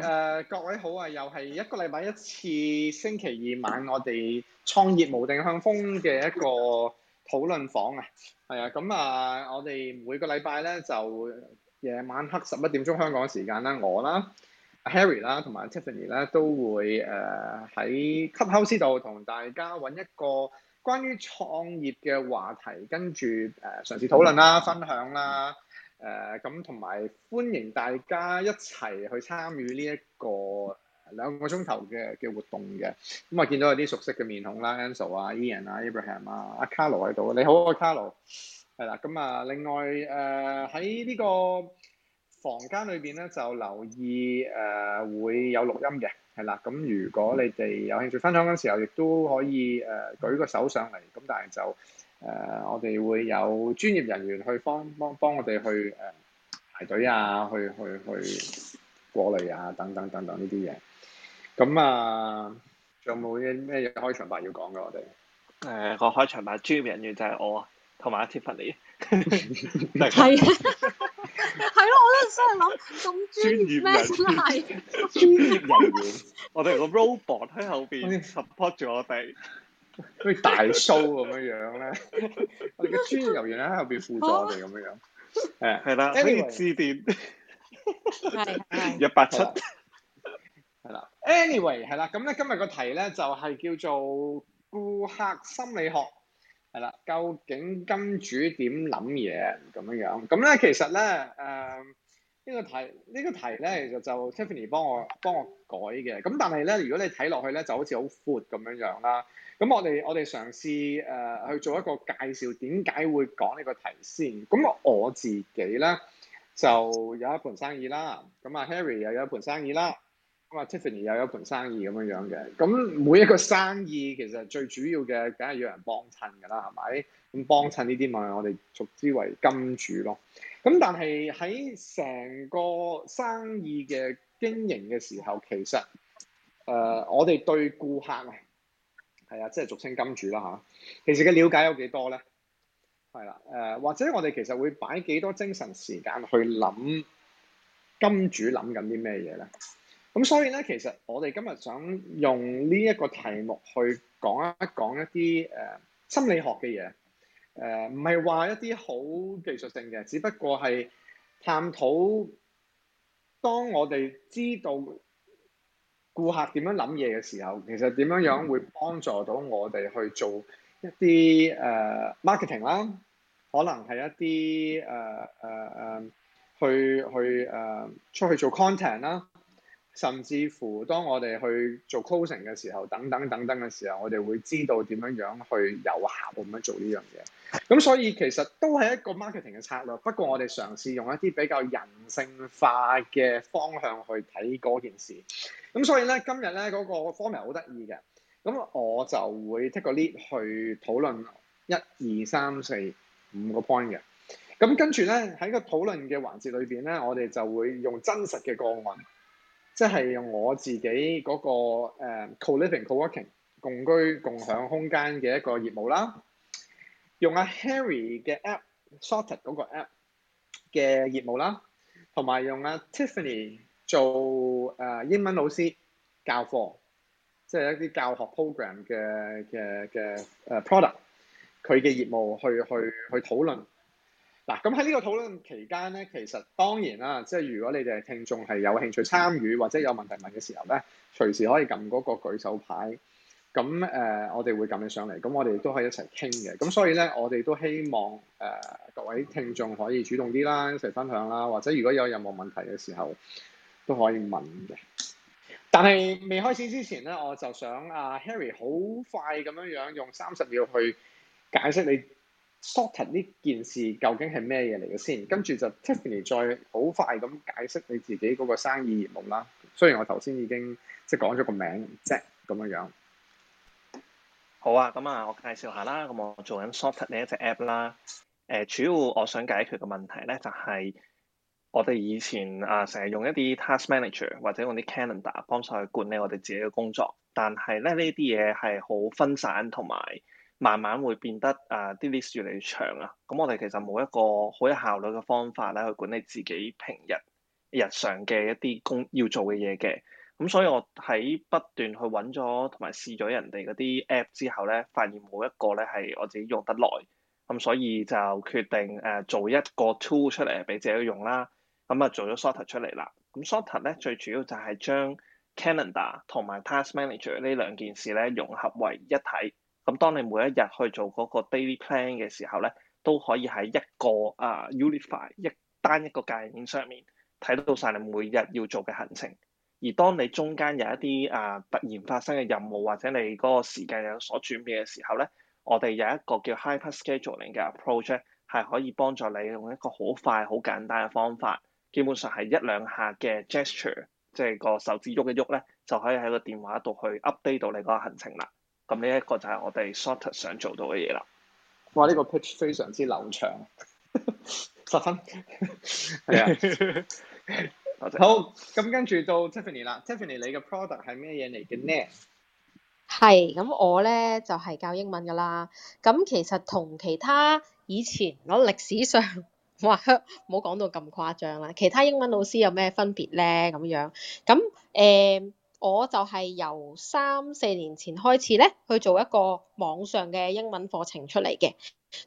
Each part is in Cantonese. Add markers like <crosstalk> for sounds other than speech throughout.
誒、uh, 各位好啊！又係一個禮拜一次，星期二晚我哋創業無定向瘋嘅一個討論房啊！係啊，咁、嗯、啊，uh, 我哋每個禮拜咧就夜晚黑十一點鐘香港時間啦，我啦，Harry 啦，同埋 Tiffany 咧都會誒喺 Clubhouse 度同大家揾一個關於創業嘅話題，跟住誒嘗試討論啦，分享啦。誒咁同埋歡迎大家一齊去參與呢一個兩個鐘頭嘅嘅活動嘅，咁、嗯、啊見到有啲熟悉嘅面孔啦，Ansel 啊、Ian 啊、Abraham 啊、阿 Carlo 喺度，你好啊 Carlo。係啦，咁啊、嗯、另外誒喺呢個房間裏邊咧就留意誒、呃、會有錄音嘅，係啦，咁、嗯、如果你哋有興趣分享嗰陣時候，亦都可以誒、呃、舉個手上嚟，咁但係就。誒，uh, 我哋會有專業人員去幫幫幫我哋去誒排隊啊，去去去過嚟啊，等等等等呢啲嘢。咁啊，仲、uh, 有冇啲咩嘢開場白要講嘅？我哋誒個開場白，專業人員就係我，同埋 Tiffany。係啊，係咯，我都真係諗咁專業咩先係專業人員？我哋個 robot 喺後邊 support 住我哋。好似 <laughs> 大 show 咁樣樣咧， <laughs> 我哋嘅專業人員喺後邊輔助我哋咁樣樣，係係啦，可以致電一八七，係啦，anyway 係啦，咁咧、anyway, 今日個題咧就係叫做顧客心理學，係啦，究竟金主點諗嘢咁樣樣，咁咧其實咧誒呢、呃這個題這個題呢個題咧就就 Tiffany 幫我幫我改嘅，咁但係咧如果你睇落去咧就好似好闊咁樣樣啦。咁我哋我哋嘗試誒去做一個介紹，點解會講呢個題先？咁我自己咧就有一盤生意啦，咁啊 Harry 又有一盤生意啦，咁啊 Tiffany 又有一盤生意咁樣樣嘅。咁每一個生意其實最主要嘅，梗係要有人幫襯噶啦，係咪？咁幫襯呢啲咪我哋俗之為金主咯。咁但係喺成個生意嘅經營嘅時候，其實誒、呃、我哋對顧客。係啊，即係俗稱金主啦嚇、啊。其實嘅了解有幾多咧？係啦，誒、呃、或者我哋其實會擺幾多精神時間去諗金主諗緊啲咩嘢咧？咁所以咧，其實我哋今日想用呢一個題目去講一講一啲誒、呃、心理學嘅嘢。誒唔係話一啲好技術性嘅，只不過係探討當我哋知道，顧客點樣諗嘢嘅時候，其實點樣樣會幫助到我哋去做一啲誒、uh, marketing 啦，可能係一啲誒誒誒去去誒、uh, 出去做 content 啦。甚至乎當我哋去做 coaching 嘅時候，等等等等嘅時候，我哋會知道點樣樣去有效咁樣做呢樣嘢。咁所以其實都係一個 marketing 嘅策略，不過我哋嘗試用一啲比較人性化嘅方向去睇嗰件事。咁所以咧，今日咧嗰個 formula 好得意嘅，咁我就會 take a lead 去討論一二三四五個 point 嘅。咁跟住咧喺個討論嘅環節裏邊咧，我哋就會用真實嘅個案。即係用我自己嗰個 co-living co-working 共居共享空間嘅一個業務啦，用阿 Harry 嘅 app Sorted 嗰個 app 嘅業務啦，同埋用阿 Tiffany 做誒英文老師教課，即係一啲教學 program 嘅嘅嘅誒 product，佢嘅業務去去去討論。嗱，咁喺呢個討論期間咧，其實當然啦，即係如果你哋係聽眾係有興趣參與，或者有問題問嘅時候咧，隨時可以撳嗰個舉手牌。咁誒、呃，我哋會撳你上嚟。咁我哋都可以一齊傾嘅。咁所以咧，我哋都希望誒、呃、各位聽眾可以主動啲啦，一齊分享啦，或者如果有任何問題嘅時候都可以問嘅。但係未開始之前咧，我就想阿、啊、Harry 好快咁樣樣用三十秒去解釋你 Sorted 呢件事究竟係咩嘢嚟嘅先？跟住就 Tiffany 再好快咁解釋你自己嗰個生意業務啦。雖然我頭先已經即係講咗個名即咁樣樣。好啊，咁啊，我介紹下啦。咁我做緊 Sorted 呢一隻 app 啦。誒、呃，主要我想解決嘅問題咧，就係、是、我哋以前啊成日用一啲 task manager 或者用啲 calendar 幫手去管理我哋自己嘅工作，但係咧呢啲嘢係好分散同埋，慢慢會變得誒啲、呃、list 越嚟越長啊！咁我哋其實冇一個好有效率嘅方法咧，去管理自己平日日常嘅一啲工要做嘅嘢嘅。咁所以我喺不斷去揾咗同埋試咗人哋嗰啲 app 之後咧，發現冇一個咧係我自己用得耐。咁所以就決定誒、呃、做一個 tool 出嚟俾自己用啦。咁啊做咗 Shorter 出嚟啦。咁 Shorter 咧最主要就係將 calendar 同埋 task manager 呢兩件事咧融合為一體。咁當你每一日去做嗰個 daily plan 嘅時候咧，都可以喺一個啊、uh, unify 一單一個界面上面睇到晒你每日要做嘅行程。而當你中間有一啲啊、uh, 突然發生嘅任務或者你嗰個時間有所轉變嘅時候咧，我哋有一個叫 hyper scheduling 嘅 approach，係可以幫助你用一個好快好簡單嘅方法，基本上係一兩下嘅 gesture，即係個手指喐一喐咧，就可以喺個電話度去 update 到你個行程啦。咁呢一個就係我哋 Shutter 想做到嘅嘢啦。哇！呢、呢個 pitch 非常之流暢，十分。係 <laughs> <laughs> <laughs> 啊，好。咁跟住到 Tiffany 啦，Tiffany，你嘅 product 係咩嘢嚟嘅呢？係咁，restriction 單位單位嗯、我咧就係、係、教英文噶啦。咁、嗯、其實同其他以前我歷史上，哇！唔好講到咁誇張啦。其他英文老師有咩分別咧？咁樣咁誒。我就係由三四年前開始咧，去做一個網上嘅英文課程出嚟嘅。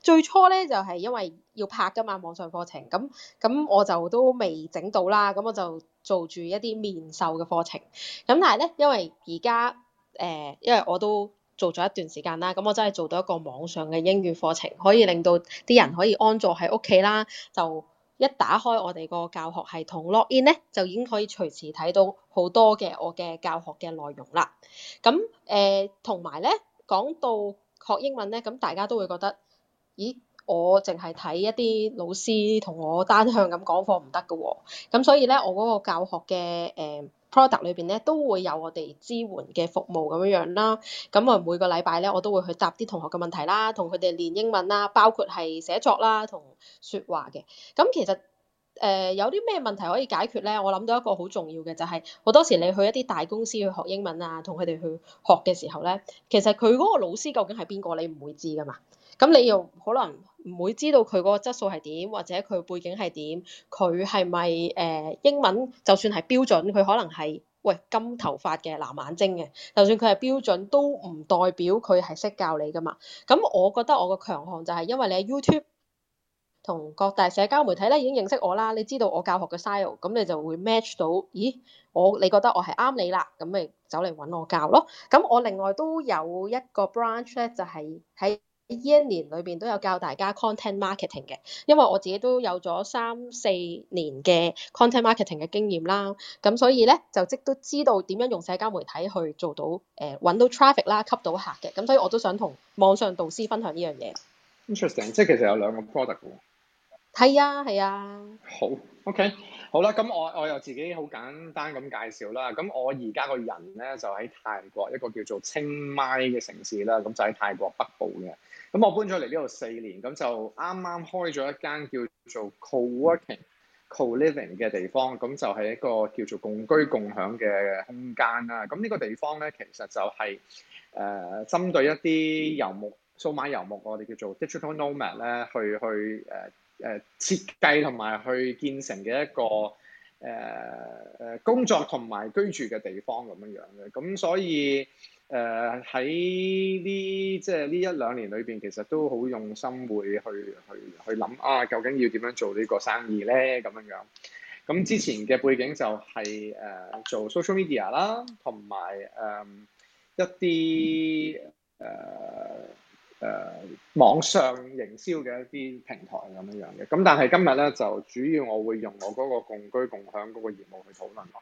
最初咧就係、是、因為要拍㗎嘛，網上課程咁，咁我就都未整到啦，咁我就做住一啲面授嘅課程。咁但係咧，因為而家誒，因為我都做咗一段時間啦，咁我真係做到一個網上嘅英語課程，可以令到啲人可以安坐喺屋企啦，就～一打開我哋個教學系統，login 咧就已經可以隨時睇到好多嘅我嘅教學嘅內容啦。咁誒同埋咧，講到學英文咧，咁大家都會覺得，咦，我淨係睇一啲老師同我單向咁講課唔得㗎喎。咁所以咧，我嗰個教學嘅誒。呃 Product 裏邊咧都會有我哋支援嘅服務咁樣樣啦，咁啊每個禮拜咧我都會去答啲同學嘅問題啦，同佢哋練英文啦，包括係寫作啦同説話嘅。咁其實誒、呃、有啲咩問題可以解決咧？我諗到一個好重要嘅就係、是、好多時你去一啲大公司去學英文啊，同佢哋去學嘅時候咧，其實佢嗰個老師究竟係邊個你唔會知㗎嘛？咁你又可能。唔會知道佢嗰個質素係點，或者佢背景係點，佢係咪誒英文就算係標準，佢可能係喂金頭髮嘅藍眼睛嘅，就算佢係標準都唔代表佢係識教你㗎嘛。咁我覺得我個強項就係因為你喺 YouTube 同各大社交媒體咧已經認識我啦，你知道我教學嘅 style，咁你就會 match 到，咦我你覺得我係啱你啦，咁咪走嚟搵我教咯。咁我另外都有一個 branch 咧，就係喺。呢一年裏邊都有教大家 content marketing 嘅，因為我自己都有咗三四年嘅 content marketing 嘅經驗啦，咁所以咧就即都知道點樣用社交媒體去做到誒揾、呃、到 traffic 啦，吸到客嘅，咁所以我都想同網上導師分享呢樣嘢。Interesting，即其實有兩個 product 嘅喎。係啊，係啊。好，OK，好啦，咁我我又自己好簡單咁介紹啦，咁我而家個人咧就喺泰國一個叫做清邁嘅城市啦，咁就喺泰國北部嘅。咁我搬咗嚟呢度四年，咁就啱啱開咗一間叫做 co-working、co-living 嘅地方，咁就係一個叫做共居共享嘅空間啦。咁呢個地方咧，其實就係誒針對一啲遊牧、數碼遊牧，我哋叫做 digital nomad 咧，去去誒誒設計同埋去建成嘅一個誒誒、呃、工作同埋居住嘅地方咁樣樣嘅，咁所以。誒喺呢即係呢一兩年裏邊，其實都好用心，會去去去諗啊，究竟要點樣做呢個生意咧？咁樣樣。咁之前嘅背景就係、是、誒、uh, 做 social media 啦，同埋誒一啲誒誒網上營銷嘅一啲平台咁樣樣嘅。咁但係今日咧就主要我會用我嗰個共居共享嗰個業務去討論咯。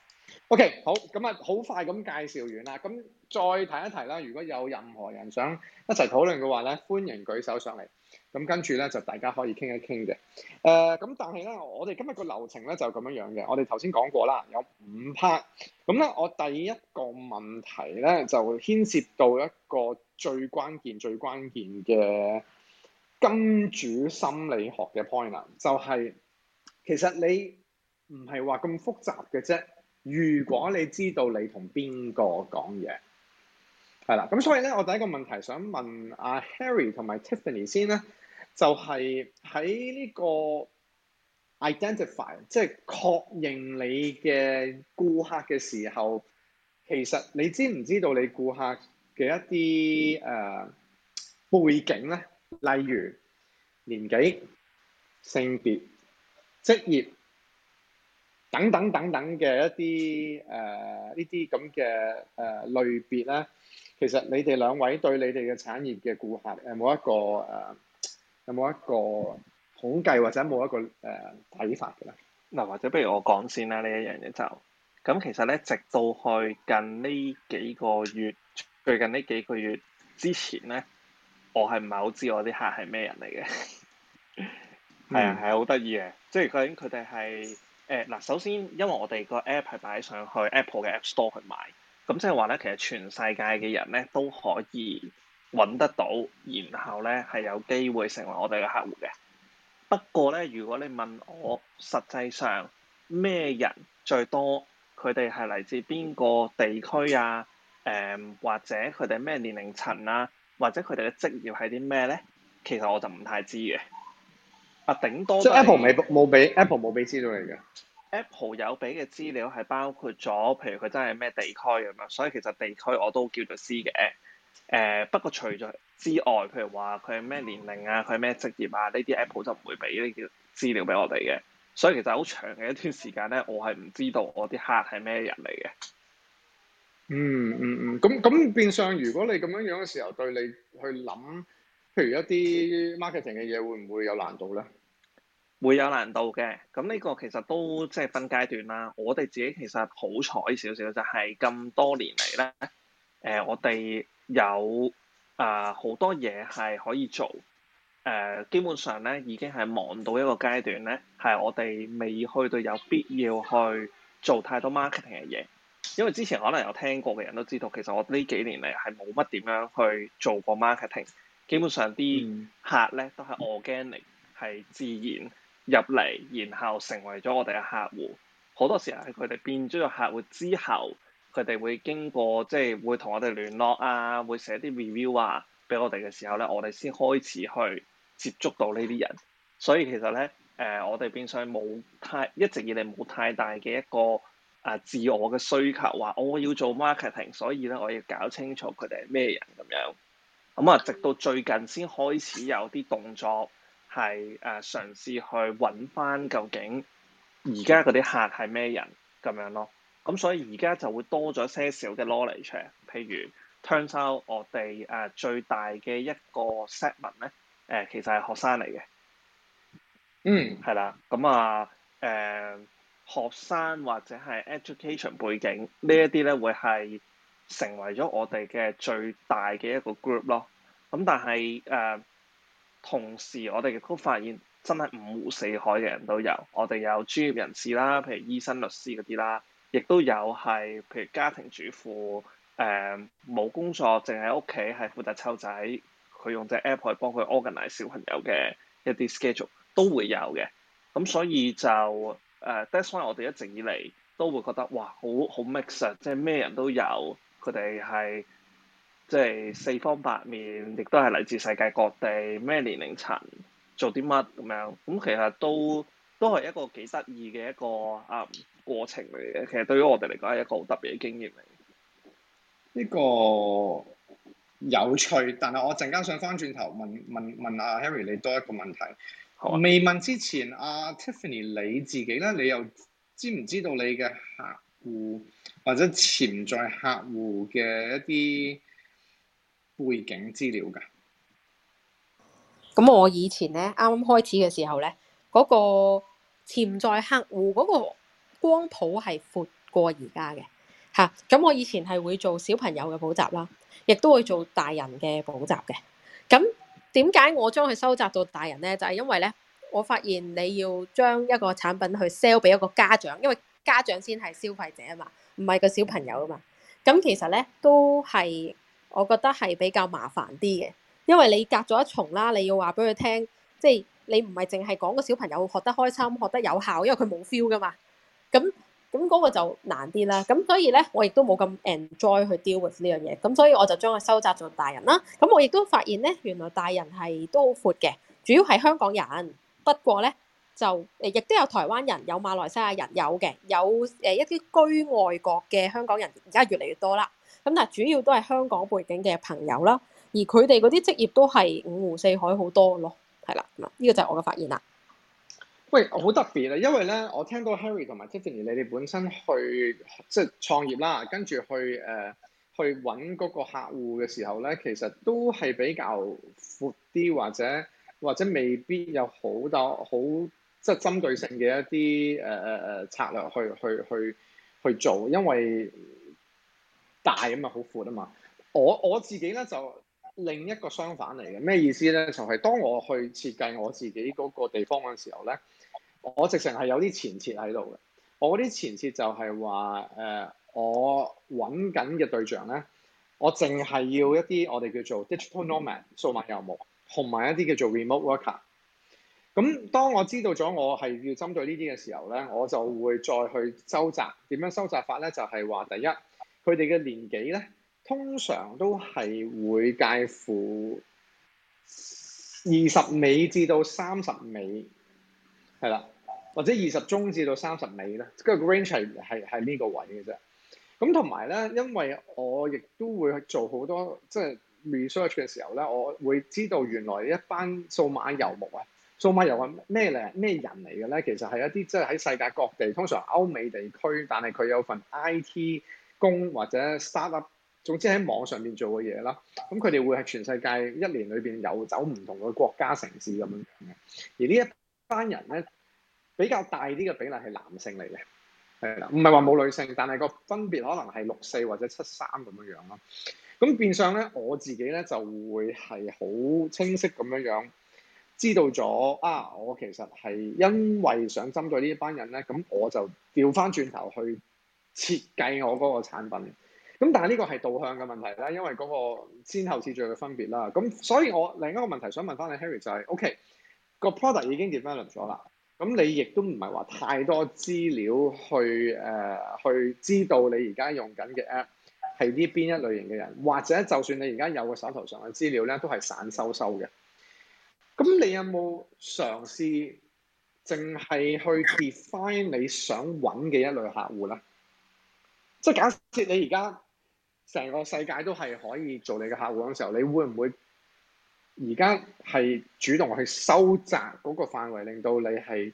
OK 好，咁啊，好快咁介紹完啦。咁再提一提啦，如果有任何人想一齊討論嘅話咧，歡迎舉手上嚟。咁跟住咧，就大家可以傾一傾嘅。誒、呃，咁但係咧，我哋今日個流程咧就咁樣樣嘅。我哋頭先講過啦，有五 part。咁咧，我第一個問題咧就牽涉到一個最關鍵、最關鍵嘅金主心理學嘅 point 啊、就是，就係其實你唔係話咁複雜嘅啫。如果你知道你同邊個講嘢，係啦，咁所以咧，我第一個問題想問阿、啊、Harry 同埋 Tiffany 先咧，就係喺呢個 identify，即係確認你嘅顧客嘅時候，其實你知唔知道你顧客嘅一啲誒、呃、背景咧？例如年紀、性別、職業、等等等等嘅一啲誒呢啲咁嘅誒類別咧，其實你哋兩位對你哋嘅產業嘅顧客誒冇一個誒、呃、有冇一個統計或者冇一個誒睇、呃、法嘅咧？嗱，或者不如我講先啦，呢一樣嘢就咁，其實咧直到去近呢幾個月，最近呢幾個月之前咧，我係唔係好知我啲客係咩人嚟嘅？係啊，係好得意嘅，即係究竟佢哋係。就是誒嗱，首先因為我哋個 app 係擺上去 Apple 嘅 App Store 去買，咁即係話咧，其實全世界嘅人咧都可以揾得到，然後咧係有機會成為我哋嘅客戶嘅。不過咧，如果你問我實際上咩人最多，佢哋係嚟自邊個地區啊？誒、呃，或者佢哋咩年齡層啊？或者佢哋嘅職業係啲咩咧？其實我就唔太知嘅。啊，頂多即係 App Apple 未冇俾 Apple 冇俾資料嚟嘅。Apple 有俾嘅資料係包括咗，譬如佢真係咩地區咁樣，所以其實地區我都叫做 C 嘅。誒、呃，不過除咗之外，譬如話佢係咩年齡啊，佢係咩職業啊，呢啲 Apple 就唔會俾呢啲資料俾我哋嘅。所以其實好長嘅一段時間咧，我係唔知道我啲客係咩人嚟嘅、嗯。嗯嗯嗯，咁咁變相如果你咁樣樣嘅時候對你去諗。譬如一啲 marketing 嘅嘢，會唔會有難度咧？會有難度嘅。咁呢個其實都即係分階段啦。我哋自己其實好彩少少，就係咁多年嚟咧，誒、呃，我哋有啊好、呃、多嘢係可以做。誒、呃，基本上咧已經係忙到一個階段咧，係我哋未去到有必要去做太多 marketing 嘅嘢。因為之前可能有聽過嘅人都知道，其實我呢幾年嚟係冇乜點樣去做過 marketing。基本上啲客咧都係 organic 嚟，係自然入嚟，然後成為咗我哋嘅客戶。好多時係佢哋變咗個客戶之後，佢哋會經過即係會同我哋聯絡啊，會寫啲 review 啊，俾我哋嘅時候咧，我哋先開始去接觸到呢啲人。所以其實咧，誒、呃、我哋變相冇太一直以嚟冇太大嘅一個啊自我嘅需求，話我要做 marketing，所以咧我要搞清楚佢哋係咩人咁樣。咁啊，直到最近先開始有啲動作，係誒、呃、嘗試去揾返究竟而家嗰啲客係咩人咁樣咯。咁、嗯、所以而家就會多咗些少嘅 knowledge，譬如 turn out 我哋誒、呃、最大嘅一個 segment 咧，誒、呃、其實係學生嚟嘅、mm.。嗯，係、呃、啦。咁啊，誒學生或者係 education 背景呢一啲咧，會係。成為咗我哋嘅最大嘅一個 group 咯。咁但係誒、呃，同時我哋亦都發現真係五湖四海嘅人都有。我哋有專業人士啦，譬如醫生、律師嗰啲啦，亦都有係譬如家庭主婦誒冇、呃、工作，淨喺屋企係負責湊仔，佢用隻 app 去幫佢 organize 小朋友嘅一啲 schedule 都會有嘅。咁所以就誒，That’s why 我哋一直以嚟都會覺得哇，好好 mix 啊，即係咩人都有。佢哋係即係四方八面，亦都係嚟自世界各地，咩年齡層，做啲乜咁樣？咁其實都都係一個幾得意嘅一個啊過程嚟嘅。其實對於我哋嚟講係一個好特別嘅經驗嚟。呢個有趣，但係我陣間想翻轉頭問問問阿、啊、Harry 你多一個問題。好，未問之前，阿、啊啊、Tiffany 你自己咧，你又知唔知道你嘅客戶？或者潛在客戶嘅一啲背景資料噶，咁我以前咧啱啱開始嘅時候咧，嗰個潛在客戶嗰個光譜係闊過而家嘅嚇。咁我以前係會做小朋友嘅補習啦，亦都會做大人嘅補習嘅。咁點解我將佢收窄到大人咧？就係因為咧，我發現你要將一個產品去 sell 俾一個家長，因為家長先係消費者啊嘛，唔係個小朋友啊嘛，咁其實咧都係我覺得係比較麻煩啲嘅，因為你隔咗一重啦，你要話俾佢聽，即係你唔係淨係講個小朋友學得開心、學得有效，因為佢冇 feel 噶嘛，咁咁嗰個就難啲啦。咁所以咧，我亦都冇咁 enjoy 去 deal with 呢樣嘢，咁所以我就將佢收窄做大人啦。咁我亦都發現咧，原來大人係都好闊嘅，主要係香港人，不過咧。就誒，亦都有台灣人，有馬來西亞人，有嘅，有誒一啲居外國嘅香港人，而家越嚟越多啦。咁但係主要都係香港背景嘅朋友啦，而佢哋嗰啲職業都係五湖四海好多咯，係啦。呢、呢個就係我嘅發現啦。喂，好特別啊，因為咧，我聽到 Harry 同埋 Tiffany，你哋本身去即係創業啦，跟住去誒、呃、去揾嗰個客戶嘅時候咧，其實都係比較闊啲，或者或者未必有好多好。即係針對性嘅一啲誒誒誒策略，去去去去做，因為大啊嘛，好闊啊嘛。我我自己咧就另一個相反嚟嘅，咩意思咧？就係當我去設計我自己嗰個地方嘅時候咧，我直情係有啲前設喺度嘅。我啲前設就係話誒我揾緊嘅對象咧，我淨係要一啲我哋叫做 digital nomad 數碼遊牧，同埋一啲叫做 remote worker。咁當我知道咗我係要針對呢啲嘅時候咧，我就會再去收窄。點樣收窄法咧，就係話第一，佢哋嘅年紀咧，通常都係會介乎二十尾至到三十尾，係啦，或者二十中至到三十尾咧，跟住個 range 係係係呢個位嘅啫。咁同埋咧，因為我亦都會去做好多即係 research 嘅時候咧，我會知道原來一班數碼遊牧啊。數碼遊客咩嚟？咩人嚟嘅咧？其實係一啲即係喺世界各地，通常歐美地區，但係佢有份 IT 工或者 start up，總之喺網上面做嘅嘢啦。咁佢哋會係全世界一年裏邊有走唔同嘅國家城市咁樣嘅。而呢一班人咧，比較大啲嘅比例係男性嚟嘅，係啦，唔係話冇女性，但係個分別可能係六四或者七三咁樣樣咯。咁變相咧，我自己咧就會係好清晰咁樣樣。知道咗啊！我其實係因為想針對呢一班人咧，咁我就調翻轉頭去設計我嗰個產品。咁但係呢個係導向嘅問題啦，因為嗰個先後次序嘅分別啦。咁所以我另一個問題想問翻你，Harry 就係、是、OK 個 product 已經 develop 咗啦。咁你亦都唔係話太多資料去誒、呃、去知道你而家用緊嘅 app 係呢邊一類型嘅人，或者就算你而家有個手頭上嘅資料咧，都係散收收嘅。咁你有冇嘗試淨係去 define 你想揾嘅一類客戶咧？即係假設你而家成個世界都係可以做你嘅客戶嘅時候，你會唔會而家係主動去收窄嗰個範圍，令到你係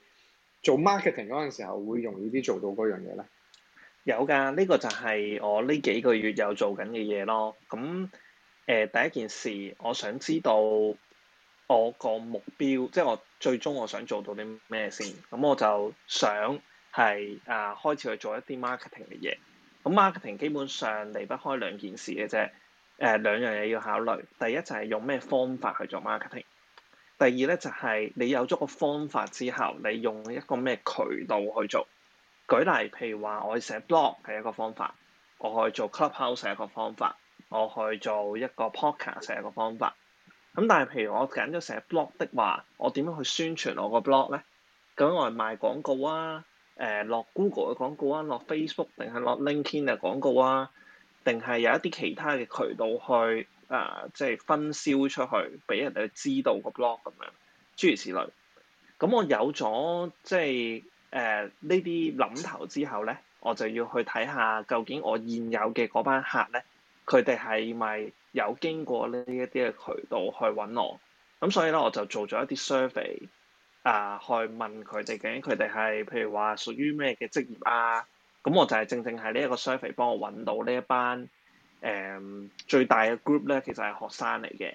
做 marketing 嗰陣時候會容易啲做到嗰樣嘢咧？有㗎，呢個就係我呢幾個月有做緊嘅嘢咯。咁誒，第一件事我想知道。我個目標即係我最終我想做到啲咩先，咁我就想係啊、呃、開始去做一啲 marketing 嘅嘢。咁 marketing 基本上離不開兩件事嘅啫，誒兩樣嘢要考慮。第一就係用咩方法去做 marketing，第二咧就係、是、你有咗個方法之後，你用一個咩渠道去做。舉例，譬如話我寫 blog 係一個方法，我去做 clubhouse 一個方法，我去做一個 podcast 一個方法。咁但係，譬如我揀咗成日 blog 的話，我點樣去宣傳我個 blog 咧？咁我係賣廣告啊，誒、呃、落 Google 嘅廣告啊，落 Facebook 定係落 LinkedIn 嘅廣告啊，定係有一啲其他嘅渠道去誒，即、呃、係、就是、分銷出去俾人哋知道個 blog 咁樣，諸如此類。咁我有咗即係誒呢啲諗頭之後咧，我就要去睇下究竟我現有嘅嗰班客咧，佢哋係咪有經過呢一啲嘅渠道去揾我，咁所以咧我就做咗一啲 survey，啊去問佢哋究竟佢哋係譬如話屬於咩嘅職業啊？咁我就係正正係呢一個 survey 幫我揾到呢一班誒、呃、最大嘅 group 咧，其實係學生嚟嘅。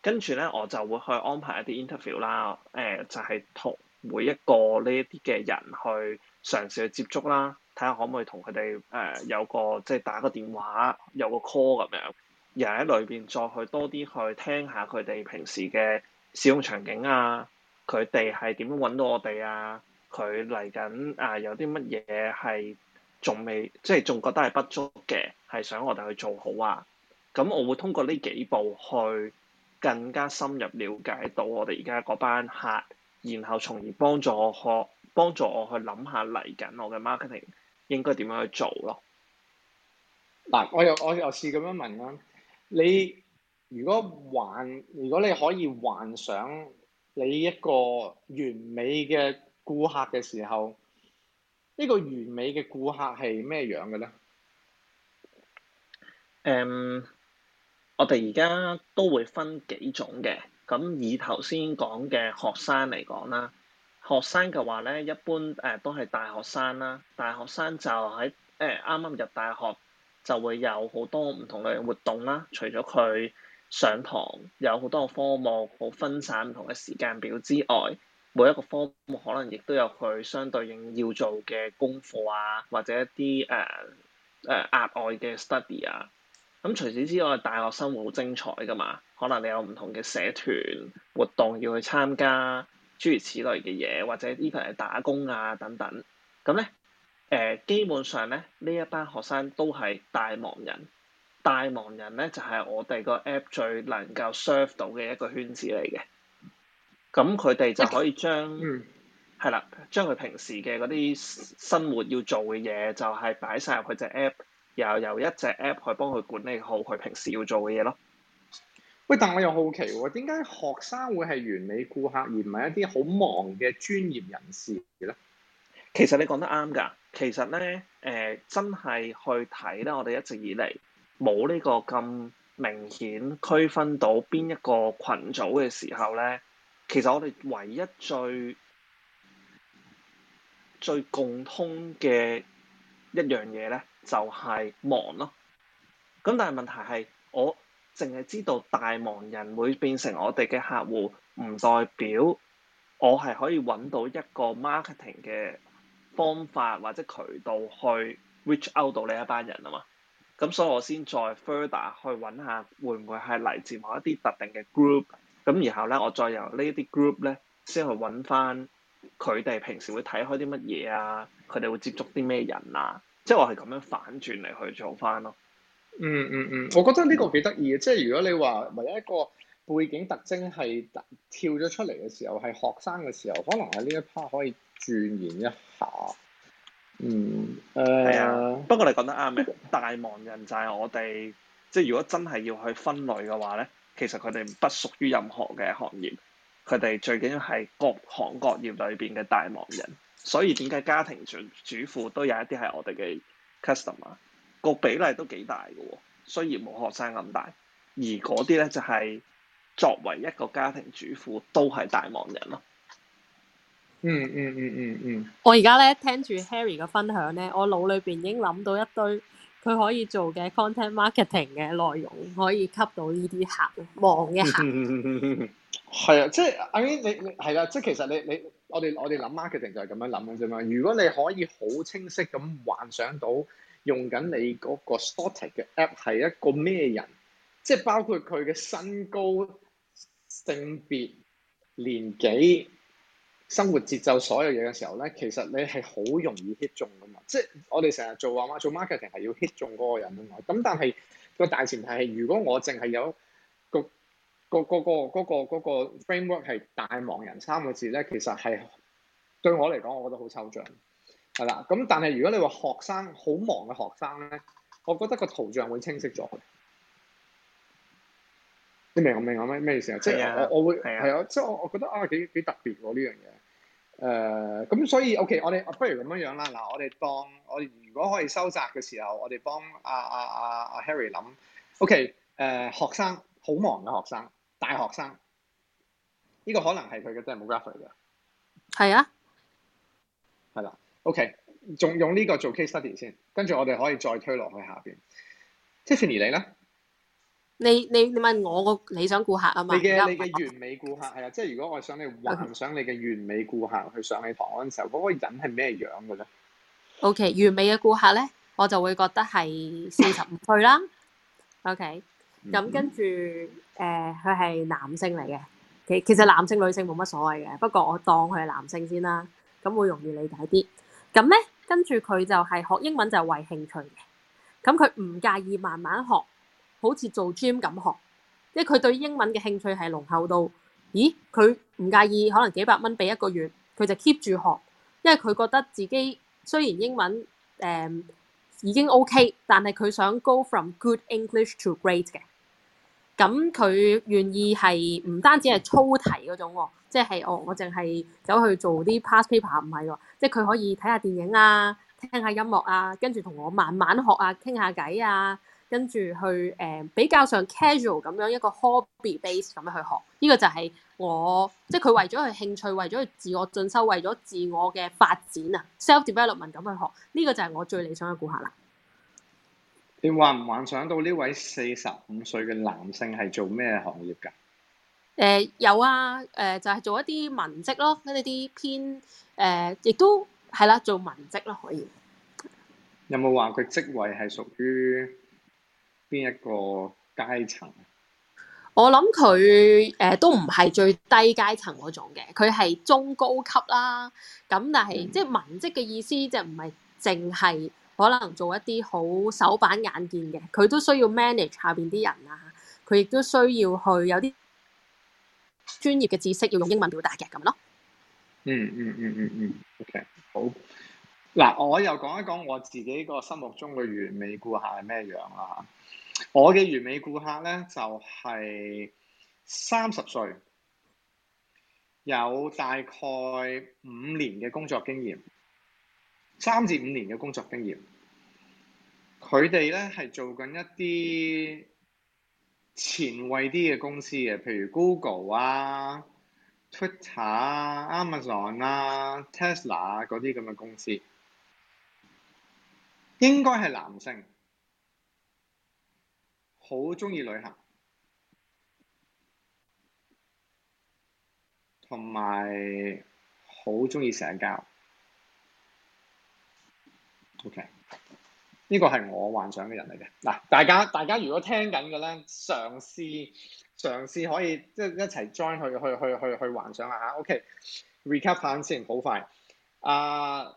跟住咧，我就會去安排一啲 interview 啦、呃，誒就係、是、同每一個呢一啲嘅人去嘗試去接觸啦，睇下可唔可以同佢哋誒有個即係打個電話，有個 call 咁樣。又喺裏邊再去多啲去聽下佢哋平時嘅使用場景啊，佢哋係點樣揾到我哋啊？佢嚟緊啊，有啲乜嘢係仲未，即係仲覺得係不足嘅，係想我哋去做好啊？咁我會通過呢幾步去更加深入了解到我哋而家嗰班客，然後從而幫助我學，幫助我去諗下嚟緊我嘅 marketing 應該點樣去做咯。嗱、啊，我又我又試咁樣問啦、啊。你如果還，如果你可以幻想你一個完美嘅顧客嘅時候，呢個完美嘅顧客係咩樣嘅咧？誒、嗯，我哋而家都會分幾種嘅，咁以頭先講嘅學生嚟講啦，學生嘅話咧，一般誒都係大學生啦，大學生就喺誒啱啱入大學，就會有好多唔同類嘅活動啦。除咗佢上堂有好多個科目，好分散唔同嘅時間表之外，每一個科目可能亦都有佢相對應要做嘅功課啊，或者一啲誒誒額外嘅 study 啊。咁除此之外，大學生活好精彩㗎嘛。可能你有唔同嘅社團活動要去參加，諸如此類嘅嘢，或者呢份係打工啊等等。咁咧。誒、呃、基本上咧，呢一班學生都係大忙人。大忙人咧，就係、是、我哋個 app 最能夠 serve 到嘅一個圈子嚟嘅。咁佢哋就可以將係啦、嗯，將佢平時嘅嗰啲生活要做嘅嘢，就係擺晒入佢隻 app，然後由一隻 app 去幫佢管理好佢平時要做嘅嘢咯。喂，但我又好奇喎，哦，點解學生會係完美顧客，而唔係一啲好忙嘅專業人士咧？其實你講得啱㗎。其實咧，誒、呃、真係去睇咧，我哋一直以嚟冇呢個咁明顯區分到邊一個群組嘅時候咧，其實我哋唯一最最共通嘅一樣嘢咧，就係、是、忙咯。咁但係問題係，我淨係知道大忙人會變成我哋嘅客戶，唔代表我係可以揾到一個 marketing 嘅。方法或者渠道去 reach out 到呢一班人啊嘛，咁所以我先再 further 去揾下會唔會係嚟自某一啲特定嘅 group，咁然後咧我再由呢一啲 group 咧先去揾翻佢哋平時會睇開啲乜嘢啊，佢哋會接觸啲咩人啊，即係我係咁樣反轉嚟去做翻咯。嗯，嗯嗯嗯，我覺得呢個幾得意嘅，即係如果你話唯一個背景特徵係跳咗出嚟嘅時候，係學生嘅時候，可能喺呢一 part 可以。鑽研一下，嗯，係、嗯、啊。不過你講得啱嘅， <laughs> 大忙人就係我哋，即係如果真係要去分類嘅話咧，其實佢哋不屬於任何嘅行業，佢哋最緊要係各行各業裏邊嘅大忙人。所以點解家庭主主婦都有一啲係我哋嘅 customer，個比例都幾大嘅喎，雖然冇學生咁大，而嗰啲咧就係、是、作為一個家庭主婦都係大忙人咯。嗯嗯嗯嗯嗯，mm hmm. 我而家咧聽住 Harry 嘅分享咧，我腦裏邊已經諗到一堆佢可以做嘅 content marketing 嘅內容，可以吸到呢啲客，望一下。係 <laughs> <laughs> 啊，即係阿 a 你你係啦，即係、啊就是、其實你你我哋我哋諗 marketing 就係咁樣諗嘅啫嘛。如果你可以好清晰咁幻想到用緊你嗰個 starter 嘅 app 係一個咩人，即、就、係、是、包括佢嘅身高、性別、年紀。生活節奏所有嘢嘅時候咧，其實你係好容易 hit 中噶嘛，即係我哋成日做話嘛，做 marketing 係要 hit 中嗰個人啊嘛。咁但係個大前提係，如果我淨係有、嗰個、嗰個、嗰個個嗰個個 framework 係大忙人三個字咧，其實係對我嚟講，我覺得好抽象，係啦。咁但係如果你話學生好忙嘅學生咧，我覺得個圖像會清晰咗。明我明我咩咩意思啊！即係我我會係啊，即係我我覺得啊幾幾特別喎、啊、呢樣嘢。誒、呃、咁所以 OK，我哋不如咁樣樣啦。嗱，我哋當我哋如果可以收窄嘅時候，我哋幫阿阿阿阿 Harry 諗 OK、呃。誒學生好忙嘅學生，大學生呢、呢個可能係佢嘅 demography 嘅。係啊的，係啦。OK，仲用呢個做 case study 先，跟住我哋可以再推落去下邊。嗯、Tiffany 你咧？你你你問我個理想顧客啊嘛？你嘅你嘅的完美顧客係啊、嗯，即係如果我想你幻想你嘅完美顧客去上你堂嗰陣時候，嗰、那個人係咩樣嘅咧？O K，完美嘅顧客咧，我就會覺得係四十五歲啦。O K，咁跟住誒，佢、呃、係男性嚟嘅。其其實男性女性冇乜所謂嘅，不過我當佢係男性先啦，咁會容易理解啲。咁咧，跟住佢就係學英文就係為興趣嘅。咁佢唔介意慢慢學。好似做 gym 咁學，即係佢對英文嘅興趣係濃厚到，咦？佢唔介意可能幾百蚊俾一個月，佢就 keep 住學，因為佢覺得自己雖然英文誒、嗯、已經 OK，但係佢想 go from good English to great 嘅。咁佢願意係唔單止係粗題嗰種喎，即係、哦、我我淨係走去做啲 past paper 唔係喎，即係佢可以睇下電影啊，聽下音樂啊，跟住同我慢慢學啊，傾下偈啊。跟住去誒、呃、比較上 casual 咁樣一個 hobby base 咁樣去學，呢、這個就係我即係佢為咗佢興趣，為咗佢自我進修，為咗自我嘅發展啊，self development 咁去學，呢、這個就係我最理想嘅顧客啦。你幻唔幻想到呢位四十五歲嘅男性係做咩行業㗎？誒、呃、有啊，誒、呃、就係、是、做一啲文職咯，跟住啲偏誒，亦、呃、都係啦、啊，做文職咯，可以。有冇話佢職位係屬於？邊一個階層？我諗佢誒，都唔係最低階層嗰種嘅，佢係中高級啦。咁但係、嗯、即係文職嘅意思，即係唔係淨係可能做一啲好手板眼見嘅，佢都需要 manage 下邊啲人啊。佢亦都需要去有啲專業嘅知識，要用英文表達嘅咁咯。嗯嗯嗯嗯嗯，嗯，OK 好。嗱，我又講一講我自己個心目中嘅完美顧客係咩樣啦、啊。我嘅完美顧客咧，就係三十歲，有大概五年嘅工作經驗，三至五年嘅工作經驗。佢哋咧係做緊一啲前衞啲嘅公司嘅，譬如 Google 啊、Twitter 啊、Amazon 啊、Tesla 嗰啲咁嘅公司，應該係男性。好中意旅行，同埋好中意社交。O K. 呢個係我幻想嘅人嚟嘅嗱。大家大家如果聽緊嘅咧，嘗試嘗試可以即係一齊 join 去去去去去幻想下嚇。O K.、Okay. recap 翻先，好快。阿、uh,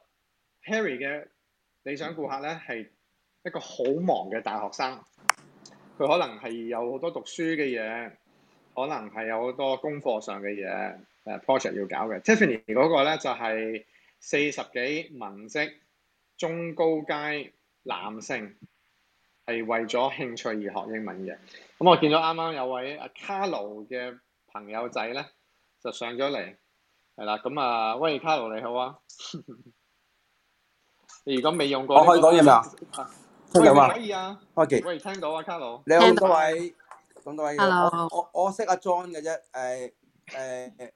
Harry 嘅理想顧客咧係一個好忙嘅大學生。佢可能係有好多讀書嘅嘢，可能係有好多功課上嘅嘢，誒、uh, project 要搞嘅。Tiffany 嗰個咧就係、是、四十幾文職，中高階男性，係為咗興趣而學英文嘅。咁我見到啱啱有位阿 Carlo 嘅朋友仔咧，就上咗嚟，係啦。咁啊，威爾 Carlo 你好啊！ <laughs> 你如果未用過？我可以講嘢咪啊？ <laughs> 可以啊，阿杰。喂，聽到啊，卡洛。你好，多位，咁多位。h Hello . e 我我我識阿 John 嘅啫，誒、uh, 誒、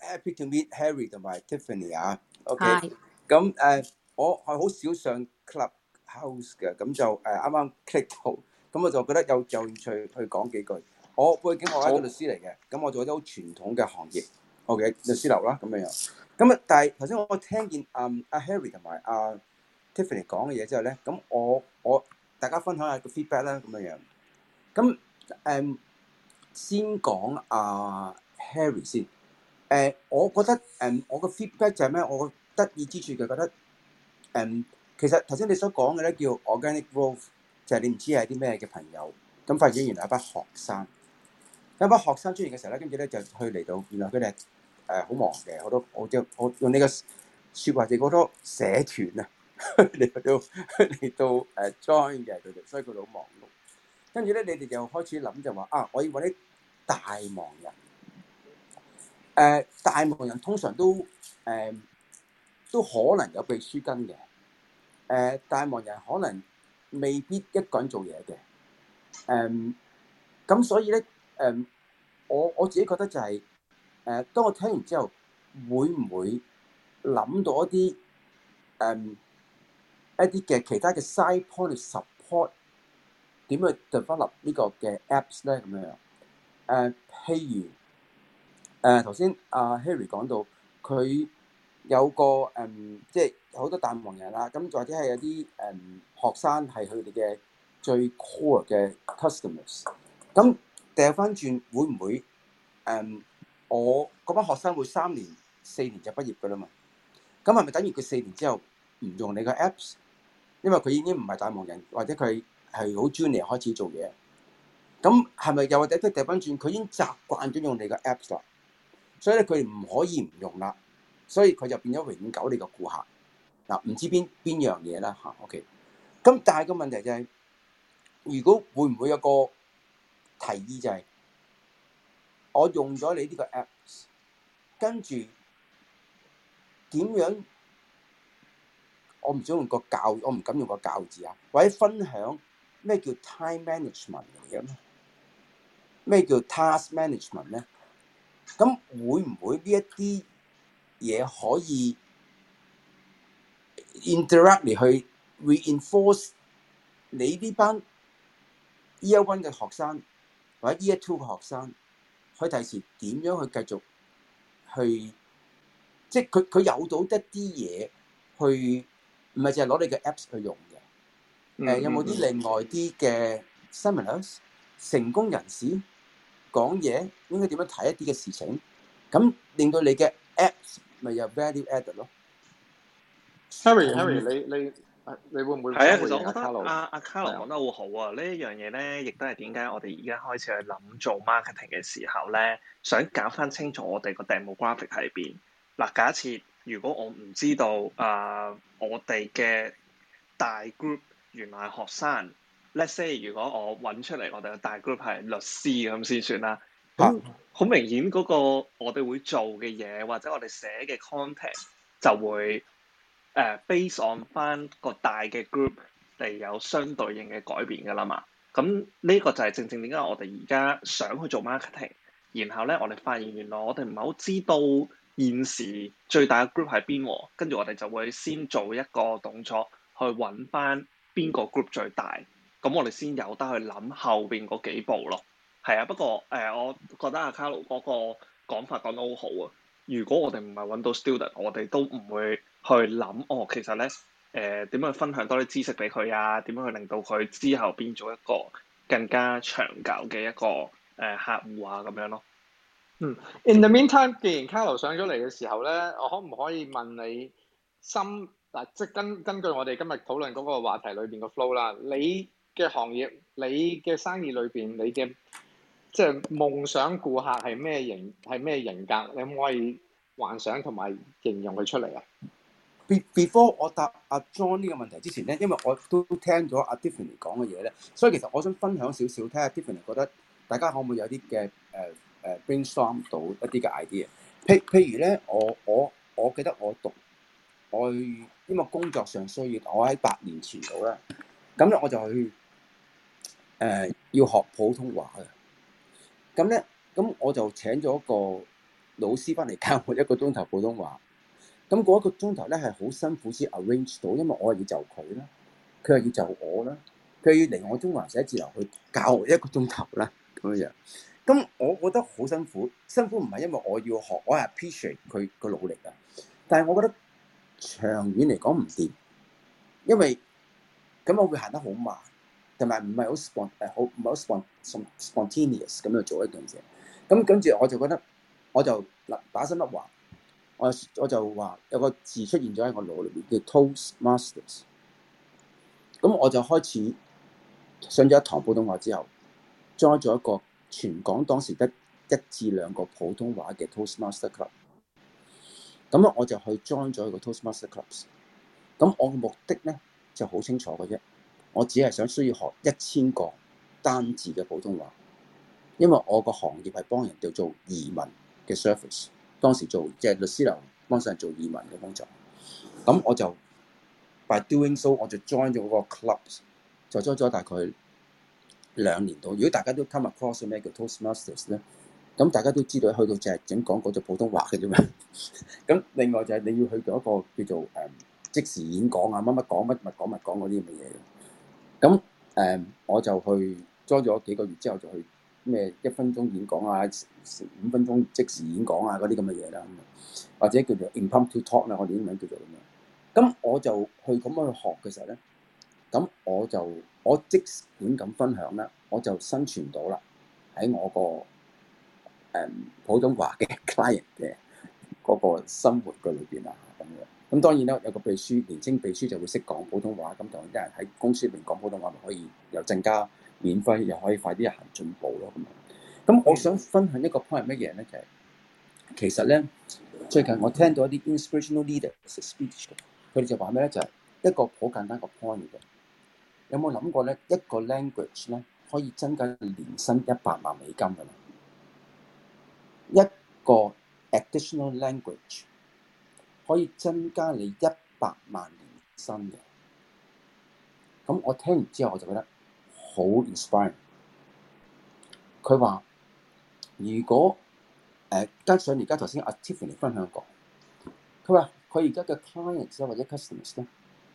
uh,，Happy to meet Harry 同埋 Tiffany 啊、uh. okay. Hi. 嗯。o k 咁誒，我係好少上 Club House 嘅，咁、嗯、就誒啱啱 click 好、嗯。咁我就覺得有，有興趣去講幾句。我背景我係一個律師嚟嘅，咁、oh. 嗯、我做啲好傳統嘅行業。o、okay, k 律師樓啦咁樣樣。咁、嗯 um, 啊，但係頭先我我聽見阿阿 Harry 同埋阿。Uh, Tiffany 講嘅嘢之後咧，咁我我大家分享下個 feedback 啦，咁嘅樣，樣。咁誒、嗯，先講阿、啊、Harry 先。誒、嗯，我覺得誒、嗯，我個 feedback 就係咩？我覺得，得意之處就係覺得，誒、嗯，其實頭先你所講嘅咧叫 organic growth，就係你唔知係啲咩嘅朋友。咁發展原來一班學生，一班學生出現嘅時候咧，跟住咧就去嚟到，原來佢哋係誒好忙嘅，好多我就我用呢個說話詞好多社團啊。嚟到嚟到誒 join 嘅佢哋，所以佢哋好忙碌。跟住咧，你哋就開始諗就話啊，我要揾啲大忙人。誒、呃，大忙人通常都誒、呃，都可能有秘書跟嘅。誒、呃，大忙人可能未必一個人做嘢嘅。誒、呃，咁所以咧，誒、呃，我我自己覺得就係、是、誒、呃，當我聽完之後，會唔會諗到一啲誒？呃一啲嘅其他嘅 side point support 點去 develop 個呢個嘅 apps 咧咁樣誒，譬、呃、如誒頭先阿 Harry 講到，佢有個誒、嗯，即係有好多大忙人啦，咁、嗯、或者係有啲誒、嗯、學生係佢哋嘅最 core 嘅 customers。咁掉翻轉會唔會誒、嗯？我班學生會三年四年就畢業噶啦嘛，咁係咪等於佢四年之後唔用你個 apps？因為佢已經唔係大忙人，或者佢係好 junior 開始做嘢，咁係咪又或者即係掉翻轉佢已經習慣咗用你個 Apps 啦？所以咧佢唔可以唔用啦，所以佢就變咗永久你個顧客嗱，唔知邊邊樣嘢啦吓 OK，咁但係個問題就係、是，如果會唔會有個提議就係、是、我用咗你呢個 Apps，跟住點樣？我唔想用個教，我唔敢用個教字啊！或者分享咩叫 time management 嚟嘅咧？咩叫 task management 咧？咁會唔會呢一啲嘢可以 indirectly 去 reinforce 你呢班 year one 嘅學生或者 year two 嘅學生，佢第時點樣去繼續去，即係佢佢有到一啲嘢去。唔係淨係攞你嘅 apps 去用嘅，誒有冇啲另外啲嘅 similar，成功人士講嘢應該點樣睇一啲嘅事情，咁令到你嘅 apps 咪有 value added 咯？Harry，Harry，你你你會唔會？係啊，其實我覺得阿阿卡羅講得好好啊！呢一樣嘢咧，亦都係點解我哋而家開始去諗做 marketing 嘅時候咧，想搞翻清楚我哋個 demographic 喺邊。嗱，假設。如果我唔知道啊、呃，我哋嘅大 group 原來係學生，let's say 如果我揾出嚟，我哋嘅大 group 係律師，咁先算啦。咁好、啊、明顯嗰、嗰個我哋會做嘅嘢，或者我哋寫嘅 content 就會誒 base on 翻個大嘅 group 嚟有相對應嘅改變噶啦嘛。咁呢個就係正正點解我哋而家想去做 marketing，然後咧我哋發現原來我哋唔係好知道。現時最大嘅 group 係邊？跟住我哋就會先做一個動作，去揾翻邊個 group 最大。咁我哋先有得去諗後邊嗰幾步咯。係啊，不過誒、呃，我覺得阿卡魯嗰個講法講得好好啊。如果我哋唔係揾到 student，我哋都唔會去諗哦。其實咧，誒、呃、點樣去分享多啲知識俾佢啊？點樣去令到佢之後變做一個更加長久嘅一個誒、呃、客戶啊？咁樣咯。嗯，in the meantime，既然 Carlo 上咗嚟嘅時候咧，我可唔可以問你心嗱？即係根根據我哋今日討論嗰個話題裏邊個 flow 啦，你嘅行業，你嘅生意裏邊你嘅即係夢想顧客係咩型、係咩人格？你可唔可以幻想同埋形容佢出嚟啊？Before 我答阿 John 呢個問題之前咧，因為我都聽咗阿 Tiffany 講嘅嘢咧，所以其實我想分享少少，聽下 Tiffany 覺得大家可唔可以有啲嘅誒。呃誒 brainstorm 到一啲嘅 idea，譬譬如咧，我我我記得我讀，我因為工作上需要，我喺八年前度啦，咁咧我就去誒、呃、要學普通話嘅，咁咧咁我就請咗一個老師翻嚟教我一個鐘頭普通話，咁嗰一個鐘頭咧係好辛苦先 arrange 到，因為我係要就佢啦，佢係要就我啦，佢要嚟我中環寫字樓去教我一個鐘頭啦，咁樣。咁我覺得好辛苦，辛苦唔係因為我要學，我係 appreciate 佢個努力啊。但係我覺得長遠嚟講唔掂，因為咁我會行得好慢，同埋唔係好 spont，好唔係好 spontaneous 咁樣做一件事。咁跟住我就覺得，我就嗱打心一話，我我就話有個字出現咗喺我腦裏面叫 Toastmasters。咁我就開始上咗一堂普通話之後 join 咗一個。全港當時得一至兩個普通話嘅 Toastmaster club，咁啊我就去 join 咗個 Toastmaster clubs，咁我嘅目的咧就好清楚嘅啫，我只係想需要學一千個單字嘅普通話，因為我個行業係幫人哋做移民嘅 service，當時做即係律師樓，就是、illo，當時係做移民嘅工作，咁我就 by doing so 我就 join 咗嗰個 clubs，就 join 咗大概。兩年到，如果大家都 come across 咩叫 Toastmasters 咧，咁大家都知道去到就係淨講嗰隻普通話嘅啫嘛。咁 <laughs> 另外就係、是、你要去咗一個叫做誒、um，即時演講啊，乜乜講乜物講乜講嗰啲咁嘅嘢。咁誒，我就去裝咗幾個月之後，就去咩一分鐘演講啊，五分鐘即時演講啊嗰啲咁嘅嘢啦。或者叫做 impromptu talk 啦、啊，我哋英文叫做咁樣。咁我就去咁樣去學嘅時候咧。咁我就我即管咁分享啦，我就生存到啦喺我個誒、嗯、普通話嘅 client 嘅嗰個生活嘅裏邊啦，咁樣。咁當然啦，有個秘書、年青秘書就會識講普通話，咁就一人喺公司入面講普通話，咪可以又增加免費，又可以快啲行進步咯，咁樣。咁我想分享一個 point 係乜嘢咧？其實其實咧最近我聽到一啲 inspirational leader speech，佢哋就話咩咧？就係、是、一個好簡單個 point 嘅。有冇諗過咧？一個 language 咧可以增加年薪一百萬美金嘅，一個 additional language 可以增加你一百萬年薪嘅。咁我聽完之後我就覺得好 inspiring。佢話：如果誒加、呃、上而家頭先阿 Tiffany 分享過，佢話佢而家嘅 clients 或者 customers 咧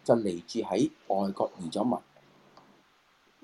就嚟住喺外國移咗民。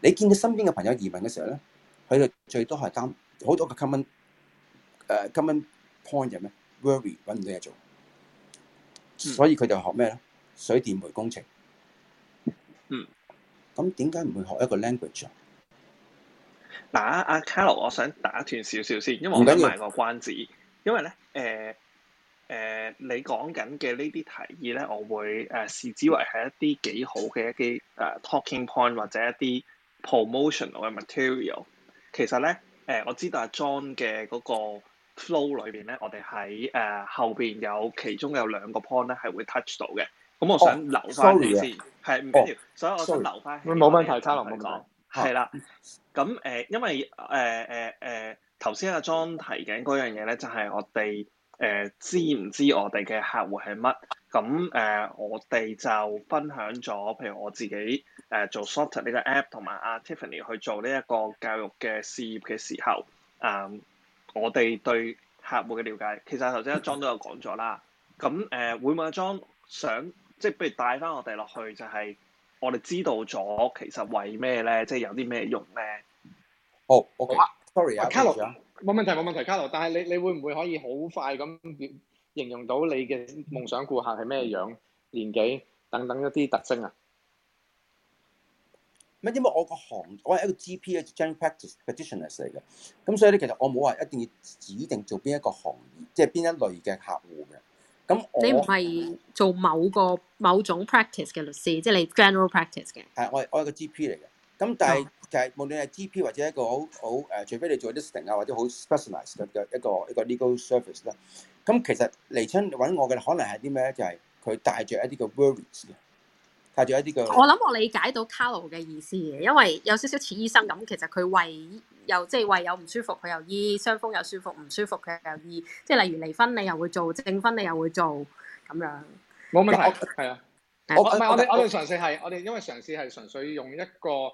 你見到身邊嘅朋友移民嘅時候咧，佢哋最多係擔好多嘅 common 誒、uh, common point 係咩？Worry 揾唔到嘢做，所以佢就學咩咧？水電煤工程。嗯。咁點解唔會學一個 language？嗱啊，阿 Carlo，我想打斷少少先，因為我唔賣個關子，因為咧誒、呃誒、呃，你講緊嘅呢啲提議咧，我會誒、呃、視之為係一啲幾好嘅一啲誒、呃、talking point 或者一啲 promotional 嘅 material。其實咧，誒、呃，我知道阿、啊、John 嘅嗰個 flow 裏邊咧，我哋喺誒後邊有其中有兩個 point 咧係會 touch 到嘅。咁我想留翻你先，係唔、oh, sorry. 緊要，oh, sorry. 所以我想留翻。冇問題差，問題差唔多講，係、啊、啦。咁誒、呃，因為誒誒誒，頭先阿 John 提緊嘅嗰樣嘢咧，就係、是、我哋。誒、呃、知唔知我哋嘅客戶係乜？咁誒、呃，我哋就分享咗，譬如我自己誒、呃、做 Shorter 呢個 app，同埋阿 Tiffany 去做呢一個教育嘅事業嘅時候，誒、呃、我哋對客戶嘅了解，其實頭先阿莊都有講咗啦。咁誒、呃，會唔會阿、啊、莊想即係不如帶翻我哋落去，就係、是、我哋知道咗其實為咩咧？即係有啲咩用咧？哦、oh,，OK，sorry okay. 喂啊 Carol 冇問題冇問題，卡羅。Carlo，但係你你會唔會可以好快咁形容到你嘅夢想顧客係咩樣年紀等等一啲特徵啊？因為我個行我係一個 GP general practice practitioner 嚟嘅。咁所以咧，其實我冇話一定要指定做邊一個行業，即係邊一類嘅客戶嘅。咁你唔係做某個某種 practice 嘅律師，即係你 general practice 嘅。係，我我係個 GP 嚟嘅。咁但係。Oh. 就係無論係 GP 或者一個好好誒，除非你做 distinction 啊，或者好 specialized 嘅一個一個 legal service 啦。咁其實嚟親揾我嘅可能係啲咩咧？就係佢帶着一啲嘅 worries，帶着一啲嘅。我諗我理解到 Carlo 嘅意思嘅，因為有少少似醫生咁。其實佢胃又，即係胃有唔舒服，佢又醫傷風又舒服唔舒服，佢又醫。即係例如離婚，你又會做；即證婚，你又會做咁樣。冇問題，係啊！我我哋我哋嘗試係我哋，因為嘗試係純粹用一個。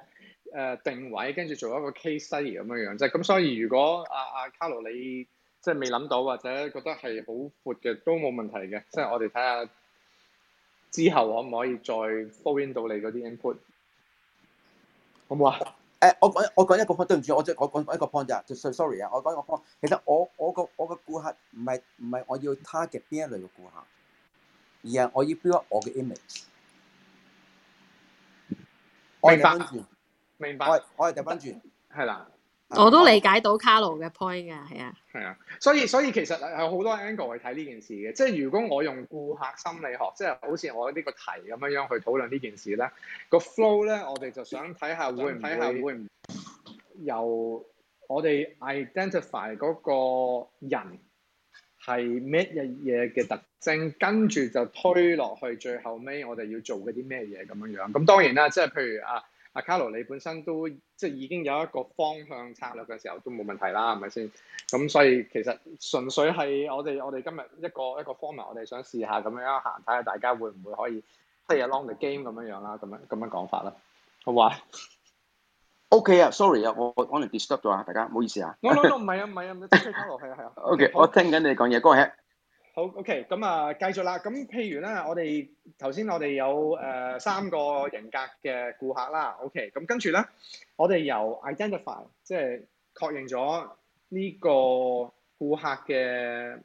誒、呃、定位，跟住做一個 case study 咁樣樣，即係咁。所以如果阿阿、啊啊、Carlo 你即係未諗到，或者覺得係好闊嘅，都冇問題嘅。即係我哋睇下之後可唔可以再 fall in 到你嗰啲 input，好唔好啊？誒、呃，我我我講一個 point，對唔住，我即係我講一個 point 啫，就 say sorry 啊，我講一個 point。其實我我個我個顧客唔係唔係我要 target 邊一類嘅顧客，而係我要 build 我嘅 image。明白。著明白我，我係掉翻轉。係啦的。嗯、我都理解到 Carlo 嘅 point 啊，係啊。係啊，所以所以其實有好多 angle 去睇呢件事嘅。即係如果我用顧客心理學，即、就、係、是、好似我呢個題咁樣樣去討論呢件事咧，個 flow 咧，我哋就想睇下會唔會，睇下會唔由我哋 identify 嗰個人係咩嘢嘢嘅特徵，跟住就推落去最後尾，我哋要做嗰啲咩嘢咁樣樣。咁當然啦，即係譬如啊。阿 Carlo 你本身都即係已經有一個方向策略嘅時候，都冇問題啦，係咪先？咁所以其實純粹係我哋我哋今日一個一個 format 我哋想試下咁樣一行，睇下大家會唔會可以 play long the game 咁樣樣啦，咁樣咁樣講法啦，好好 OK 啊，sorry 啊，我可能 disturb 咗啊，大家唔好意思啊。我諗唔係啊，唔係啊 Carlo 係啊係啊。OK，我聽緊你講嘢，哥嘿。好 OK，咁、嗯、啊，繼續啦。咁、嗯、譬如咧、呃，我哋頭先我哋有誒三個人格嘅顧客啦。OK，咁跟住咧，我哋由 identify 即係確認咗呢個顧客嘅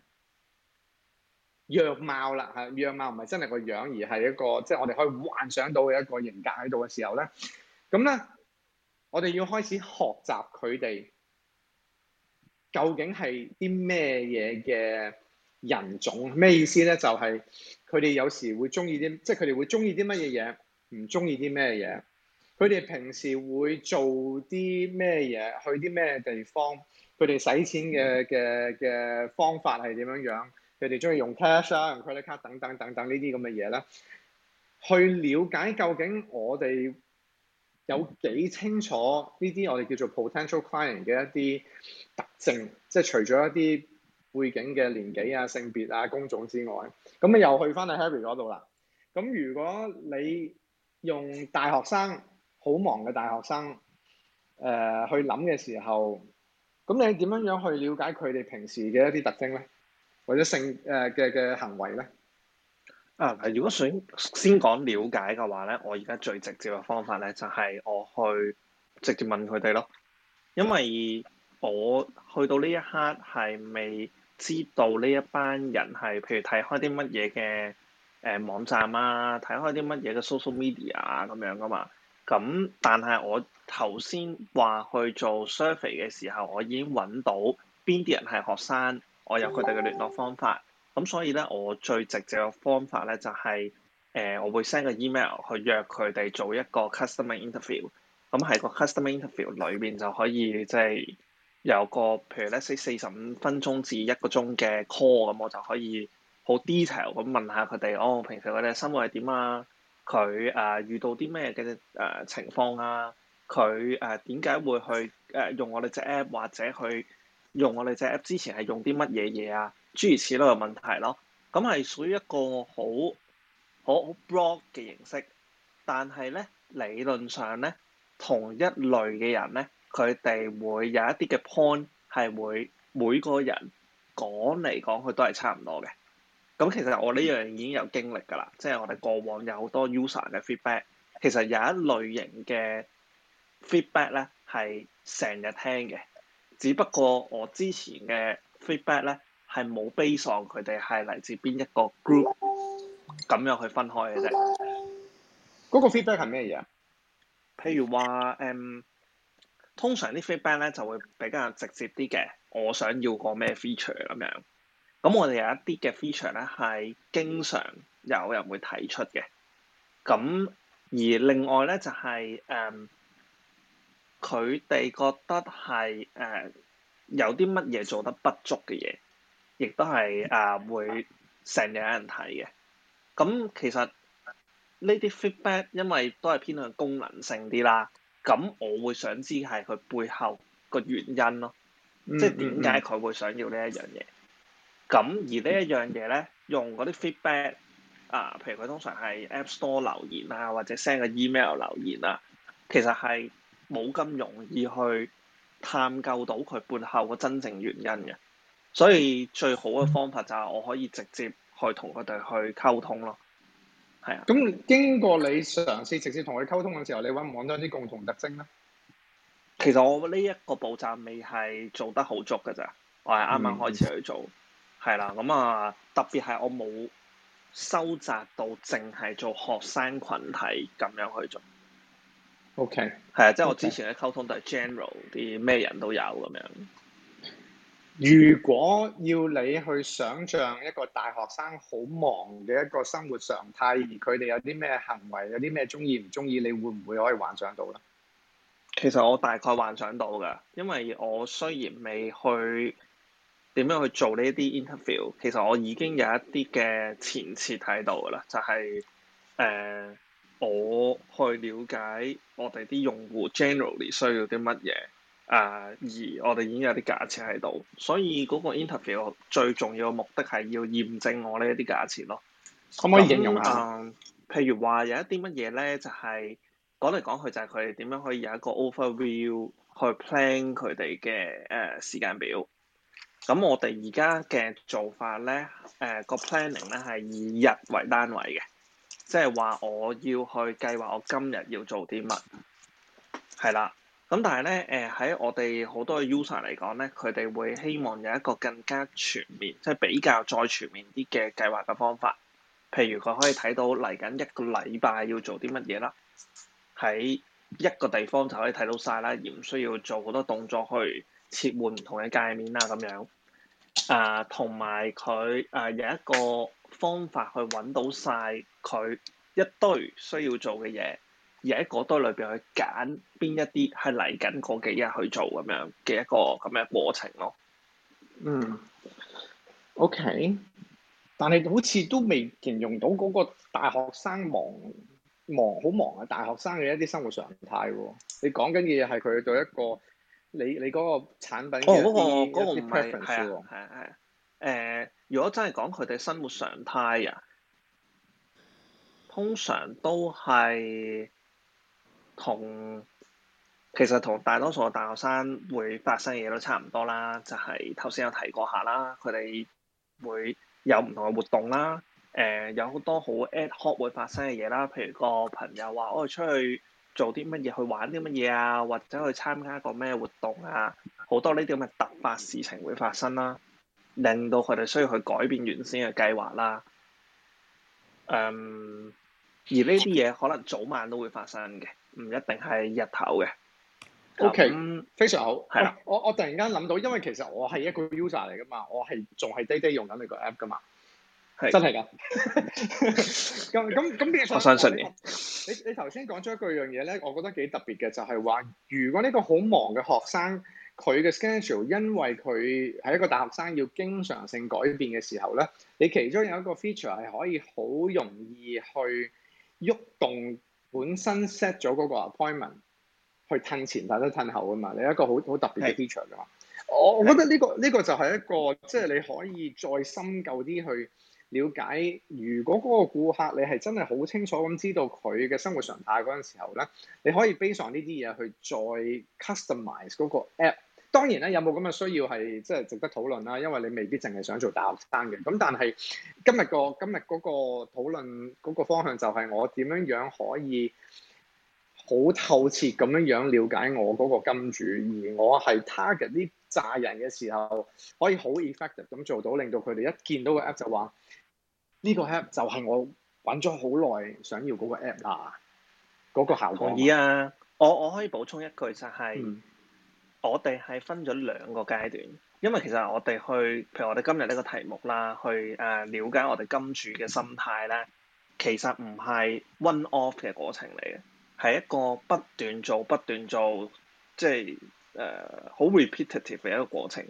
樣貌啦，嚇、啊、樣貌唔係真係個樣，而係一個即係、就是、我哋可以幻想到嘅一個人格喺度嘅時候咧，咁、嗯、咧、嗯嗯嗯嗯、我哋要開始學習佢哋究竟係啲咩嘢嘅。嗯嗯嗯人種咩意思咧？就係佢哋有時會中意啲，即係佢哋會中意啲乜嘢嘢，唔中意啲咩嘢。佢哋平時會做啲咩嘢，去啲咩地方，佢哋使錢嘅嘅嘅方法係點樣樣？佢哋中意用 cash 啊，用 credit card 等等等等呢啲咁嘅嘢咧，去了解究竟我哋有幾清楚呢啲我哋叫做 potential client 嘅一啲特徵，即係除咗一啲。背景嘅年紀啊、性別啊、工種之外，咁你又去翻去 Harry 嗰度啦。咁如果你用大學生好忙嘅大學生，誒、呃、去諗嘅時候，咁你點樣樣去了解佢哋平時嘅一啲特徵咧，或者性誒嘅嘅行為咧？啊，如果想先講了解嘅話咧，我而家最直接嘅方法咧，就係、是、我去直接問佢哋咯。因為我去到呢一刻係未知道呢一班人係，譬如睇開啲乜嘢嘅誒網站啊，睇開啲乜嘢嘅 social media 啊咁樣噶嘛。咁但係我頭先話去做 survey 嘅時候，我已經揾到邊啲人係學生，我有佢哋嘅聯絡方法。咁所以咧，我最直接嘅方法咧就係誒，我會 send 個 email 去約佢哋做一個 customer interview。咁喺個 customer interview 裏邊就可以即係。有個譬如咧，四十五分鐘至一個鐘嘅 call，咁我就可以好 detail 咁問下佢哋，我、哦、平時我哋生活係點啊？佢誒、呃、遇到啲咩嘅誒情況啊？佢誒點解會去誒、呃、用我哋隻 app 或者去用我哋隻 app 之前係用啲乜嘢嘢啊？諸如此類嘅問題咯。咁係屬於一個好好好 broad 嘅形式，但係咧理論上咧同一類嘅人咧。佢哋會有一啲嘅 point，係會每個人講嚟講去都係差唔多嘅。咁其實我呢樣已經有經歷㗎啦，即係我哋過往有好多 user 嘅 feedback。其實有一類型嘅 feedback 咧，係成日聽嘅。只不過我之前嘅 feedback 咧，係冇 based 佢哋係嚟自邊一個 group，咁樣去分開嘅啫。嗰個 feedback 係咩嘢啊？譬如話誒。嗯通常啲 feedback 咧就會比較直接啲嘅，我想要個咩 feature 咁樣，咁我哋有一啲嘅 feature 咧係經常有人會提出嘅。咁而另外咧就係誒佢哋覺得係誒、呃、有啲乜嘢做得不足嘅嘢，亦都係誒、呃、會成日有人睇嘅。咁其實呢啲 feedback 因為都係偏向功能性啲啦。咁我會想知係佢背後個原因咯，嗯嗯、即係點解佢會想要呢一樣嘢？咁而呢一樣嘢咧，用嗰啲 feedback 啊，譬如佢通常係 App Store 留言啊，或者 send 個 email 留言啊，其實係冇咁容易去探究到佢背後個真正原因嘅。所以最好嘅方法就係我可以直接去同佢哋去溝通咯。係啊，咁經過你嘗試直接同佢溝通嘅時候，你揾唔揾到啲共同特徵咧？其實我呢一個步驟未係做得好足㗎咋。我係啱啱開始去做，係啦、嗯，咁啊特別係我冇收窄到，淨係做學生群體咁樣去做。OK，係啊，即係我之前嘅溝通都係 general，啲咩人都有咁樣。如果要你去想像一個大學生好忙嘅一個生活常態，而佢哋有啲咩行為，有啲咩中意唔中意，你會唔會可以幻想到呢？其實我大概幻想到㗎，因為我雖然未去點樣去做呢啲 interview，其實我已經有一啲嘅前設喺度㗎啦，就係、是、誒、呃、我去了解我哋啲用戶 generally 需要啲乜嘢。誒，uh, 而我哋已經有啲假設喺度，所以嗰個 interview 最重要嘅目的係要驗證我呢一啲假設咯。可唔可以形容啊？譬如話有一啲乜嘢咧，就係、是、講嚟講去就係佢哋點樣可以有一個 overview 去 plan 佢哋嘅誒時間表。咁我哋而家嘅做法咧，誒、呃、個 planning 咧係以日為單位嘅，即係話我要去計劃我今日要做啲乜，係啦。咁但係咧，誒、呃、喺我哋好多 user 嚟講咧，佢哋會希望有一個更加全面，即係比較再全面啲嘅計劃嘅方法。譬如佢可以睇到嚟緊一個禮拜要做啲乜嘢啦，喺一個地方就可以睇到晒啦，而唔需要做好多動作去切換唔同嘅界面啦咁樣。誒、呃，同埋佢誒有一個方法去揾到晒佢一堆需要做嘅嘢。而喺嗰堆裏邊去揀邊一啲係嚟緊嗰幾日去做咁樣嘅一個咁嘅過程咯。嗯。OK。但係好似都未形容到嗰個大學生忙忙好忙嘅大學生嘅一啲生活常態喎。你講緊嘅嘢係佢對一個你你嗰個產品。哦，嗰個嗰個唔係係係係。誒，如果真係講佢哋生活常態啊，通常都係。同其實同大多數大學生會發生嘅嘢都差唔多啦，就係頭先有提過下啦，佢哋會有唔同嘅活動啦，誒、呃、有好多好 ad hoc 會發生嘅嘢啦，譬如個朋友話我哋出去做啲乜嘢去玩啲乜嘢啊，或者去參加一個咩活動啊，好多呢啲咁嘅突發事情會發生啦，令到佢哋需要去改變原先嘅計劃啦。誒、嗯，而呢啲嘢可能早晚都會發生嘅。唔一定係日頭嘅。OK，非常好。係啦，我我突然間諗到，因為其實我係一個 user 嚟噶嘛，我係仲係低低用緊你個 app 噶嘛。係真係㗎。咁咁咁，我相信你。你你頭先講咗一句樣嘢咧，我覺得幾特別嘅，就係話，如果呢個好忙嘅學生，佢嘅 schedule 因為佢係一個大學生，要經常性改變嘅時候咧，你其中有一個 feature 係可以好容易去喐動。本身 set 咗嗰個 appointment 去褪前但都褪後啊嘛，你一個好好特別嘅 feature 噶嘛。我我覺得呢個呢個就係一個，即係你可以再深究啲去了解，如果嗰個顧客你係真係好清楚咁知道佢嘅生活狀態嗰陣時候咧，你可以 base on 呢啲嘢去再 customize 嗰個 app。當然咧，有冇咁嘅需要係即係值得討論啦，因為你未必淨係想做大學生嘅。咁但係今日個今日嗰個討論嗰個方向就係我點樣樣可以好透徹咁樣樣了解我嗰個金主，而我係 target 啲炸人嘅時候，可以好 effective 咁做到，令到佢哋一見到個 app 就話呢個 app 就係我揾咗好耐想要嗰個 app 嗱，嗰個效果可以啊！我我可以補充一句就係。嗯我哋係分咗兩個階段，因為其實我哋去，譬如我哋今日呢個題目啦，去誒了解我哋金主嘅心態咧，其實唔係 one off 嘅過程嚟嘅，係一個不斷做、不斷做，即係誒好、uh, repetitive 嘅一個過程。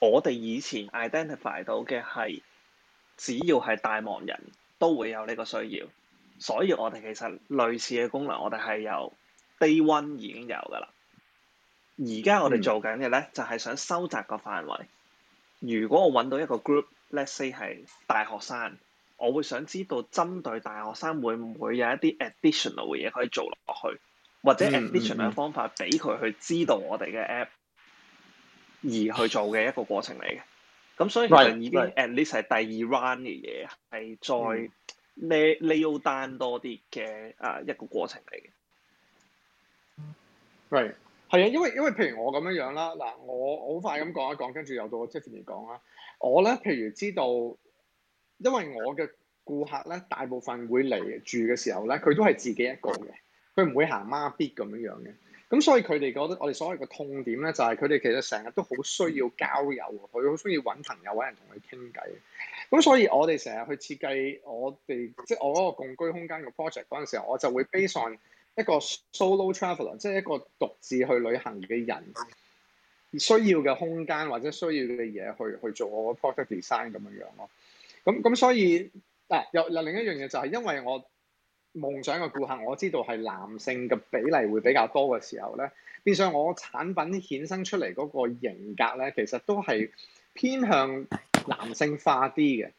我哋以前 identify 到嘅係只要係大忙人都會有呢個需要，所以我哋其實類似嘅功能我，我哋係由 day one 已經有噶啦。而家我哋做緊嘅咧，就係、是、想收窄個範圍。如果我揾到一個 group，let's say 係大學生，我會想知道針對大學生會唔會有一啲 additional 嘅嘢可以做落去，或者 additional 嘅方法俾佢去知道我哋嘅 app、mm hmm. 而去做嘅一個過程嚟嘅。咁所以其實已經 at least 係第二 round 嘅嘢，係再 nail down 多啲嘅啊一個過程嚟嘅。係。Right. 係啊，因為因為譬如我咁樣樣啦，嗱，我好快咁講一講，跟住又到我 Jasmine 講啦。我咧，譬如知道，因為我嘅顧客咧，大部分會嚟住嘅時候咧，佢都係自己一個嘅，佢唔會行孖咇咁樣樣嘅。咁所以佢哋覺得我哋所謂嘅痛點咧，就係佢哋其實成日都好需要交友，佢好鍾意揾朋友揾人同佢傾偈。咁所以我哋成日去設計我哋即係我嗰個共居空間嘅 project 嗰陣時候，我就會 b 一個 solo traveler 即係一個獨自去旅行嘅人，需要嘅空間或者需要嘅嘢去去做我 product design 咁樣樣咯。咁咁所以，嗱、啊、又又另一樣嘢就係因為我夢想嘅顧客我知道係男性嘅比例會比較多嘅時候咧，變相我產品衍生出嚟個型格咧，其實都係偏向男性化啲嘅。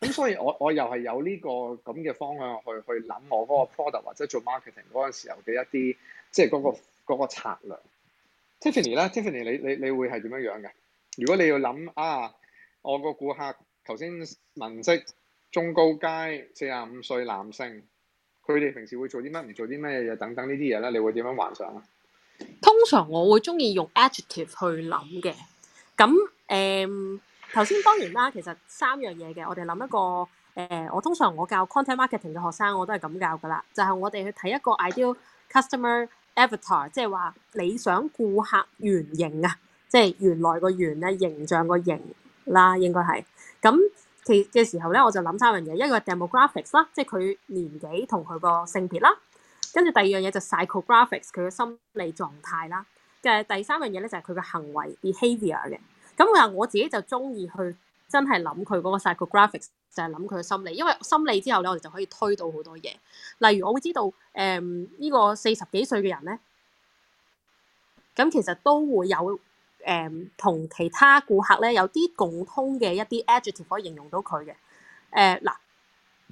咁所以我，我我又係有呢、這個咁嘅方向去去諗我嗰個 product s, 或者做 marketing 嗰陣時候嘅一啲，即係嗰個策略。Tiffany 咧呢，Tiffany，你你你會係點樣樣嘅？如果你要諗啊，我個顧客頭先文色中高階四廿五歲男性，佢哋平時會做啲乜？唔做啲咩嘢？等等呢啲嘢咧，你會點樣幻想啊？通常我會中意用 adjective 去諗嘅。咁誒。嗯頭先當然啦，其實三樣嘢嘅，我哋諗一個誒、呃，我通常我教 content marketing 嘅學生，我都係咁教噶啦，就係、是、我哋去睇一個 ideal customer avatar，即係話理想顧客原型啊，即係原來個原咧，形象個形啦，應該係咁其嘅時候咧，我就諗三樣嘢，一個 demographics 啦，即係佢年紀同佢個性別啦，跟住第二樣嘢就 psychographics 佢嘅心理狀態啦，嘅第三樣嘢咧就係佢嘅行為 behavior 嘅。Behavior。咁嗱，我自己就中意去真係諗佢嗰個 psychographics，就係諗佢嘅心理。因為心理之後咧，我哋就可以推到好多嘢。例如，我會知道誒呢、呃這個四十幾歲嘅人咧，咁其實都會有誒、呃、同其他顧客咧有啲共通嘅一啲 adjective 可以形容到佢嘅。誒、呃、嗱，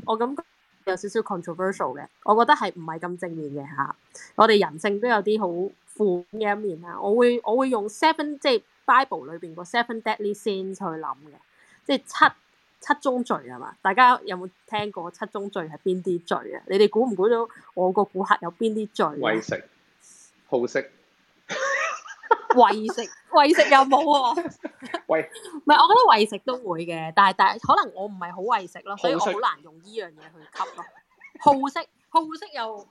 我感覺有少少 controversial 嘅，我覺得係唔係咁正面嘅嚇。我哋人性都有啲好負嘅一面啊！我會我會用 seven 即係。Bible 裏邊個 Seven Deadly Sins 去諗嘅，即係七七宗罪係嘛？大家有冇聽過七宗罪係邊啲罪啊？你哋估唔估到我個顧客有邊啲罪？為食、好食、為食、為食又冇喎。喂，唔係，我覺得為食都會嘅，但係但係可能我唔係好為食咯，所以好難用呢樣嘢去吸咯。好食、好食，食又。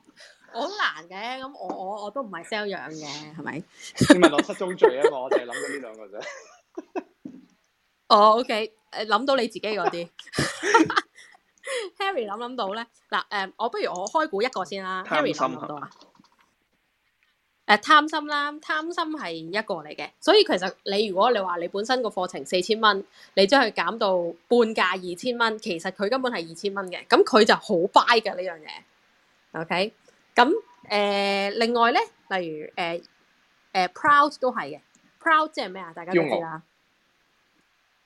好難嘅，咁我我我都唔係 sell 樣嘅，係咪？你問我失蹤罪啊？我淨係諗到呢兩個啫。O K，誒諗到你自己嗰啲 <laughs> ，Harry 諗諗到咧嗱，誒、呃，我不如我開估一個先啦。心 Harry，心唔多啊。誒， <laughs> uh, 貪心啦，貪心係一個嚟嘅，所以其實你如果你話你本身個課程四千蚊，你將佢減到半價二千蚊，其實佢根本係二千蚊嘅，咁佢就好 buy 嘅呢樣嘢。OK。Okay? 咁誒、呃，另外咧，例如誒誒、呃呃、proud 都係嘅，proud 即係咩啊？大家都知啦，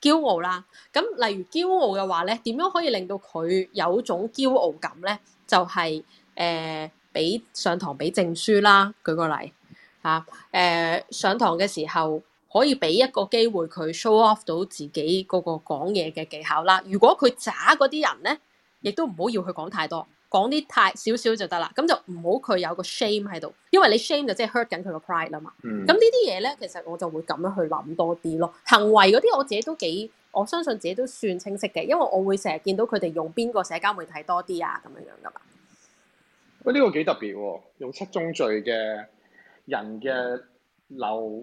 驕傲啦。咁例如驕傲嘅話咧，點樣可以令到佢有種驕傲感咧？就係、是、誒，俾、呃、上堂俾證書啦。舉個例吓，誒、啊呃、上堂嘅時候可以俾一個機會佢 show off 到自己嗰個講嘢嘅技巧啦。如果佢渣嗰啲人咧，亦都唔好要去講太多。講啲太少少就得啦，咁就唔好佢有個 shame 喺度，因為你 shame 就即係 hurt 緊佢個 pride 啦嘛。咁、嗯、呢啲嘢咧，其實我就會咁樣去諗多啲咯。行為嗰啲我自己都幾，我相信自己都算清晰嘅，因為我會成日見到佢哋用邊個社交媒體多啲啊，咁樣樣噶嘛。喂、哦，呢、呢個幾特別喎，用七宗罪嘅人嘅陋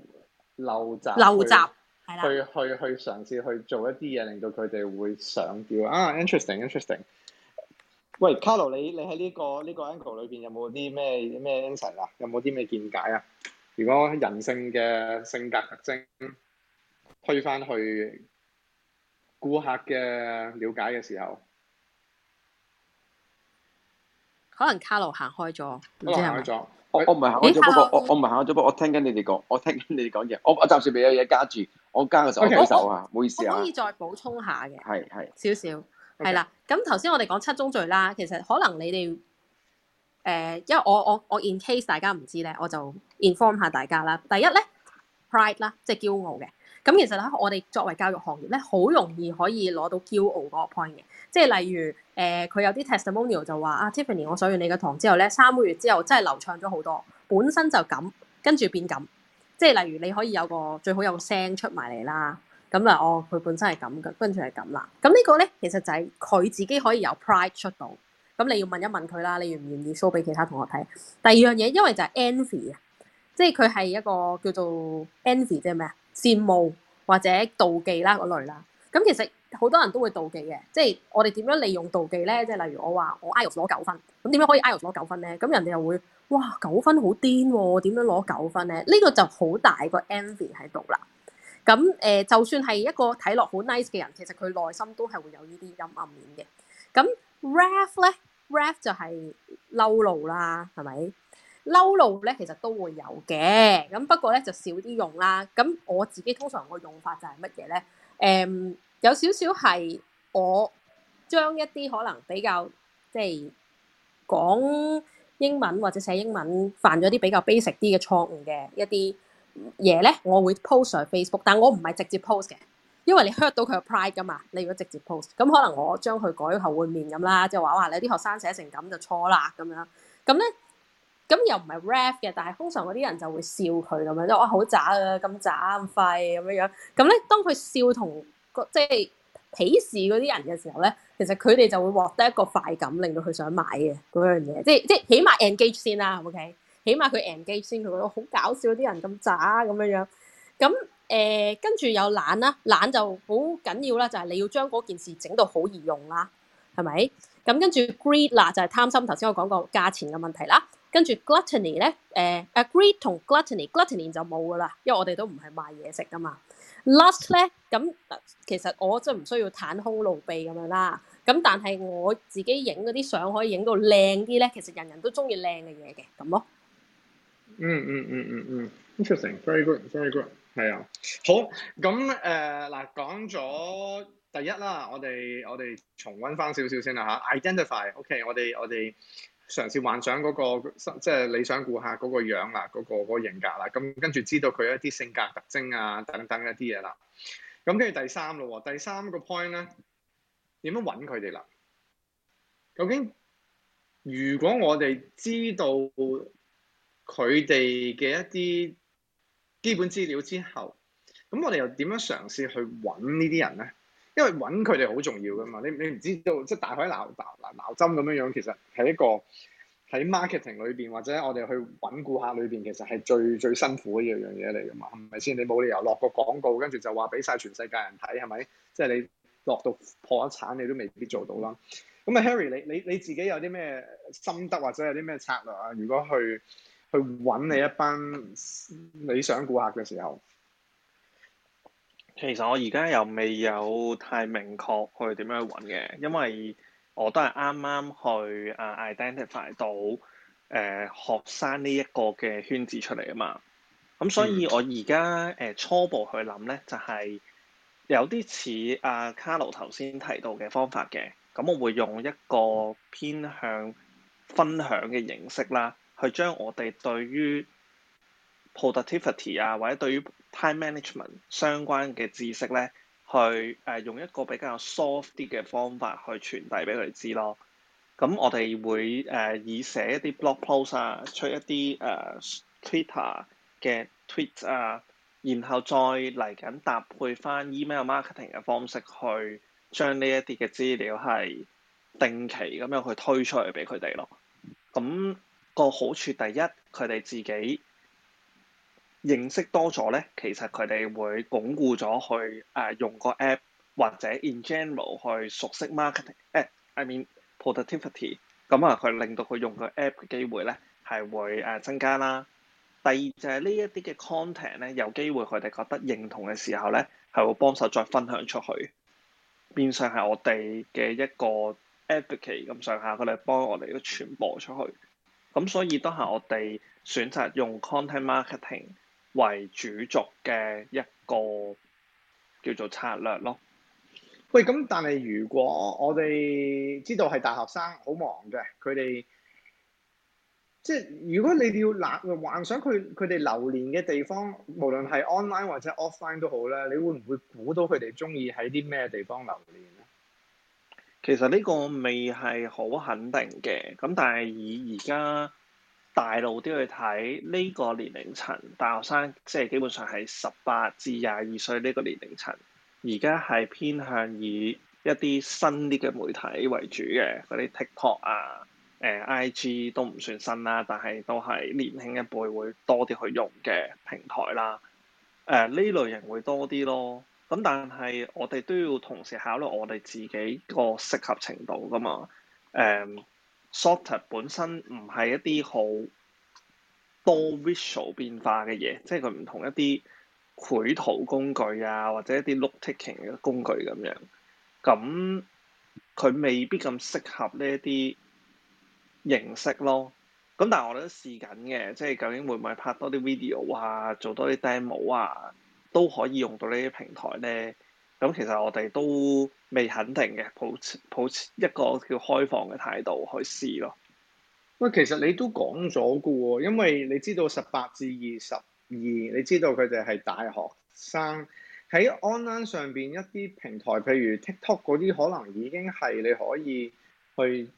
陋習陋習，係啦，去去去嘗試去做一啲嘢，令到佢哋會想叫：啊「啊 interesting！Interesting，interesting。喂，Carlo 你你喺呢個呢個 angle 裏邊有冇啲咩咩 insight 啊？有冇啲咩見解啊？如果人性嘅性格特徵推翻去顧客嘅了解嘅時候，可能 Carlo 行開咗。行開咗。我、欸、我唔係行開咗，不過我我唔係行開咗，不過我聽緊你哋講，我聽緊你哋講嘢。我我，我暫時未有嘢加住，我加個 Okay. 手，我加手啊。唔好意思啊。可以再補充下嘅。係係。少少。係啦，咁頭先我哋講七宗罪啦，其實可能你哋誒、呃，因為我我我 in case 大家唔知咧，我就 inform 下大家啦。第一咧，pride 啦，即係驕傲嘅。咁、嗯、其實咧，我哋作為教育行業咧，好容易可以攞到驕傲個 point 嘅，即係例如誒，佢、呃、有啲 testimonial 就話啊、ah,，Tiffany 我上完你嘅堂之後咧，三個月之後真係流暢咗好多，本身就咁，跟住變咁。即係例如你可以有個最好有個聲出埋嚟啦。咁啦，哦，佢本身係咁嘅，跟住係咁啦。咁呢個咧，其實就係佢自己可以有 pride 出到。咁你要問一問佢啦，你願唔願意 show 俾其他同學睇？第二樣嘢，因為就係 envy 啊，即係佢係一個叫做 envy 即係咩啊？羨慕或者妒忌啦嗰類啦。咁其實好多人都會妒忌嘅，即係我哋點樣利用妒忌咧？即係例如我話我 Ios 攞九分，咁點樣可以 Ios 攞九分咧？咁人哋又會哇九分好癲喎，我點樣攞九分咧？呢個就好大個 envy 喺度啦。咁誒、呃，就算係一個睇落好 nice 嘅人，其實佢內心都係會有呢啲陰暗面嘅。咁 rap 咧，rap 就係嬲怒啦，係咪？嬲怒咧，其實都會有嘅。咁不過咧，就少啲用啦。咁我自己通常我用法就係乜嘢咧？誒、嗯，有少少係我將一啲可能比較即係講英文或者寫英文犯咗啲比較 basic 啲嘅錯誤嘅一啲。一嘢咧，我會 post 喺 Facebook，但係我唔係直接 post 嘅，因為你 hurt 到佢嘅 pride 噶嘛。你如果直接 post，咁可能我將佢改頭換面咁啦，就話話你啲學生寫成咁就錯啦咁樣。咁咧，咁又唔係 rap 嘅，但係通常嗰啲人就會笑佢咁樣，就話好渣啦，咁渣咁廢咁樣樣。咁咧，當佢笑同即係鄙視嗰啲人嘅時候咧，其實佢哋就會獲得一個快感，令到佢想買嘅嗰樣嘢。即係即係起碼 engage 先啦，OK？起碼佢 M 記先，佢覺得好搞笑啲人咁渣咁樣樣。咁誒跟住有懶啦，懶就好緊要啦，就係、是、你要將嗰件事整到好易用啦，係咪？咁、嗯、跟住 greed 嗱就係貪心，頭先我講過價錢嘅問題啦。跟住 gluttony 咧誒，greed 同 gluttony，gluttony 就冇噶啦，因為我哋都唔係賣嘢食噶嘛。lust 咧，咁其實我真係唔需要袒胸露臂咁樣啦。咁但係我自己影嗰啲相可以影到靚啲咧，其實人人都中意靚嘅嘢嘅咁咯。嗯嗯嗯嗯、mm, 嗯、mm, mm, mm.，interesting，very good，very good，係啊、yeah.，好咁誒嗱，講、uh, 咗第一啦，我哋我哋重温翻少少先啦吓，identify，OK，、okay, 我哋我哋嘗試幻想嗰、那個即係理想顧客嗰個樣啊，嗰、那個嗰、那個型格啦，咁跟住知道佢一啲性格特徵啊等等一啲嘢啦，咁跟住第三咯，第三個 point 咧，點樣搵佢哋啦？究竟如果我哋知道？佢哋嘅一啲基本資料之後，咁我哋又點樣嘗試去揾呢啲人咧？因為揾佢哋好重要噶嘛。你你唔知道，即係大海撈撈撈針咁樣樣，其實係一個喺 marketing 裏邊或者我哋去揾顧客裏邊，其實係最最辛苦嘅一樣嘢嚟噶嘛，係咪先？你冇理由落個廣告跟住就話俾晒全世界人睇，係咪？即係你落到破產，你都未必做到啦。咁啊，Harry，你你你自己有啲咩心得或者有啲咩策略啊？如果去？去揾你一班理想顧客嘅時候，其實我而家又未有太明確去點樣揾嘅，因為我都係啱啱去啊 identify 到誒、呃、學生呢一個嘅圈子出嚟啊嘛，咁所以我而家誒初步去諗咧，就係、是、有啲似阿 Carlo 頭先提到嘅方法嘅，咁我會用一個偏向分享嘅形式啦。去將我哋對於 productivity 啊，或者對於 time management 相關嘅知識咧，去誒、呃、用一個比較 soft 啲嘅方法去傳遞俾佢哋知咯。咁、嗯、我哋會誒、呃、以寫一啲 blog post 啊，出一啲誒、呃、Twitter 嘅 tweet 啊，然後再嚟緊搭配翻 email marketing 嘅方式去將呢一啲嘅資料係定期咁樣去推出來俾佢哋咯。咁。個好處，第一，佢哋自己認識多咗呢。其實佢哋會鞏固咗去誒、啊、用個 app 或者 in general 去熟悉 marketing App，啊。I mean positivity。咁啊，佢令到佢用個 app 嘅機會呢係會誒增加啦。第二就係呢一啲嘅 content 呢，有機會佢哋覺得認同嘅時候呢係會幫手再分享出去，變相係我哋嘅一個 advocate 咁上下，佢哋幫我哋都傳播出去。咁所以都係我哋選擇用 content marketing 為主軸嘅一個叫做策略咯。喂，咁但係如果我哋知道係大學生好忙嘅，佢哋即係如果你哋要嗱幻想佢佢哋留連嘅地方，無論係 online 或者 offline 都好咧，你會唔會估到佢哋中意喺啲咩地方留連？其實呢個未係好肯定嘅，咁但係以而家大路啲去睇呢、呢個年齡層，大學生即係基本上係十八至廿二歲呢個年齡層，而家係偏向以一啲新啲嘅媒體為主嘅，嗰啲 TikTok 啊、誒、呃、IG 都唔算新啦，但係都係年輕一輩會多啲去用嘅平台啦。誒、呃、呢類型會多啲咯。咁但係我哋都要同時考慮我哋自己個適合程度㗎嘛？誒、嗯、software 本身唔係一啲好多 visual 變化嘅嘢，即係佢唔同一啲繪圖工具啊，或者一啲 note-taking 嘅工具咁樣。咁、嗯、佢未必咁適合呢一啲形式咯。咁、嗯、但係我哋都試緊嘅，即係究竟會唔會拍多啲 video 啊，做多啲 demo 啊？都可以用到呢啲平台咧，咁其實我哋都未肯定嘅，保持保持一個叫開放嘅態度去試咯。喂，其實你都講咗嘅喎，因為你知道十八至二十二，你知道佢哋係大學生喺 online 上邊一啲平台，譬如 TikTok 嗰啲，可能已經係你可以去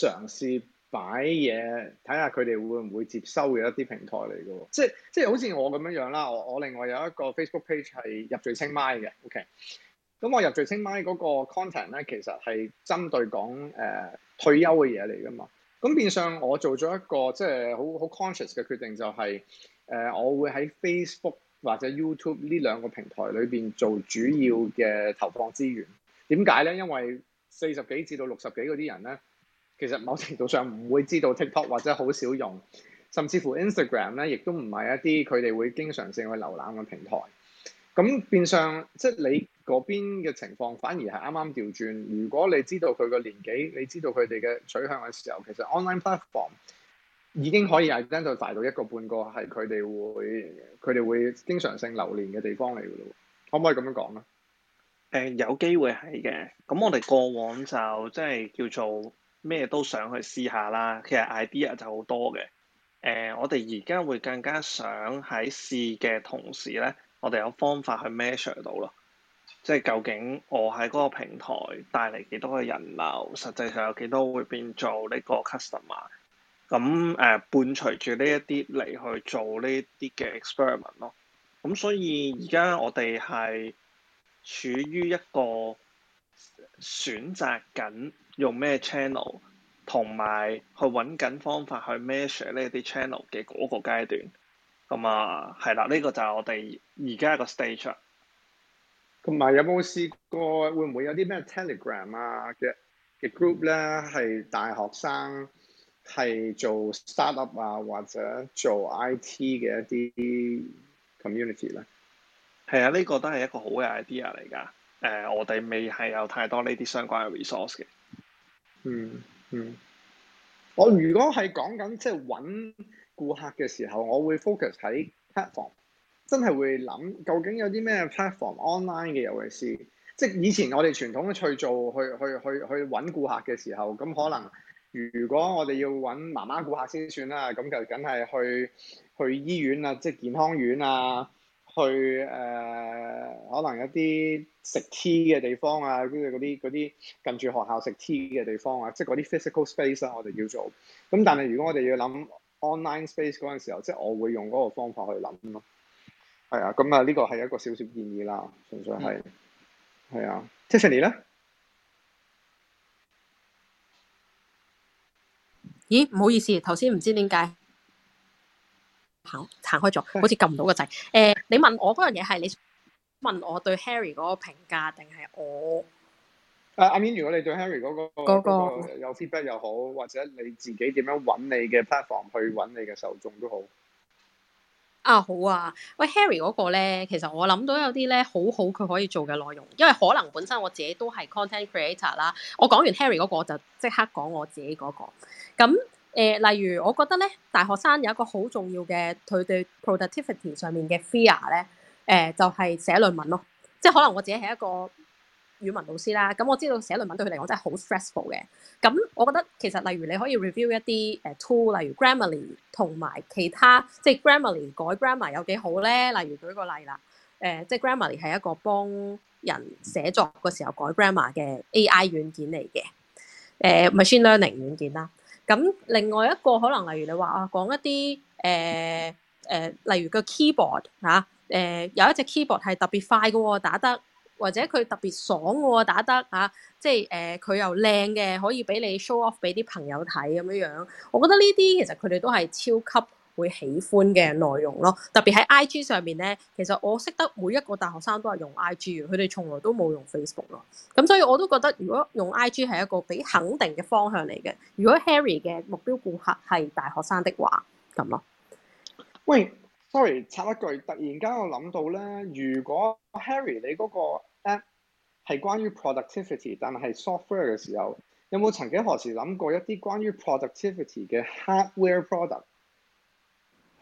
嘗試。買嘢睇下佢哋會唔會接收嘅一啲平台嚟嘅，即係即係好似我咁樣樣啦。我我另外有一個 Facebook page 係入聚清邁嘅，OK。咁我入聚清邁嗰個 content 咧，其實係針對講誒、呃、退休嘅嘢嚟噶嘛。咁變相我做咗一個即係好好 conscious 嘅決定，就係，就係誒我會喺 Facebook 或者 YouTube 呢兩個平台裏邊做主要嘅投放資源。點解咧？因為四十幾至到六十幾嗰啲人咧。其實某程度上唔會知道 TikTok 或者好少用，甚至乎 Instagram 咧，亦都唔係一啲佢哋會經常性去瀏覽嘅平台。咁變相即係你嗰邊嘅情況反而係啱啱調轉。如果你知道佢個年紀，你知道佢哋嘅取向嘅時候，其實 online platform 已經可以係真係大到一個半個係佢哋會佢哋會經常性留連嘅地方嚟嘅咯。可唔可以咁樣講咧？誒、呃，有機會係嘅。咁我哋過往就即係叫做。咩都想去試下啦，其實 idea 就好多嘅。誒、呃，我哋而家會更加想喺試嘅同時咧，我哋有方法去 measure 到咯，即係究竟我喺嗰個平台帶嚟幾多嘅人流，實際上有幾多會變做呢個 customer。咁、呃、誒，伴隨住呢一啲嚟去做呢啲嘅 experiment 咯。咁所以而家我哋係處於一個選擇緊用咩 channel 同埋去揾緊方法去 measure 呢啲 channel 嘅嗰個階段，咁啊係啦，呢個就係我哋而家一個 stage 啦。同埋有冇試過會唔會有啲咩 Telegram 啊嘅嘅 group 咧，係大學生係做 startup 啊或者做 IT 嘅一啲 community 咧。係啊，呢個都係一個好嘅 idea 嚟噶。誒，我哋未係有太多呢啲相關嘅 resource 嘅。嗯嗯，mm hmm. 我如果係講緊即係搵顧客嘅時候，我會 focus 喺 platform，真係會諗究竟有啲咩 platform online 嘅，尤其是即係以前我哋傳統嘅去做去去去去搵顧客嘅時候，咁可能如果我哋要搵媽媽顧客先算啦，咁就梗係去去醫院啊，即係健康院啊。去誒、呃，可能有啲食 tea 嘅地方啊，跟住嗰啲啲近住學校食 tea 嘅地方啊，即係嗰啲 physical space 啊，我哋叫做。咁但係如果我哋要諗 online space 嗰陣時候，即係我會用嗰個方法去諗咯。係啊，咁啊，呢個係一個少少建議啦，純粹係。係、嗯、啊，Tiffany 咧？呢咦，唔好意思，頭先唔知點解，行行開咗，是的 好似撳唔到個掣。誒、呃，你問我嗰樣嘢係你問我對 Harry 嗰個評價，定係我？誒、啊，阿 Min，如果你對 Harry 嗰、嗰個嗰個、個有 feedback 又好，或者你自己點樣揾你嘅 platform 去揾你嘅受眾都好。啊，好啊。喂，Harry 嗰個咧，其實我諗到有啲咧好好佢可以做嘅內容，因為可能本身我自己都係 content creator 啦。我講完 Harry 嗰、嗰個，我就即刻講我自己嗰、嗰個。咁、嗯。誒，例如我覺得咧，大學生有一個好重要嘅佢對，對 productivity 上面嘅 fear 咧，誒、呃，就係、是、寫論文咯。即係可能我自己係一個語文老師啦，咁我知道寫論文對佢嚟講真係好 stressful 嘅。咁我覺得其實例如你可以 review 一啲誒 tool，例如 Grammarly 同埋其他即係 Grammarly 改 grammar 有幾好咧？例如舉個例啦，誒、呃，即係 Grammarly 係一個幫人寫作嘅時候改 grammar 嘅 AI 軟件嚟嘅，誒、呃、machine learning 軟件啦。咁另外一個可能，例如你話啊，講一啲誒誒，例如個 keyboard 嚇，誒、啊呃、有一隻 keyboard 係特別快嘅，打得或者佢特別爽嘅，打得嚇、啊，即係誒佢又靚嘅，可以俾你 show off 俾啲朋友睇咁樣樣。我覺得呢啲其實佢哋都係超級。會喜歡嘅內容咯，特別喺 IG 上面咧，其實我識得每一個大學生都係用 IG 佢哋從來都冇用 Facebook 咯。咁所以我都覺得，如果用 IG 係一個比肯定嘅方向嚟嘅。如果 Harry 嘅目標顧客係大學生的話，咁咯。喂，sorry 插一句，突然間我諗到咧，如果 Harry 你嗰個 app 係關於 productivity，但係 software 嘅時候，有冇曾經何時諗過一啲關於 productivity 嘅 hardware product？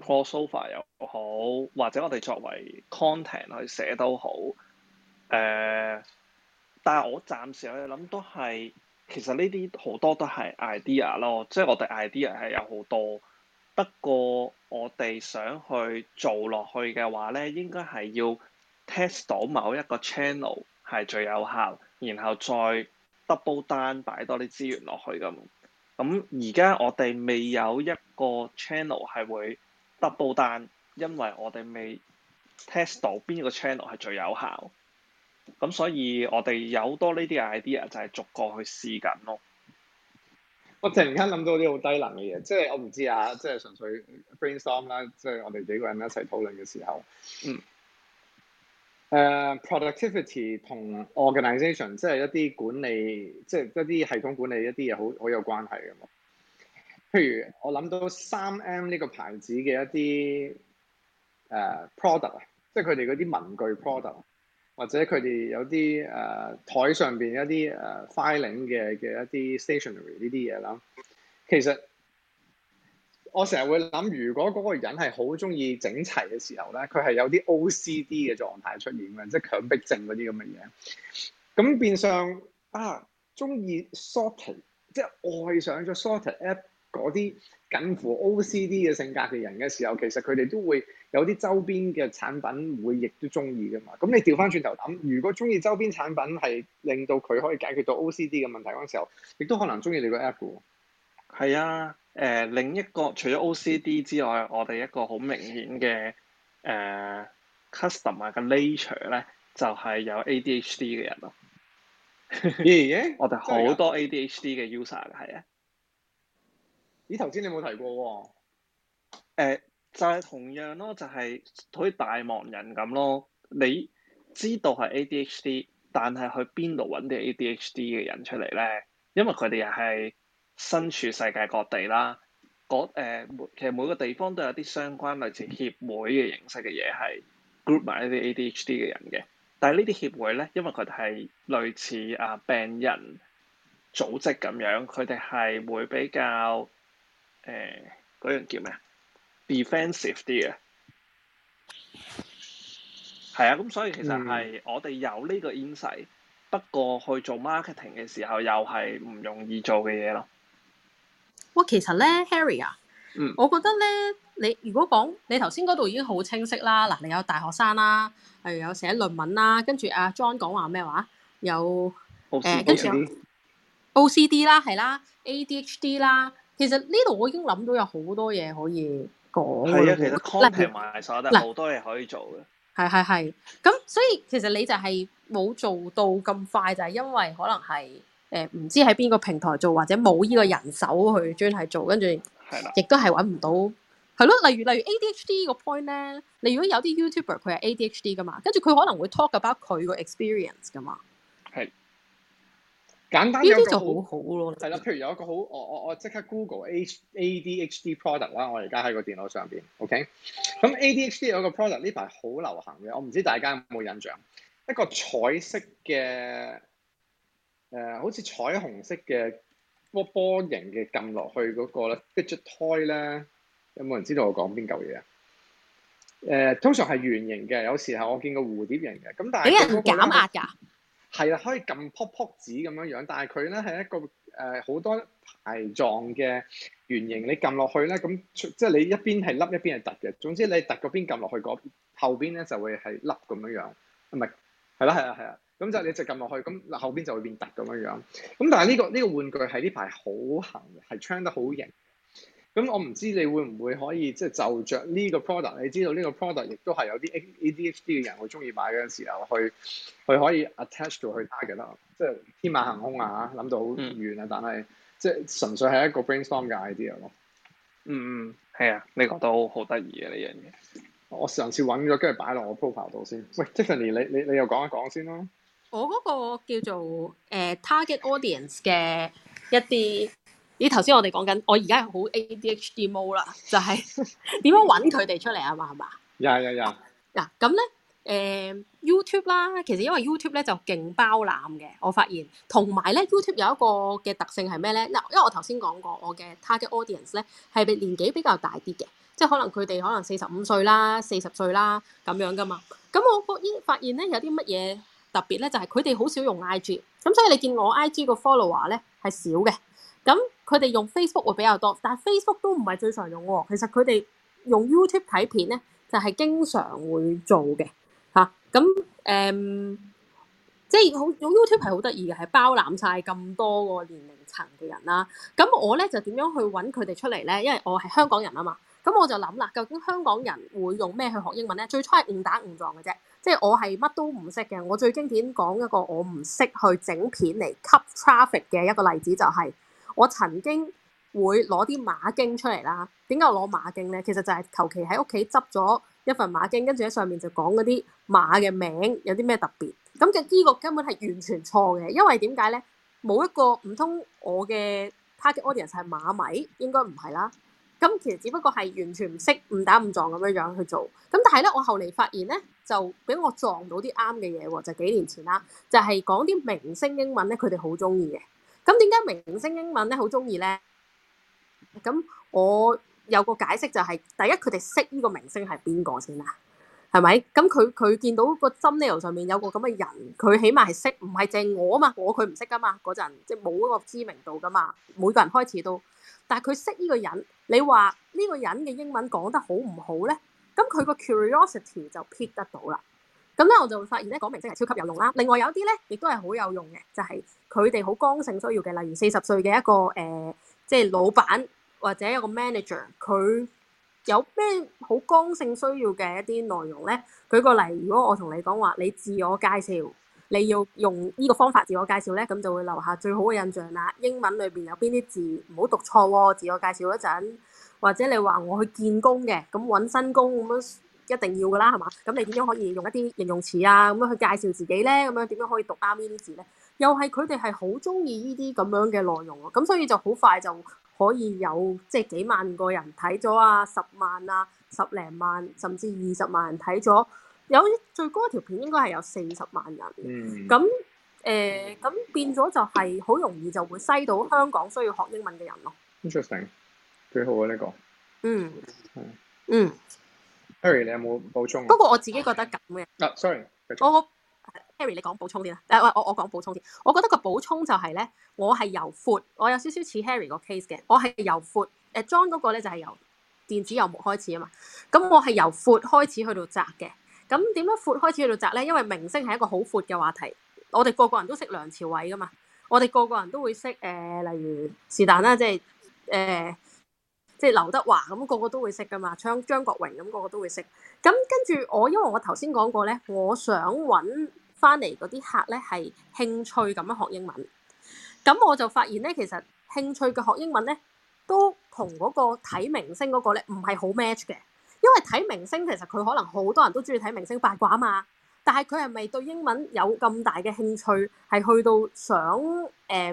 crossover 又好，或者我哋作為 content 去寫都好，誒，但係我暫時去諗都係，其實呢啲好多都係 idea 咯，即係我哋 idea 係有好多，不過我哋想去做落去嘅話呢，應該係要 test 到某一個 channel 係最有效，然後再 double down 擺多啲資源落去咁。咁而家我哋未有一個 channel 係會。發報單，因為我哋未 test 到邊個 channel 係最有效，咁所以我哋有多呢啲 idea 就係逐個去試緊咯。我突然間諗到啲好低能嘅嘢，即係我唔知啊，即係純粹 brainstorm 啦，即係我哋幾個人一齊討論嘅時候。嗯。誒，uh,productivity 同 organization 即係一啲管理，即係一啲系統管理一啲嘢，好好有關係嘅。譬如我諗到三 M 呢個牌子嘅一啲誒、uh, product 啊，即係佢哋嗰啲文具 product，或者佢哋有啲誒台上邊一啲誒 filing 嘅嘅一啲 stationery 呢啲嘢啦。其實我成日會諗，如果嗰個人係好中意整齊嘅時候咧，佢係有啲 OCD 嘅狀態出現嘅，即係強迫症嗰啲咁嘅嘢。咁變相啊，中意 sort 即係愛上咗 sorter app。嗰啲近乎 OCD 嘅性格嘅人嘅時候，其實佢哋都會有啲周邊嘅產品會亦都中意㗎嘛。咁你調翻轉頭諗，如果中意周邊產品係令到佢可以解決到 OCD 嘅問題嗰時候，亦都可能中意你個 app 嘅。係啊，誒、呃，另一個除咗 OCD 之外，我哋一個好明顯嘅誒、呃、customer 嘅、啊、nature 咧，就係、是、有 ADHD 嘅人咯。咦？我哋好多 ADHD 嘅 user 嘅，係啊。咦，頭先你有冇提過喎？呃，就係、是、同樣咯，就係好似大忙人咁咯。你知道係 ADHD，但係去邊度揾啲 ADHD 嘅人出嚟咧？因為佢哋又係身處世界各地啦。嗰、呃、其實每個地方都有啲相關類似協會嘅形式嘅嘢，係 group 埋一啲 ADHD 嘅人嘅。但係呢啲協會咧，因為佢哋係類似啊病人組織咁樣，佢哋係會比較誒嗰、欸、樣叫咩啊？defensive 啲嘅，係啊，咁所以其實係我哋有呢個 insight，、嗯、不過去做 marketing 嘅時候又係唔容易做嘅嘢咯。喂，其實咧，Harry 啊，嗯，我覺得咧，你如果講你頭先嗰度已經好清晰啦，嗱，你有大學生啦，係有寫論文啦，跟住阿、啊、John 講話咩話，有斯、呃、OCD 啦，係啦，ADHD 啦。其實呢度我已經諗到有好多嘢可以講。係啊對，其實 content 埋曬，但係好多嘢可以做嘅。係係係，咁所以其實你就係冇做到咁快，就係、是、因為可能係誒唔知喺邊個平台做，或者冇依個人手去專係做，跟住亦的都係揾唔到。係咯，例如例如 ADHD 個 point 咧，你如果有啲 YouTuber 佢係 ADHD 噶嘛，跟住佢可能會 talk about 佢個 experience 噶嘛。簡單有一就好好咯，係啦。譬如有一個好，我我我即刻 Google A D H D product 啦。我而家喺個電腦上邊，OK？咁 A D H D 有個 product 呢排好流行嘅，我唔知大家有冇印象？一個彩色嘅，誒、呃，好似彩虹色嘅波波型嘅撳落去嗰、那個咧，Fidget toy 咧。有冇人知道我講邊嚿嘢啊？誒、呃，通常係圓形嘅，有時候我見過蝴蝶形嘅。咁但係俾人減壓㗎。係啊，可以撳卜卜紙咁樣樣，但係佢咧係一個誒好多排狀嘅圓形，你撳落去咧咁，即係你一邊係凹一邊係凸嘅。總之你凸嗰邊撳落去嗰後邊咧就會係凹咁樣樣，係咪？係啦，係啊，係啊，咁就你就直撳落去，咁嗱後邊就會變凸咁樣樣。咁但係呢、呢個呢、呢個玩具係呢排好行，嘅，係槍得好型。咁我唔知你會唔會可以即係就着呢個 product，你知道呢個 product 亦都係有啲 ADHD 嘅人會中意買嗰陣時候，去去可以 attach 到去 target，即係天馬行空啊嚇，諗到好遠啊，但係即係純粹係一個 brainstorm 嘅 idea 咯。嗯嗯，係啊，你覺得好好得意嘅呢樣嘢。我上次揾咗跟住擺落我 profile 度先。喂 <laughs> ，Tiffany，你你你又講一講先啦。我嗰個叫做誒 target audience 嘅一啲。 <music> 你頭先我哋講緊，我而家係好 ADHD mode 啦，就係點樣揾佢哋出嚟啊？嘛，係嘛？有有有嗱咁咧，誒、呃、YouTube 啦，其實因為 YouTube 咧就勁包攬嘅，我發現同埋咧 YouTube 有一個嘅特性係咩咧？嗱，因為我頭先講過我嘅 target audience 咧係年紀比較大啲嘅，即係可能佢哋可能四十五歲啦、四十歲啦咁樣噶嘛。咁我個依發現咧有啲乜嘢特別咧，就係佢哋好少用 I G 咁，所以你見我 I G 個 follower 咧係少嘅。咁佢哋用 Facebook 會比較多，但係 Facebook 都唔係最常用喎。其實佢哋用 YouTube 睇片咧，就係、是、經常會做嘅嚇。咁、啊、誒，即係好，YouTube 係好得意嘅，係包攬晒咁多個年齡層嘅人啦。咁我咧就點樣去揾佢哋出嚟咧？因為我係香港人啊嘛。咁我就諗啦，究竟香港人會用咩去學英文咧？最初係誤打誤撞嘅啫，即、就、係、是、我係乜都唔識嘅。我最經典講一個我唔識去整片嚟吸 traffic 嘅一個例子就係、是。我曾經會攞啲馬經出嚟啦，點解我攞馬經咧？其實就係求其喺屋企執咗一份馬經，跟住喺上面就講嗰啲馬嘅名有啲咩特別。咁嘅呢個根本係完全錯嘅，因為點解咧？冇一個，唔通我嘅 target audience 係馬迷，應該唔係啦。咁其實只不過係完全唔識，誤打誤撞咁樣樣去做。咁但係咧，我後嚟發現咧，就俾我撞到啲啱嘅嘢喎。就幾年前啦，就係、是、講啲明星英文咧，佢哋好中意嘅。咁點解明星英文咧好鍾意咧？咁我有個解釋就係、是，第一佢哋識呢個明星係邊個先啦，係咪？咁佢佢見到個 thumbnail 上面有個咁嘅人，佢起碼係識，唔係淨我啊嘛，我佢唔識噶嘛，嗰陣即係冇嗰個知名度噶嘛，每個人開始都，但係佢識呢個人，你話呢個人嘅英文講得好唔好咧？咁佢個 curiosity 就 pick 得到啦。咁咧，我就會發現咧，講明真係超級有用啦。另外有啲咧，亦都係好有用嘅，就係佢哋好剛性需要嘅。例如四十歲嘅一個誒、呃，即係老闆或者一個 manager，佢有咩好剛性需要嘅一啲內容咧？舉個例，如果我同你講話，你自我介紹，你要用呢個方法自我介紹咧，咁就會留下最好嘅印象啦。英文裏邊有邊啲字唔好讀錯喎？自我介紹一陣，或者你話我去見工嘅，咁揾新工咁樣。一定要㗎啦，係嘛？咁你點樣可以用一啲形容詞啊咁樣去介紹自己咧？咁樣點樣可以讀啱呢啲字咧？又係佢哋係好中意呢啲咁樣嘅內容喎啊。咁所以就好快就可以有即係幾萬個人睇咗啊，十萬啊，十零萬甚至二十萬人睇咗。有最高一條片應該係有四十萬人。嗯。咁誒，咁、呃、變咗就係好容易就會篩到香港需要學英文嘅人咯。Interesting，幾好啊呢個。嗯。Yeah. 嗯。Harry，你有冇補充？不過我自己覺得咁嘅。嗱，okay，oh，sorry，我 Harry，你講補充啲啦。誒、呃，我我講補充啲。我覺得個補充就係咧，我係由闊，我有少少似 Harry 個 case 嘅。我係由闊誒、呃，John 嗰個咧就係由電子油木開始啊嘛。咁我係由闊開始去到窄嘅。咁點樣闊開始去到窄咧？因為明星係一個好闊嘅話題。我哋個個人都識梁朝偉噶嘛。我哋個個人都會識誒、呃，例如是但啦，即係誒。呃即係劉德華咁，個個都會識噶嘛。張張國榮咁，個個都會識。咁跟住我，因為我頭先講過咧，我想揾翻嚟嗰啲客咧係興趣咁樣學英文。咁我就發現咧，其實興趣嘅學英文咧，都同嗰個睇明星嗰個咧唔係好 match 嘅。因為睇明星，其實佢可能好多人都中意睇明星八卦嘛。但係佢係咪對英文有咁大嘅興趣，係去到想誒、呃、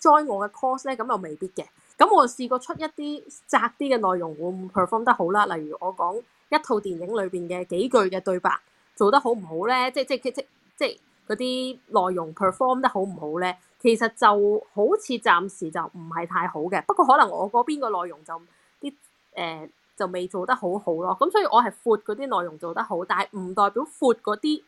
join 我嘅 course 咧？咁又未必嘅。咁我試過出一啲窄啲嘅內容，會唔會 perform 得好啦。例如我講一套電影裏邊嘅幾句嘅對白，做得好唔好咧？即即即即嗰啲內容 perform 得好唔好咧？其實就好似暫時就唔係太好嘅。不過可能我嗰邊個內容就啲誒、呃、就未做得好好咯。咁所以我係闊嗰啲內容做得好，但係唔代表闊嗰啲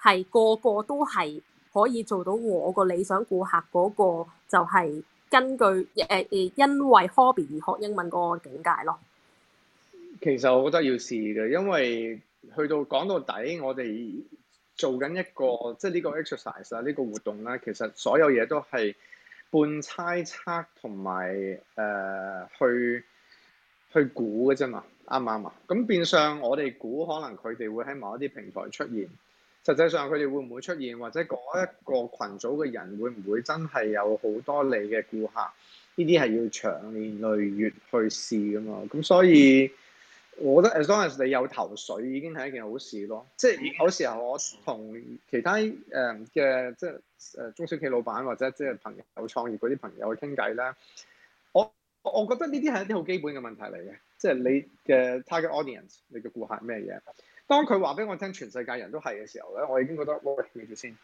係個個都係可以做到我個理想顧客嗰個就係、是。根據誒誒、呃，因為 Kobe 而學英文嗰個境界咯。其實我覺得要試嘅，因為去到講到底，我哋做緊一個即係呢個 exercise 啊，呢、呢個活動咧，其實所有嘢都係半猜測同埋誒去去估嘅啫嘛，啱唔啱啊？咁變相我哋估可能佢哋會喺某一啲平台出現。實際上佢哋會唔會出現，或者嗰一個群組嘅人會唔會真係有好多你嘅顧客？呢啲係要長年累月去試㗎嘛。咁所以，我覺得 as long as 你有頭緒已經係一件好事咯。即係有時候我同其他誒嘅、呃、即係誒中小企老闆或者即係朋友創業嗰啲朋友去傾偈啦。我我覺得呢啲係一啲好基本嘅問題嚟嘅。即係你嘅 target audience，你嘅顧客係咩嘢？當佢話俾我聽全世界人都係嘅時候咧，我已經覺得喂，諗住先，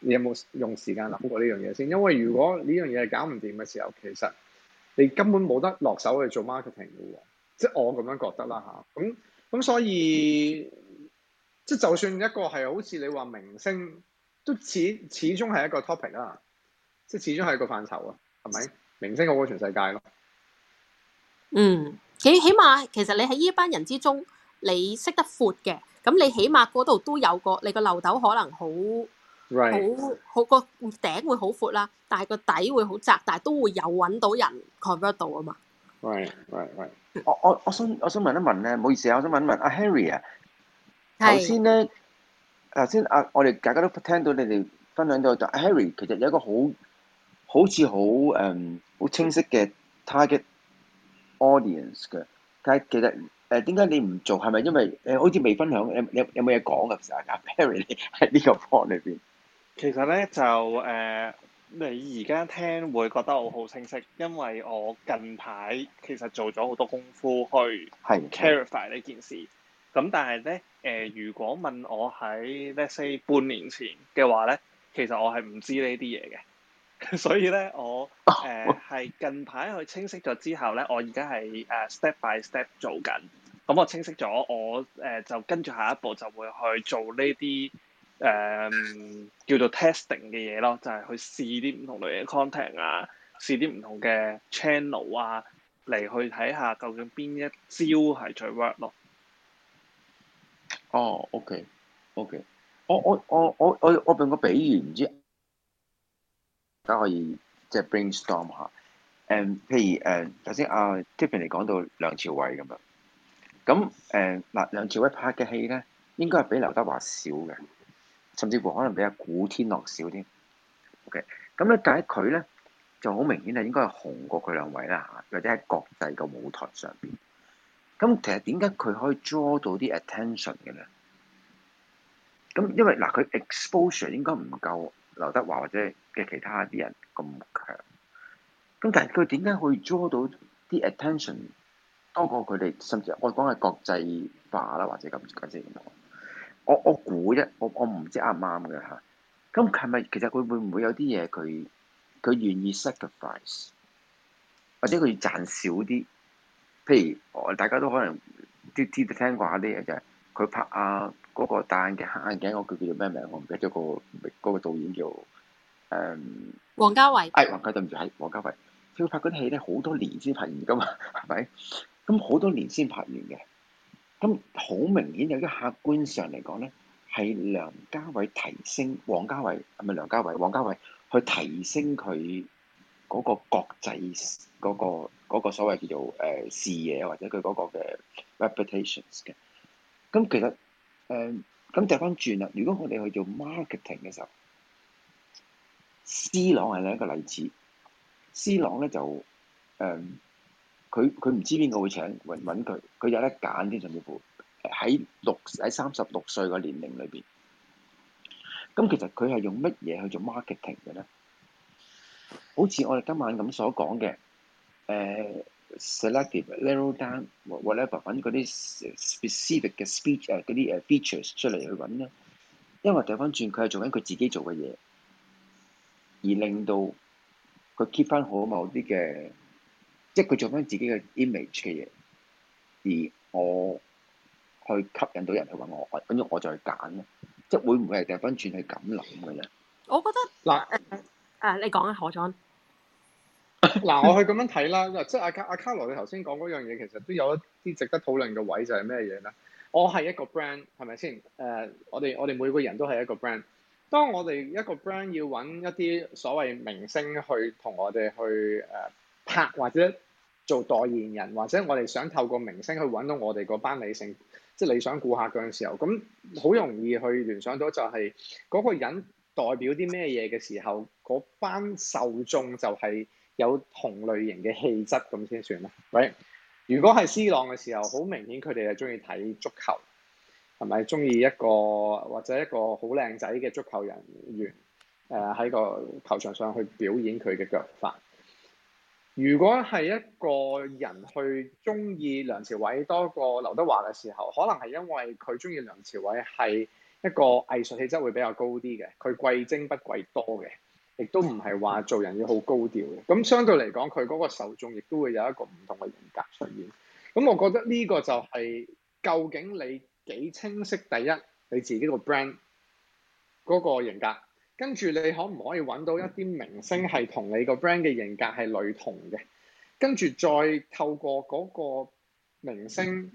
你有冇用時間諗過呢樣嘢先？因為如果呢樣嘢係搞唔掂嘅時候，其實你根本冇得落手去做 marketing 嘅喎，即係我咁樣覺得啦吓。咁、啊、咁所以即係就算一個係好似你話明星，都始始終係一個 topic 啦，即係始終係一個範疇啊，係咪？明星嘅話，全世界咯。嗯，起起碼其實你喺呢班人之中。你識得闊嘅，咁你起碼嗰度都有個，你個漏斗可能好，好好個頂會好闊啦，但係個底會好窄，但係都會有揾到人 convert 到啊嘛。Right, right, right。我我我想我想問一問咧，唔好意思啊，我想問一問阿 Harry 啊，頭先咧，頭先啊，我哋大家都聽到你哋分享到就 Harry 其實有一個好好似好誒好清晰嘅 target audience 嘅，記記得。誒點解你唔做？係咪因為誒好似未分享？有有冇嘢講啊？其實阿 Perry 喺呢個 pod 裏邊，其實咧就誒、呃，你而家聽會覺得我好清晰，因為我近排其實做咗好多功夫去 clarify 呢件事。咁但係咧誒，如果問我喺 let's say 半年前嘅話咧，其實我係唔知呢啲嘢嘅。 <laughs> 所以咧，我誒係、呃、近排去清晰咗之後咧，我而家係誒 step by step 做緊。咁、嗯、我清晰咗，我誒、呃、就跟住下一步就會去做呢啲誒叫做 testing 嘅嘢咯，就係、是、去試啲唔同類型嘅 content 啊，試啲唔同嘅 channel 啊，嚟去睇下究竟邊一招係最 work 咯。哦，OK，OK，我我我我我我畀個比喻唔知。大家可以即係 brainstorm 下，誒、um，譬如誒，首先頭先啊，Tiffany 講到梁朝偉咁樣，咁誒嗱，uh, 梁朝偉拍嘅戲咧，應該係比劉德華少嘅，甚至乎可能比阿古天樂少啲。OK，咁咧，但係佢咧就好明顯係應該係紅過佢兩位啦嚇，或者喺國際個舞台上邊。咁其實點解佢可以 draw 到啲 attention 嘅咧？咁因為嗱，佢、呃、exposure 應該唔夠。劉德華或者嘅其他啲人咁強，咁但係佢點解可以 draw 到啲 attention 多過佢哋？甚至我講係國際化啦，或者咁簡直我我估啫，我我唔知啱唔啱嘅嚇。咁係咪其實佢會唔會有啲嘢佢佢願意 sacrifice，或者佢要賺少啲？譬如我大家都可能知啲聽，聽過啲嘢就係佢拍阿。嗰個戴眼鏡黑眼鏡，我叫佢叫做咩名？我唔記得咗、嗰個嗰、嗰個導演叫誒、嗯、王家衞。誒、哎、王家對唔住，係王家衞。佢拍嗰啲戲咧，好多年先拍完㗎嘛，係咪？咁好多年先拍完嘅。咁好明顯，有啲客觀上嚟講咧，係梁家衞提升王家衞，係咪梁家衞？王家衞去提升佢嗰個國際嗰、嗰個嗰個所謂叫做誒、呃、視野，或者佢嗰個嘅 reputation 嘅。咁其實。誒，咁掉翻轉啦。如果我哋去做 marketing 嘅時候，C 朗係另一個例子。C 朗咧就誒，佢佢唔知邊個會請揾揾佢，佢有得揀啲，甚至乎喺六喺三十六歲嘅年齡裏邊。咁其實佢係用乜嘢去做 marketing 嘅咧？好似我哋今晚咁所講嘅，誒、呃。selective narrow down whatever，反正嗰啲 specific 嘅 speech 誒、uh, 嗰啲誒 features 出嚟去揾啦，因為掉翻轉佢係做緊佢自己做嘅嘢，而令到佢 keep 翻好某啲嘅，即係佢做翻自己嘅 image 嘅嘢，而我去吸引到人去揾我，跟住我再去揀啦。即係會唔會係掉翻轉係咁諗嘅咧？呢我覺得嗱誒喇、uh, uh, 你講啊何總。嗱， <laughs> 我去咁樣睇啦，嗱，即係阿卡阿卡羅，你頭先講嗰樣嘢，其實都有一啲值得討論嘅位，就係咩嘢咧？我係一個 brand，係咪先？誒、呃，我哋我哋每個人都係一個 brand。當我哋一個 brand 要揾一啲所謂明星去同我哋去誒拍，或者做代言人，或者我哋想透過明星去揾到我哋嗰班理性，即係理想顧客嘅時候，咁好容易去聯想到就係嗰個人代表啲咩嘢嘅時候，嗰班受眾就係、是。有同類型嘅氣質咁先算啦。喂、right.，如果係 C 朗嘅時候，好明顯佢哋係中意睇足球，係咪？中意一個或者一個好靚仔嘅足球人員，誒、呃、喺個球場上去表演佢嘅腳法。如果係一個人去中意梁朝偉多過劉德華嘅時候，可能係因為佢中意梁朝偉係一個藝術氣質會比較高啲嘅，佢貴精不貴多嘅。亦都唔係話做人要好高調嘅，咁相對嚟講，佢嗰個受眾亦都會有一個唔同嘅人格出現，咁我覺得呢個就係究竟你幾清晰，第一你自己 brand 個 brand 嗰個人格，跟住你可唔可以揾到一啲明星係同你個 brand 嘅人格係類同嘅，跟住再透過嗰個明星，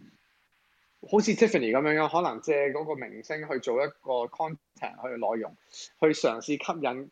好似 Tiffany 咁樣樣可能借嗰個明星去做一個 content 嘅內容，去嘗試吸引。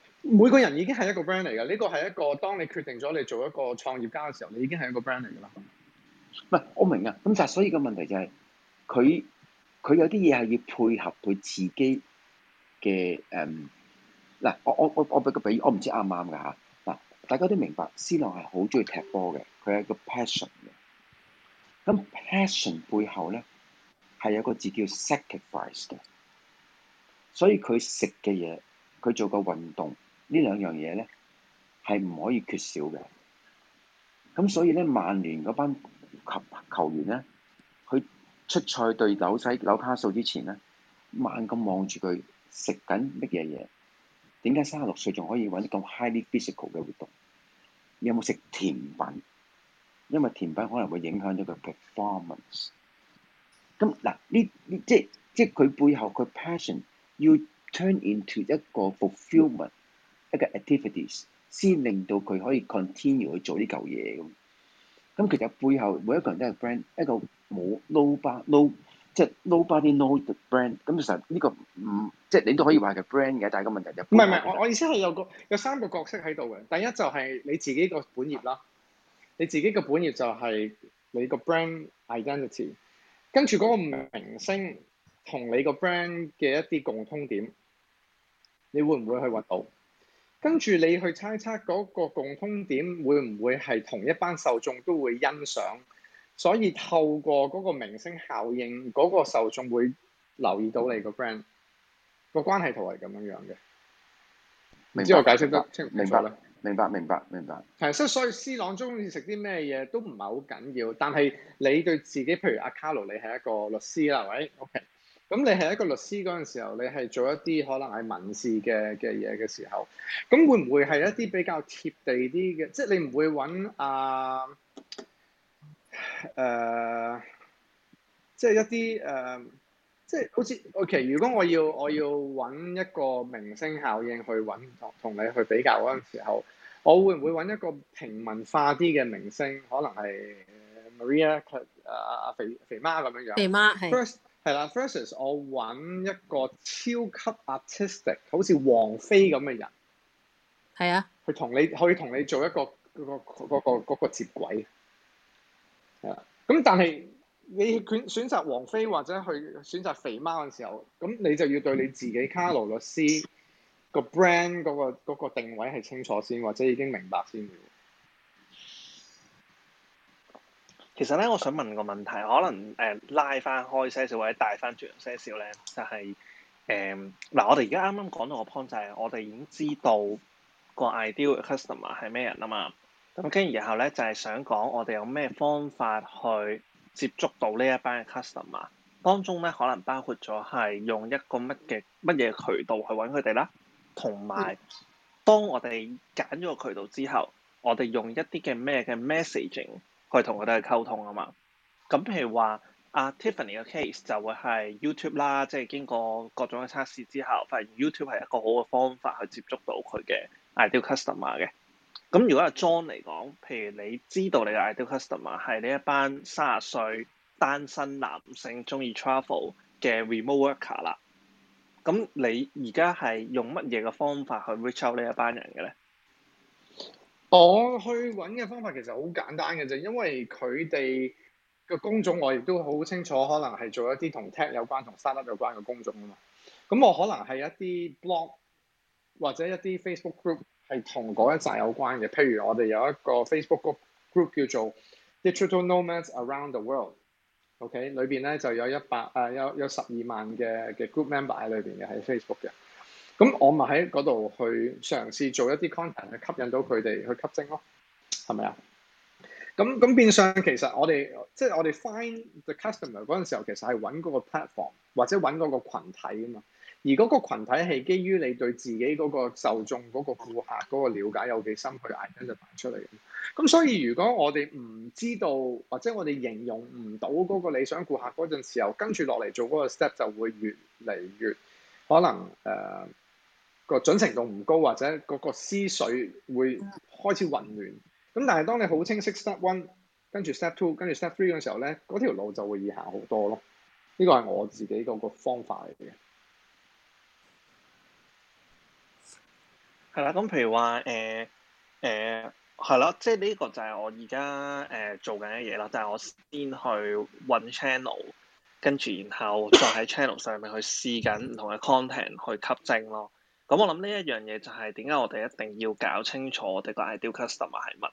每個人已經係一個 brand 嚟嘅，呢個係一個當你決定咗你做一個創業家嘅時候，你已經係一個 brand 嚟嘅啦。唔係，我明啊。咁就係所以個問題就係佢佢有啲嘢係要配合佢自己嘅誒嗱，我我我我俾個比喻，我唔知啱唔啱㗎嚇嗱，大家都明白，思朗係好中意踢波嘅，佢係一個 passion 嘅。咁 passion 背後咧係有一個字叫 sacrifice 嘅，所以佢食嘅嘢，佢做個運動。呢兩樣嘢咧係唔可以缺少嘅。咁所以咧，曼聯嗰班球球員咧，佢出賽對紐西紐卡素之前咧，猛咁望住佢食緊乜嘢嘢？點解三十六歲仲可以揾咁 highly physical 嘅活動？有冇食甜品？因為甜品可能會影響咗佢 performance。咁嗱，呢呢即係即係佢背後佢 passion 要 turn into 一個 fulfilment。一個 activities 先令到佢可以 continue 去做呢嚿嘢咁，咁其實背後每一個人都係 brand 一個冇 no bar no 即係 nobody know 嘅 brand，咁其實呢、呢個唔、嗯、即係你都可以話佢 brand 嘅，但係個問題就唔係唔係我我意思係有個有三個角色喺度嘅，第一就係你自己個本業啦，你自己個本業就係你個 brand identity，跟住嗰個明星同你個 brand 嘅一啲共通點，你會唔會去揾到？跟住你去猜測嗰個共通點會唔會係同一班受眾都會欣賞，所以透過嗰個明星效應，嗰個受眾會留意到你個 friend 個關係圖係咁樣樣嘅。唔白知我解釋得清楚唔錯？明白，明白，明白。係白，即係了所以，斯朗中意食啲咩嘢都唔係好緊要，但係你對自己，譬如阿 Carlo 你係一個律師啦，喂？Okay. 咁你係一個律師嗰陣時候，你係做一啲可能係民事嘅嘅嘢嘅時候，咁會唔會係一啲比較貼地啲嘅？即係你唔會揾阿誒，即係一啲誒、啊，即係好似 OK。如果我要我要揾一個明星效應去揾同同你去比較嗰陣時候，我會唔會揾一個平民化啲嘅明星？可能係 Maria 啊啊，肥肥媽咁樣樣，肥媽係。係啦 v e r s i s 我揾一個超級 artistic，好似王菲咁嘅人，係啊的，去同你可同你做一個、那個嗰、那個、那個接軌，係啊，咁但係你選選擇王菲或者去選擇肥媽嘅時候，咁你就要對你自己卡 a r 律師、那個 brand 嗰個嗰個定位係清楚先，或者已經明白先。其實咧，我想問個問題，可能誒、呃、拉翻開些少或者帶翻轉些少咧，就係誒嗱，我哋而家啱啱講到個 point 就係、是，我哋已經知道個 ideal customer 係咩人啊嘛。咁跟然後咧，就係、是、想講我哋有咩方法去接觸到呢一班嘅 customer，當中咧可能包括咗係用一個乜嘅乜嘢渠道去揾佢哋啦。同埋，當我哋揀咗個渠道之後，我哋用一啲嘅咩嘅 messaging。去同佢哋去溝通啊嘛，咁譬如話阿、啊、Tiffany 嘅 case 就會係 YouTube 啦，即、就、係、是、經過各種嘅測試之後，發現 YouTube 係一個好嘅方法去接觸到佢嘅 ideal customer 嘅。咁如果阿、啊、John 嚟講，譬如你知道你嘅 ideal customer 係呢一班三十歲單身男性，中意 travel 嘅 remote worker 啦，咁你而家係用乜嘢嘅方法去 reach out 一呢一班人嘅咧？我、oh, 去揾嘅方法其實好簡單嘅啫，因為佢哋嘅工種我亦都好清楚，可能係做一啲同 Tech 有關、同 Startup 有關嘅工種啊嘛。咁我可能係一啲 Blog 或者一啲 Facebook Group 係同嗰一陣有關嘅，譬如我哋有一個 Facebook Group 叫做 Digital Nomads Around the World，OK，、okay? 裏邊咧就有一百誒、呃、有有十二萬嘅嘅 Group member 喺裏邊嘅喺 Facebook 嘅。咁我咪喺嗰度去嘗試做一啲 content 去吸引到佢哋去吸睛咯，係咪啊？咁咁變相其實我哋即係我哋 find the customer 嗰陣時候，其實係揾嗰個 platform 或者揾嗰個羣體啊嘛。而嗰個羣體係基於你對自己嗰個受眾、嗰個顧客、嗰個瞭解有幾深，去 identify 出嚟。咁所以如果我哋唔知道，或者我哋形容唔到嗰個理想顧客嗰陣時候，跟住落嚟做嗰個 step 就會越嚟越可能誒。Uh, 個準程度唔高，或者嗰個思緒會開始混亂。咁但係當你好清晰 step one，跟住 step two，跟住 step three 嘅時候咧，嗰條路就會易行好多咯。呢個係我自己嗰個方法嚟嘅。係啦，咁譬如話誒誒係啦，即係呢個就係我而家誒做緊嘅嘢啦。就係我先去揾 channel，跟住然後再喺 channel 上面去試緊唔同嘅 content 去吸睛咯。咁我諗呢一樣嘢就係點解我哋一定要搞清楚我哋個 ideal customer 係乜？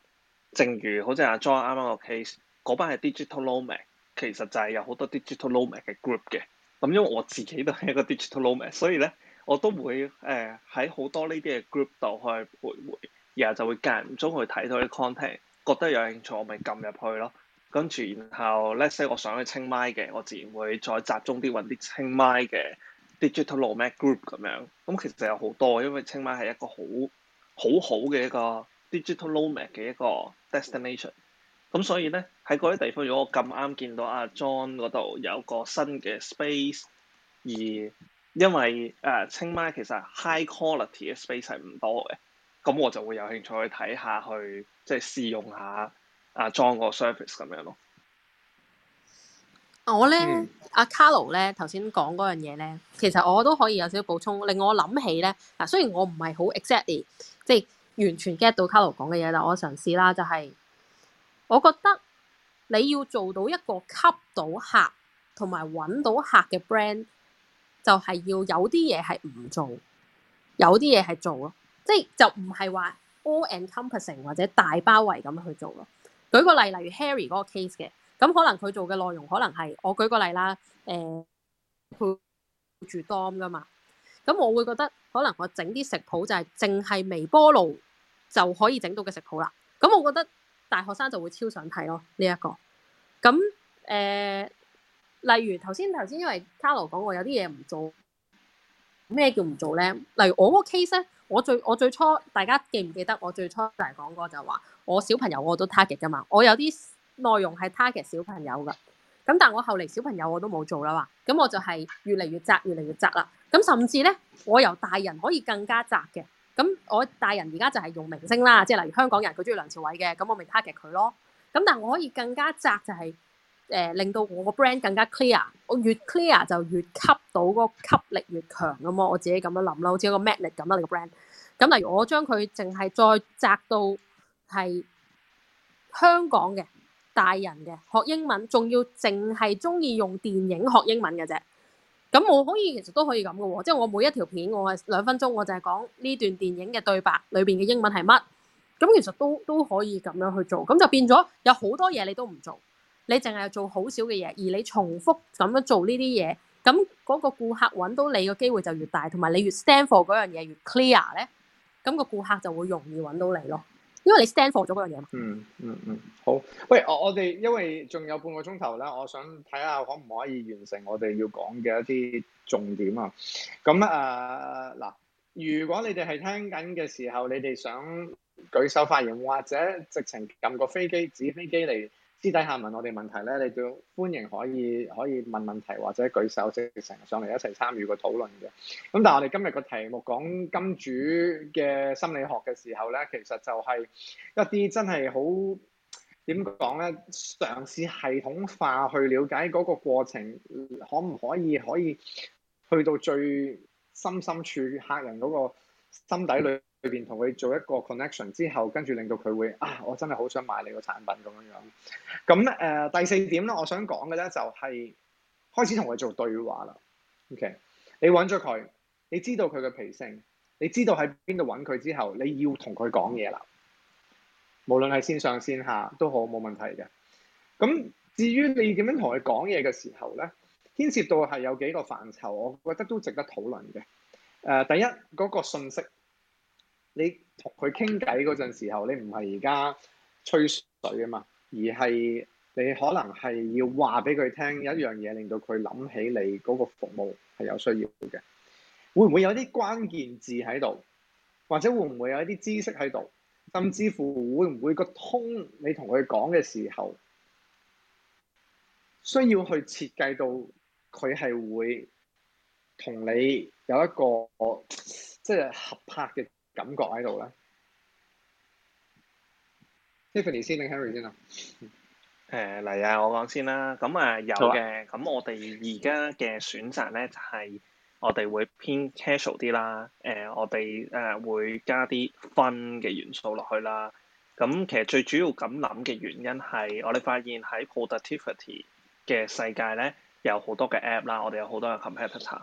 正如好似阿 John 啱啱個 case，嗰班係 digital nomad，其實就係有好多 digital nomad 嘅 group 嘅。咁因為我自己都係一個 digital nomad，所以咧我都會誒喺好多呢啲嘅 group 度去徘徊，然後就會間唔中去睇到啲 content，覺得有興趣我咪撳入去咯。跟住然後，let say 我想去清邁嘅，我自然會再集中啲揾啲清邁嘅。Digital nomad group 咁樣，咁其實有好多，因為清邁係一個好好好嘅一個 digital nomad 嘅一個 destination。咁所以咧喺嗰啲地方，如果我咁啱見到阿、啊、John 度有個新嘅 space，而因為誒清邁其實 high quality 嘅 space 係唔多嘅，咁我就會有興趣去睇下去即係試用下阿、啊、John 個 surface 咁樣咯。我咧，阿卡 a r 咧，頭先講嗰樣嘢咧，其實我都可以有少少補充，令我諗起咧。嗱，雖然我唔係好 exactly，即係完全 get 到卡 a 講嘅嘢，但我嘗試啦，就係、是、我覺得你要做到一個吸到客同埋揾到客嘅 brand，就係要有啲嘢係唔做，有啲嘢係做咯。即係就唔係話 all e n compassing 或者大包圍咁去做咯。舉個例，例如 Harry 嗰個 case 嘅。咁可能佢做嘅內容可能係，我舉個例啦，誒、呃，配住湯噶嘛。咁我會覺得可能我整啲食譜就係淨係微波爐就可以整到嘅食譜啦。咁我覺得大學生就會超想睇咯呢一個。咁誒、呃，例如頭先頭先，因為 Carlo 講過有啲嘢唔做，咩叫唔做咧？例如我個 case 咧，我最我最初大家記唔記得我最初就係講過就係話，我小朋友我都 target 噶嘛，我有啲。內容係 target 小朋友噶，咁但係我後嚟小朋友我都冇做啦嘛，咁我就係越嚟越窄，越嚟越窄啦。咁甚至咧，我由大人可以更加窄嘅。咁我大人而家就係用明星啦，即係例如香港人佢中意梁朝偉嘅，咁我咪 target 佢咯。咁但係我可以更加窄，就係，就係誒令到我個 brand 更加 clear。我越 clear 就越吸到嗰、嗰個吸力越強咁啊！我自己咁樣諗啦，好似一個 magic 咁啊，你個 brand。咁例如我將佢淨係再窄到係香港嘅大人嘅學英文，仲要淨係中意用電影學英文嘅啫。咁我可以其實都可以咁嘅喎，即係我每一條片我係兩分鐘，我就係講呢段電影嘅對白裏邊嘅英文係乜。咁其實都都可以咁樣去做，咁就變咗有好多嘢你都唔做，你淨係做好少嘅嘢，而你重複咁樣做呢啲嘢，咁嗰個顧客揾到你嘅機會就越大，同埋你越 stand for 嗰樣嘢越 clear 呢。咁個顧客就會容易揾到你咯。因為你 stand for 咗嗰樣嘢嘛。嗯嗯嗯，好。喂，我我哋因為仲有半個鐘頭咧，我想睇下可唔可以完成我哋要講嘅一啲重點啊。咁啊嗱，如果你哋係聽緊嘅時候，你哋想舉手發言或者直情撳個飛機紙飛機嚟，私底下問我哋問題咧，你都歡迎可以可以問問題或者舉手即成日上嚟一齊參與個討論嘅。咁但係我哋今日個題目講金主嘅心理學嘅時候咧，其實就係一啲真係好點講咧，嘗試系統化去了解嗰個過程，可唔可以可以去到最深深處客人嗰個？心底裏裏邊同佢做一個 connection 之後，跟住令到佢會啊，我真係好想買你個產品咁樣樣。咁誒、呃、第四點咧，我想講嘅咧就係開始同佢做對話啦。OK，你揾咗佢，你知道佢嘅脾性，你知道喺邊度揾佢之後，你要同佢講嘢啦。無論係線上線下都好冇問題嘅。咁至於你點樣同佢講嘢嘅時候咧，牽涉到係有幾個範疇，我覺得都值得討論嘅。誒第一嗰個信息，你同佢傾偈嗰陣時候，你唔係而家吹水啊嘛，而係你可能係要話俾佢聽一樣嘢，令到佢諗起你嗰個服務係有需要嘅。會唔會有啲關鍵字喺度，或者會唔會有一啲知識喺度，甚至乎會唔會個通你同佢講嘅時候，需要去設計到佢係會同你。有一個即係合拍嘅感覺喺度啦。Tiffany 先定 Harry 先啊？誒嚟啊！我講先啦。咁啊有嘅。咁吧我哋而家嘅選擇咧就係、是，我哋會偏 casual 啲啦。誒、呃、我哋誒會加啲 fun 嘅元素落去啦。咁其實最主要咁諗嘅原因係我哋發現喺 productivity 嘅世界咧有好多嘅 app 啦，我哋有好多嘅 competitor。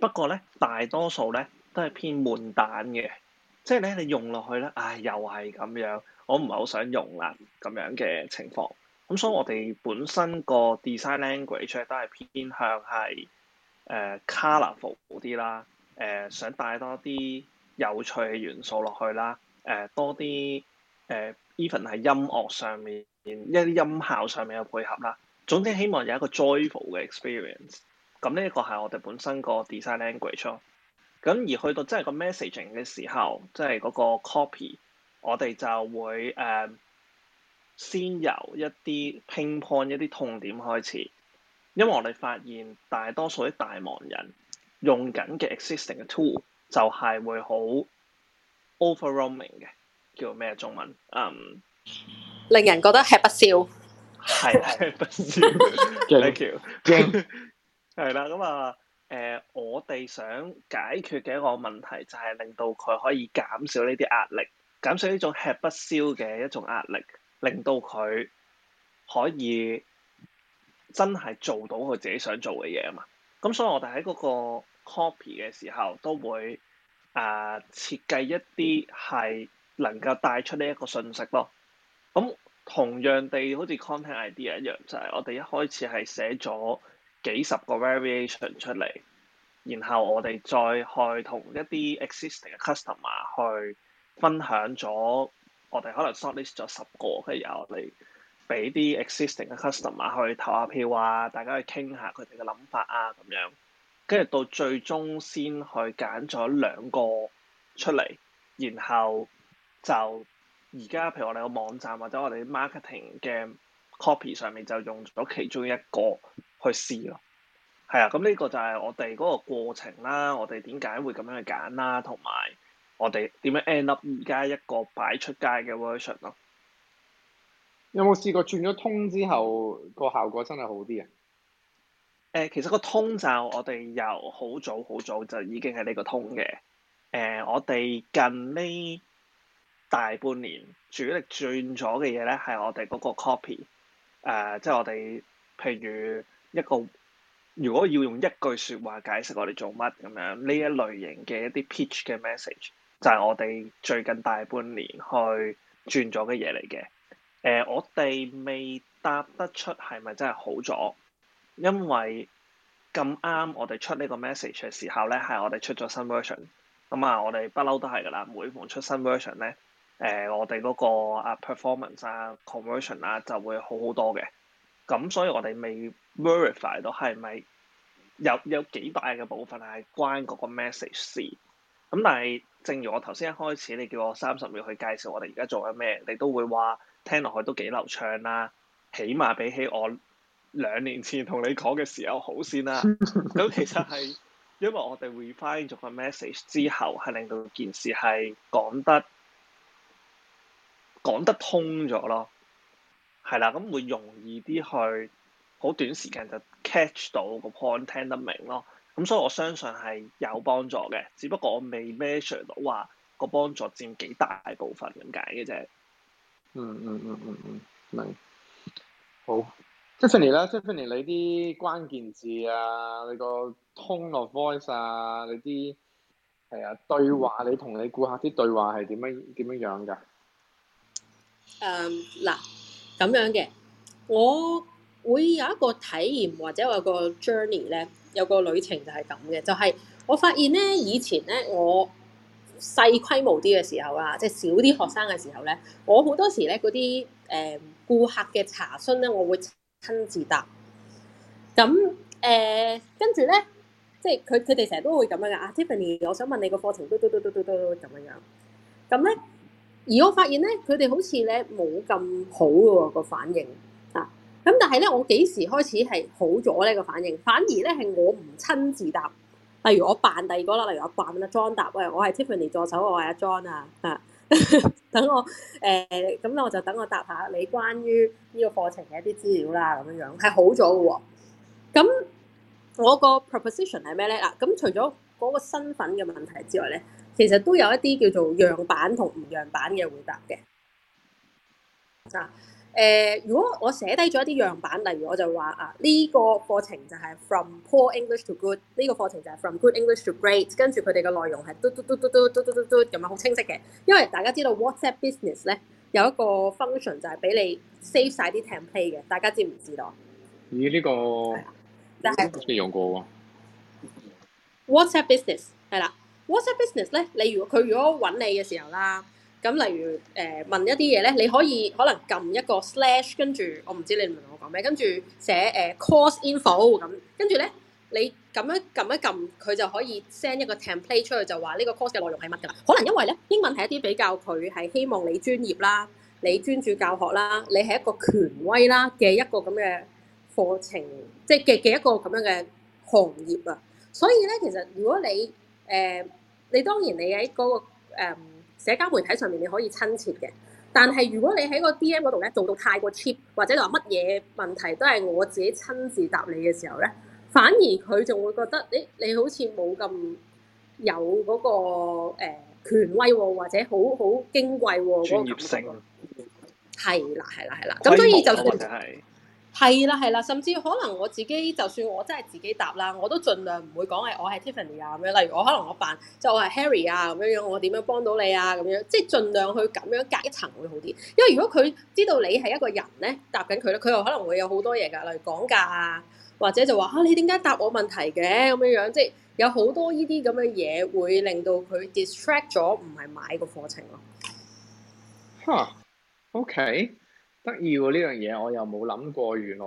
不過咧，大多數咧都係偏悶淡悶蛋嘅，即係咧你用落去咧，唉、哎，又係咁樣，我唔係好想用啦咁樣嘅情況。咁所以，我哋本身個 design language 都係偏向係誒 colourful 啲啦，誒、呃、想帶多啲有趣嘅元素落去啦，誒、呃、多啲誒 even 係音樂上面一啲音效上面嘅配合啦。總之，希望有一個 joyful 嘅 experience。咁呢一個係我哋本身個 design language 咯、嗯。咁而去到真係個 messaging 嘅時候，即係嗰個 copy，我哋就會誒、uh, 先由一啲 pain point 一啲痛點開始。因為我哋發現大多數啲大忙人用緊嘅 existing 嘅 tool 就係會好 overwhelming 嘅，叫咩中文？嗯、um，令人覺得吃不消。係吃不消，Thank you，喬。係啦，咁啊，誒、呃，我哋想解決嘅一個問題就係令到佢可以減少呢啲壓力，減少呢種吃不消嘅一種壓力，令到佢可以真係做到佢自己想做嘅嘢啊嘛。咁所以我哋喺嗰個 copy 嘅時候都會啊設計一啲係能夠帶出呢一個信息咯。咁同樣地，好似 content idea 一樣，就係、是、我哋一開始係寫咗。幾十個 variation 出嚟，然後我哋再去同一啲 existing 嘅 customer 去分享咗，我哋可能 shortlist 咗十個，跟住然後我哋俾啲 existing 嘅 customer 去投下票啊，大家去傾下佢哋嘅諗法啊咁樣，跟住到最終先去揀咗兩個出嚟，然後就而家譬如我哋個網站或者我哋 marketing 嘅 copy 上面就用咗其中一個去試咯，係啊，咁呢個就係我哋嗰個過程啦，我哋點解會咁樣去揀啦，同埋我哋點樣 end up 而家一個擺出街嘅 version 咯。有冇試過轉咗 tone 之後個效果真係好啲啊？誒、呃，其實個 tone 就我哋由好早好早就已經係呢個 tone 嘅。誒、呃，我哋近呢大半年主力轉咗嘅嘢咧，係我哋嗰個 copy。誒，uh, 即係我哋，譬如一個，如果要用一句説話解釋我哋做乜咁樣，呢一類型嘅一啲 pitch 嘅 message，就係、是、我哋最近大半年去轉咗嘅嘢嚟嘅。誒、uh，我哋未答得出係咪真係好咗，因為咁啱我哋出呢個 message 嘅時候咧，係我哋出咗新 version。咁、嗯、啊，我哋不嬲都係噶啦，每逢出新 version 咧。誒、呃，我哋嗰、那個啊 performance 啊，conversion 啦、啊，就會好好多嘅。咁、啊、所以我是是，我哋未 verify 到係咪有有幾大嘅部分係、啊、關嗰個 message 事。咁、啊、但係，正如我頭先一開始你叫我三十秒去介紹我哋而家做緊咩，你都會話聽落去都幾流暢啦、啊。起碼比起我兩年前同你講嘅時候好先啦、啊。咁 <laughs> 其實係因為我哋 refine 咗個 message 之後，係令到件事係講得。講得通咗咯，係啦，咁會容易啲去，好短時間就 catch 到個 point，聽得明咯。咁所以我相信係有幫助嘅，只不過我未 measure 到話個幫助佔幾大部分咁解嘅啫。嗯嗯嗯嗯嗯，明、嗯嗯嗯嗯嗯。好，即係 Tiffany 啦，Tiffany 你啲關鍵字啊，你個 tone of voice 啊，你啲係啊對話，嗯、你同你顧客啲對話係點樣點樣樣㗎？誒嗱咁樣嘅，我會有一個體驗或者有個 journey 咧，有個旅程就係咁嘅，就係、是、我發現咧，以前咧我細規模啲嘅時候啊，即係少啲學生嘅時候咧，我好多時咧嗰啲誒顧客嘅查詢咧，我會親自答。咁誒，跟住咧，即係佢佢哋成日都會咁樣噶，阿、ah, Tiffany 我想問你個課程都都都都都咁樣，咁咧。而我發現咧，佢哋好似咧冇咁好喎個反應啊！咁但係咧，我幾時開始係好咗呢個反應？反而咧係我唔親自答。例如我扮第二個啦，例如我扮阿 John 答喂，我係 Tiffany 助手，我係阿 John 啊啊！ <laughs> 等我誒咁咧，欸、我就等我答下你關於呢個課程嘅一啲資料啦，咁樣樣係好咗嘅喎。咁我個 proposition 係咩咧？嗱，咁除咗嗰個身份嘅問題之外咧。其實都有一啲叫做樣板同唔樣板嘅回答嘅。嗱，誒，如果我寫低咗一啲樣板，例如我就話啊，呢個課程就係 From Poor English to Good，呢個課程就係 From Good English to Great，跟住佢哋嘅內容係嘟嘟嘟嘟嘟嘟嘟嘟咁樣好清晰嘅。因為大家知道 WhatsApp Business 咧有一個 function 就係俾你 save 晒啲 template 嘅，大家知唔知道？咦？呢個就係未用過喎。WhatsApp Business 係啦。WhatsApp business 咧，你如果佢如果揾你嘅時候啦，咁例如誒、呃、問一啲嘢咧，你可以可能撳一個 slash，跟住我唔知你明唔明我講咩，跟住寫誒 course info 咁，跟住咧你咁樣撳一撳，佢就可以 send 一個 template 出去，就話呢個 course 嘅內容係乜噶啦。可能因為咧英文係一啲比較佢係希望你專業啦，你專注教學啦，你係一個權威啦嘅一個咁嘅課程，即係嘅嘅一個咁樣嘅行業啊。所以咧，其實如果你誒，呃你當然你喺嗰、那個、嗯、社交媒體上面你可以親切嘅，但係如果你喺個 D.M. 嗰度咧做到太過 cheap 或者話乜嘢問題都係我自己親自答你嘅時候咧，反而佢仲會覺得誒、欸、你好似冇咁有嗰、那個誒、呃、權威、啊、或者好好矜貴喎、啊，專業性係啦，係啦，係啦，咁模所以就。係啦，係啦，甚至可能我自己就算我真係自己答啦，我都盡量唔會講係我係 Tiffany 啊咁樣。例如我可能我扮就話我係 Harry 啊咁樣，我點樣幫到你啊咁樣，即係盡量去咁樣隔一層會好啲。因為如果佢知道你係一個人咧答緊佢咧，佢又可能會有好多嘢噶，例如講價啊，或者就話啊你點解答我問題嘅咁樣樣，即係有好多呢啲咁嘅嘢會令到佢 distract 咗，唔係買個課程咯。嚇、huh？OK。得意喎，呢樣嘢，我又冇諗過，原來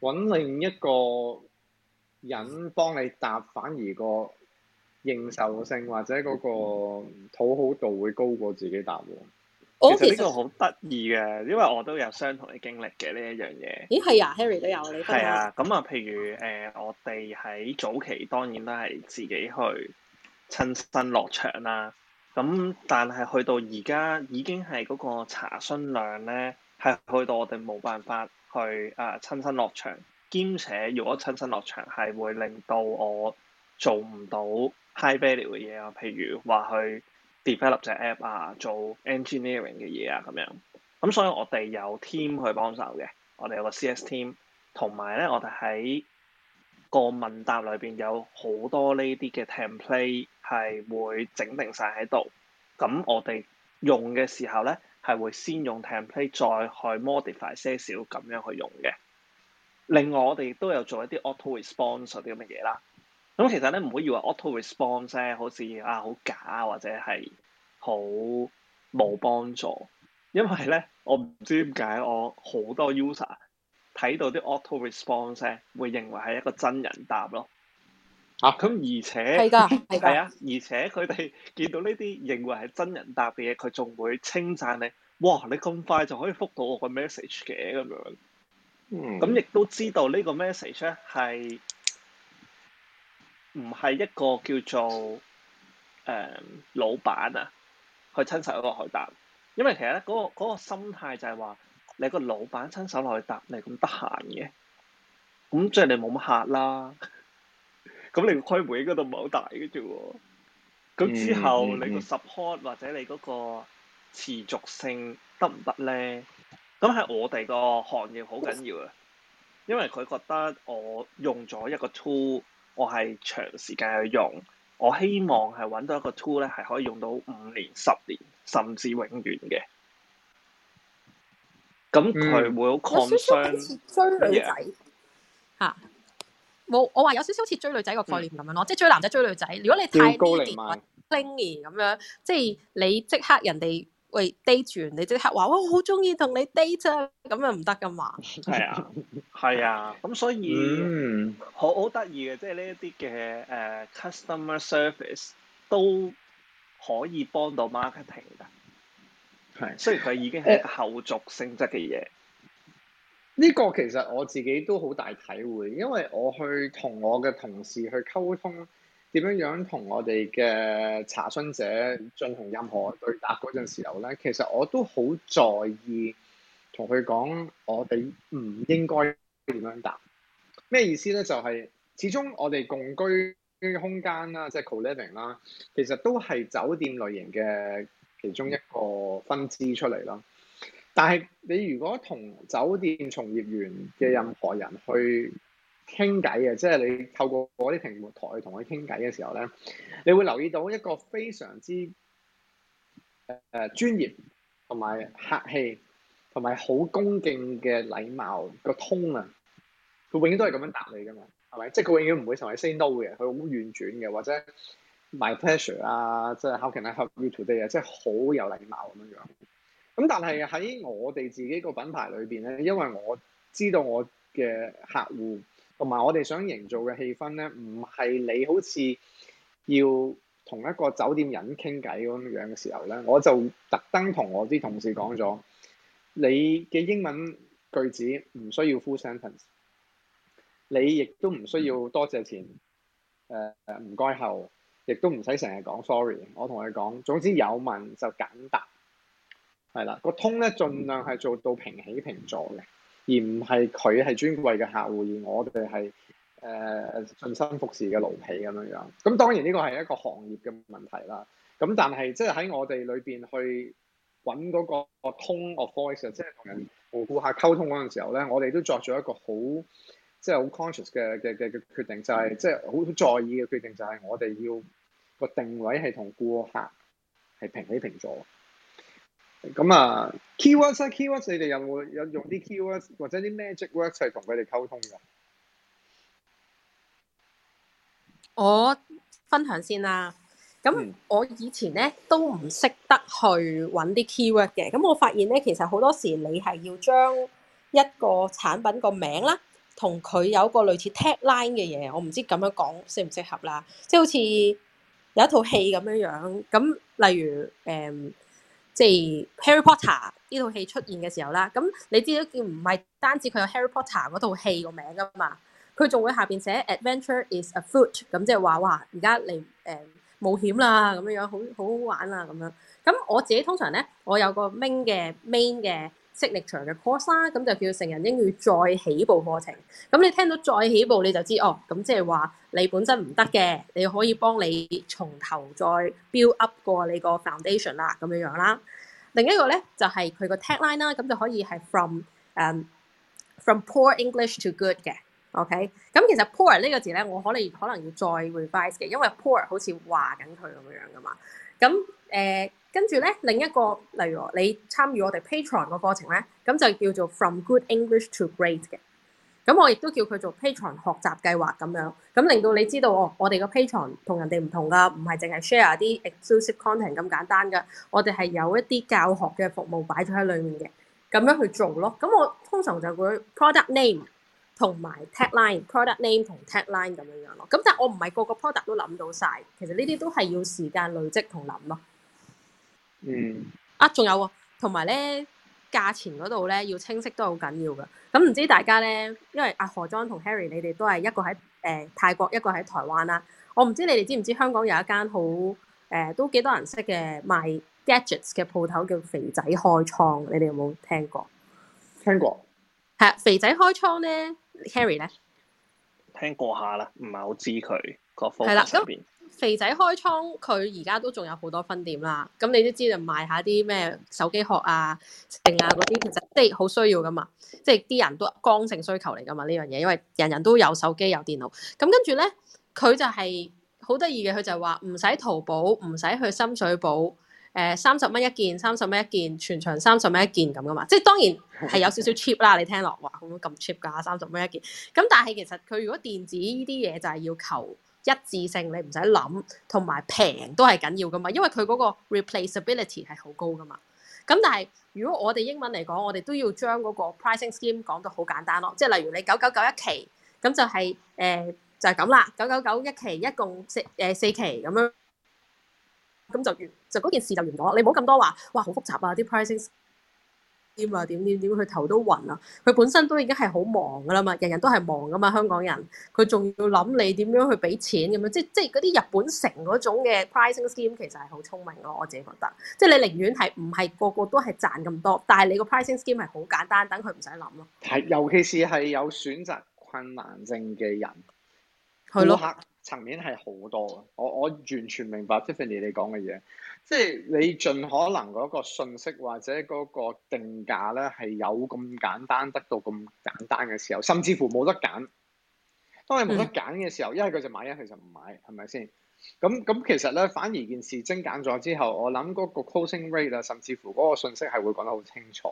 搵另一個人幫你答，反而個認受性或者嗰個討好度會高過自己答。我、哦、其實呢個好得意嘅，因為我都有相同嘅經歷嘅呢一樣嘢。咦係啊 Harry 都有。係啊，咁、嗯、啊，譬如誒、呃，我哋喺早期當然都係自己去親身落場啦。咁但係去到而家已經係嗰個查詢量咧。係去到我哋冇辦法去誒、啊、親身落場，兼且如果親身落場係會令到我做唔到 high value 嘅嘢啊，譬如話去 develop 隻 app 啊，做 engineering 嘅嘢啊咁樣。咁所以我哋有 team 去幫手嘅，我哋有個 CS team，同埋咧我哋喺個問答裏邊有好多呢啲嘅 template 係會整定晒喺度，咁我哋用嘅時候咧，係會先用 template 再去 modify 些少咁樣去用嘅。另外我哋都有做一啲 auto response 啲咁嘅嘢啦。咁其實咧，唔好以為 auto response 咧，好似啊好假或者係好冇幫助，因為咧，我唔知點解我好多 user 睇到啲 auto response 咧，會認為係一個真人答咯。啊！咁而且係㗎，係啊！而且佢哋見到呢啲認為係真人答嘅嘢，佢仲會稱讚你。哇！你咁快就可以覆到我個 message 嘅咁樣。嗯。咁亦都知道呢個 message 咧係唔係一個叫做誒、嗯、老闆啊去親手去答？因為其實咧嗰、嗰個嗰個心態就係話你個老闆親手落去答，你咁得閒嘅，咁即係你冇乜客啦。咁你個規模應該都唔係好大嘅啫喎，咁之後你個 support、嗯、或者你嗰個持續性得唔得咧？咁係我哋個行業好緊要啊，因為佢覺得我用咗一個 tool，我係長時間去用，我希望係揾到一個 tool 咧，係可以用到五年、十年，甚至永遠嘅。咁佢會好擴張嘅。追女仔嚇。啊。冇，我話有少少似追女仔個概念咁樣咯，嗯、即係追男仔追女仔。如果你太高調、clingy 咁樣，即係你即刻人哋喂 date 完，你即刻話我好鍾意同你 date 咁又唔得㗎嘛？係、嗯、啊，係啊，咁所以好好得意嘅，即係呢一啲嘅誒 customer service 都可以幫到 marketing 㗎。係的，雖然佢已經係一個後續性質嘅嘢。呢個其實我自己都好大體會，因為我去同我嘅同事去溝通，點樣樣同我哋嘅查詢者進行任何對答嗰陣時候咧，其實我都好在意同佢講，我哋唔應該點樣答。咩意思咧？就係始終我哋共居空間啦，即係 co-living 啦，其實都係酒店類型嘅其中一個分支出嚟啦。但係你如果同酒店從業員嘅任何人去傾偈嘅，即係你透過嗰啲屏幕台同佢傾偈嘅時候咧，你會留意到一個非常之誒、呃、專業同埋客氣同埋好恭敬嘅禮貌，那個 tone 啊，佢永遠都係咁樣答你噶嘛，係咪？即係佢永遠唔會成為 say no 嘅，佢好婉轉嘅，或者 my pleasure 啊，即係 how can I help you today 啊，即係好有禮貌咁樣樣。咁但係喺我哋自己個品牌裏邊咧，因為我知道我嘅客戶同埋我哋想營造嘅氣氛咧，唔係你好似要同一個酒店人傾偈咁樣嘅時候咧，我就特登同我啲同事講咗，你嘅英文句子唔需要 full sentence，你亦都唔需要多謝前，誒唔該後，亦都唔使成日講 sorry。我同佢講，總之有問就簡答。係啦，嗰個通咧盡量係做到平起平坐嘅，而唔係佢係尊貴嘅客戶，而我哋係誒盡心服侍嘅奴婢咁樣樣。咁當然呢個係一個行業嘅問題啦。咁但係即係喺我哋裏邊去搵嗰個 tone of voice，即係同人、同顧客溝通嗰陣時候咧，我哋都作咗一個好即係好 conscious 嘅嘅嘅決定，就係即係好在意嘅決定，就係我哋要個定位係同顧客係平起平坐。咁啊，keywords 啊，keywords，你哋有冇有用啲 keywords 或者啲 magic words 係同佢哋溝通嘅？我分享先啦。咁我以前咧都唔識得去搵啲 keywords 嘅。咁我發現咧，其實好多時你係要將一個產品個名啦，同佢有一個類似 tagline 嘅嘢。我唔知咁樣講適唔適合啦。即係好似有一套戲咁樣樣。咁例如誒。即係《Harry Potter》呢套戲出現嘅時候啦，咁你知都見唔係單止佢有《Harry Potter》嗰套戲個名㗎嘛，佢仲會下邊寫《Adventure is afoot》咁，即係話哇，而家嚟誒冒險啦咁樣樣，好好好玩啊咁樣。咁我自己通常咧，我有個 main 嘅 main 嘅。Signature 嘅 course 啦，咁就叫成人英語再起步課程。咁你聽到再起步你就知哦，咁即係話你本身唔得嘅，你可以幫你從頭再 build up 過你個 foundation 啦，咁樣樣啦。另一個咧就係佢個 tagline 啦，咁就可以係 from 誒、um, from poor English to good 嘅。OK，咁其實 poor 呢個字咧，我可能可能要再 revise 嘅，因為 poor 好似話緊佢咁樣樣噶嘛。咁誒，跟住咧，另一個例如你參與我哋 Patreon 個課程咧，咁就叫做 From Good English to Great 嘅。咁我亦都叫佢做 Patreon 學習計劃咁樣。咁令到你知道哦，我哋個 Patreon 同人哋唔同㗎，唔係淨係 share 啲 exclusive content 咁簡單㗎。我哋係有一啲教學嘅服務擺咗喺裡面嘅，咁樣去做咯。咁我通常就會 product name。同埋 tagline、Line, product name 同 tagline 咁樣樣咯，咁但係我唔係個個 product 都諗到晒，其實呢啲都係要時間累積同諗咯。嗯。啊，仲有喎、啊，同埋咧價錢嗰度咧要清晰都好緊要㗎。咁唔知大家咧，因為阿何莊同 Harry 你哋都係一個喺誒、呃、泰國，一個喺台灣啦、啊。我唔知你哋知唔知香港有一間好誒、呃、都幾多人識嘅賣 gadgets 嘅鋪頭叫肥仔開倉，你哋有冇聽過？聽過。係啊，肥仔開倉咧～Harry 咧，聽過下啦，唔係好知佢個方 o c 邊。肥仔開倉佢而家都仲有好多分店啦，咁你都知道賣下啲咩手機殼啊、剩啊嗰啲，其實即係好需要噶嘛，即係啲人都剛性需求嚟噶嘛呢樣嘢，因為人人都有手機有電腦。咁跟住咧，佢就係好得意嘅，佢就話唔使淘寶，唔使去深水埗。誒三十蚊一件，三十蚊一件，全場三十蚊一件咁噶嘛，即係當然係有少少 cheap 啦，你聽落話咁咁 cheap 㗎，三十蚊一件。咁但係其實佢如果電子呢啲嘢就係要求一致性，你唔使諗，同埋平都係緊要噶嘛，因為佢嗰個 replaceability 係好高噶嘛。咁但係如果我哋英文嚟講，我哋都要將嗰個 pricing scheme 講到好簡單咯，即係例如你九九九一期，咁就係、是、誒、呃、就係、是、咁啦，九九九一期，一共四誒、呃、四期咁樣。咁就完，就嗰件事就完咗。你唔好咁多話，哇，好複雜啊！啲 pricing scheme 啊，點點點，佢頭都暈啊。佢本身都已經係好忙噶啦嘛，人人都係忙噶嘛，香港人。佢仲要諗你點樣去俾錢咁樣，即係即係嗰啲日本城嗰種嘅 pricing scheme，其實係好聰明咯。我自己覺得，即係你寧願係唔係個個都係賺咁多，但係你個 pricing scheme 係好簡單，等佢唔使諗咯。係，尤其是係有選擇困難症嘅人，顧客。層面係好多嘅，我我完全明白 Tiffany 你講嘅嘢，即係你盡可能嗰個信息或者嗰個定價咧係有咁簡單得到咁簡單嘅時候，甚至乎冇得揀。當你冇得揀嘅時候，一係佢就買，一係就唔買，係咪先？咁咁其實咧，反而件事精簡咗之後，我諗嗰個 closing rate 啊，甚至乎嗰個信息係會講得好清楚，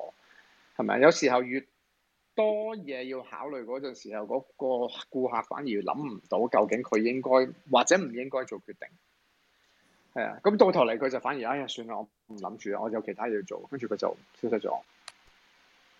係咪？有時候越多嘢要考慮嗰陣時候，嗰個顧客反而諗唔到究竟佢應該或者唔應該做決定。係啊，咁到頭嚟佢就反而，哎呀，算啦，我唔諗住啦，我有其他嘢做，跟住佢就消失咗。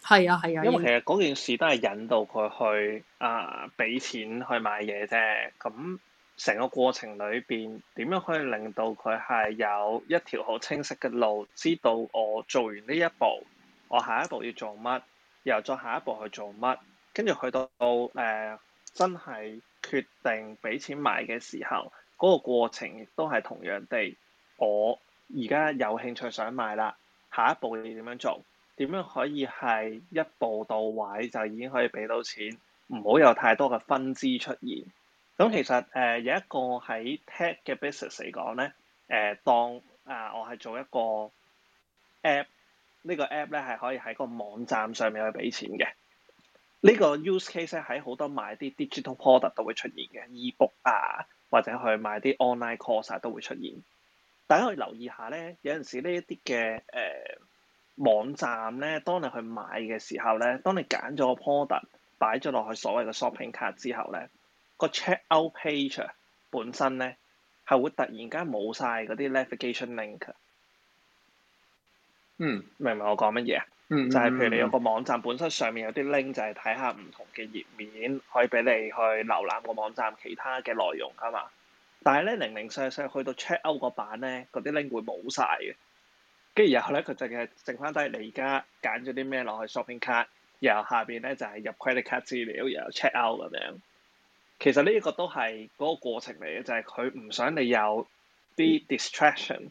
係啊係啊，因為其實嗰件事都係引導佢去啊，俾錢去買嘢啫。咁成個過程裏邊點樣可以令到佢係有一條好清晰嘅路，知道我做完呢一步，我下一步要做乜？然後再下一步去做乜，跟住去到誒、呃，真係決定俾錢買嘅時候，嗰、那個過程亦都係同樣地，我而家有興趣想買啦。下一步要點樣做？點樣可以係一步到位就已經可以俾到錢，唔好有太多嘅分支出現，咁其實誒、呃、有一個喺 tech 嘅 business 嚟講咧，誒、呃、當啊、呃、我係做一個 app。呢個 app 咧係可以喺個網站上面去俾錢嘅。呢、呢個 use case 咧喺好多買啲 digital product 都會出現嘅，ebook 啊或者去買啲 online course、啊、都會出現。大家可以留意下咧，有陣時呢一啲嘅誒網站咧，當你去買嘅時候咧，當你揀咗個 product 擺咗落去所謂嘅 shopping cart 之後咧，個 check out page 本身咧係會突然間冇晒嗰啲 navigation link。嗯，明唔明我講乜嘢啊？嗯，就係譬如你有個網站，嗯、本身上面有啲 link，就係睇下唔同嘅頁面，可以俾你去瀏覽個網站其他嘅內容啊嘛。但係咧零零碎碎去到 check out 個版咧，嗰啲 link 會冇晒嘅。跟住然後咧，佢淨係剩翻低你而家揀咗啲咩落去 shopping cart，然後下邊咧就係、是、入 credit card 資料，然後 check out 咁樣。其實呢一個都係嗰個過程嚟嘅，就係佢唔想你有啲 distraction，、嗯、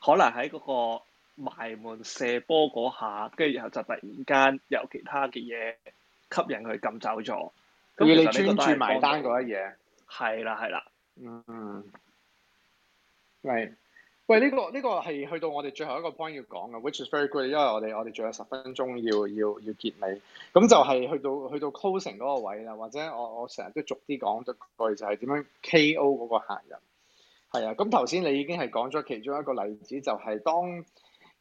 可能喺嗰、嗰個。埋門射波嗰下，跟住然後就突然間有其他嘅嘢吸引佢撳走咗。要你專注埋單嗰一嘢。係啦，係啦。嗯。Mm. Right. 喂，喂、呢個，呢、呢個呢個係去到我哋最後一個 point 要講嘅，which is very good，因為我哋我哋仲有十分鐘要要要結尾。咁就係去到去到 closing 嗰個位啦，或者我我成日都逐啲講一句就係、係、點樣 KO 嗰個客人。係啊，咁頭先你已經係講咗其中一個例子，就係、係、當。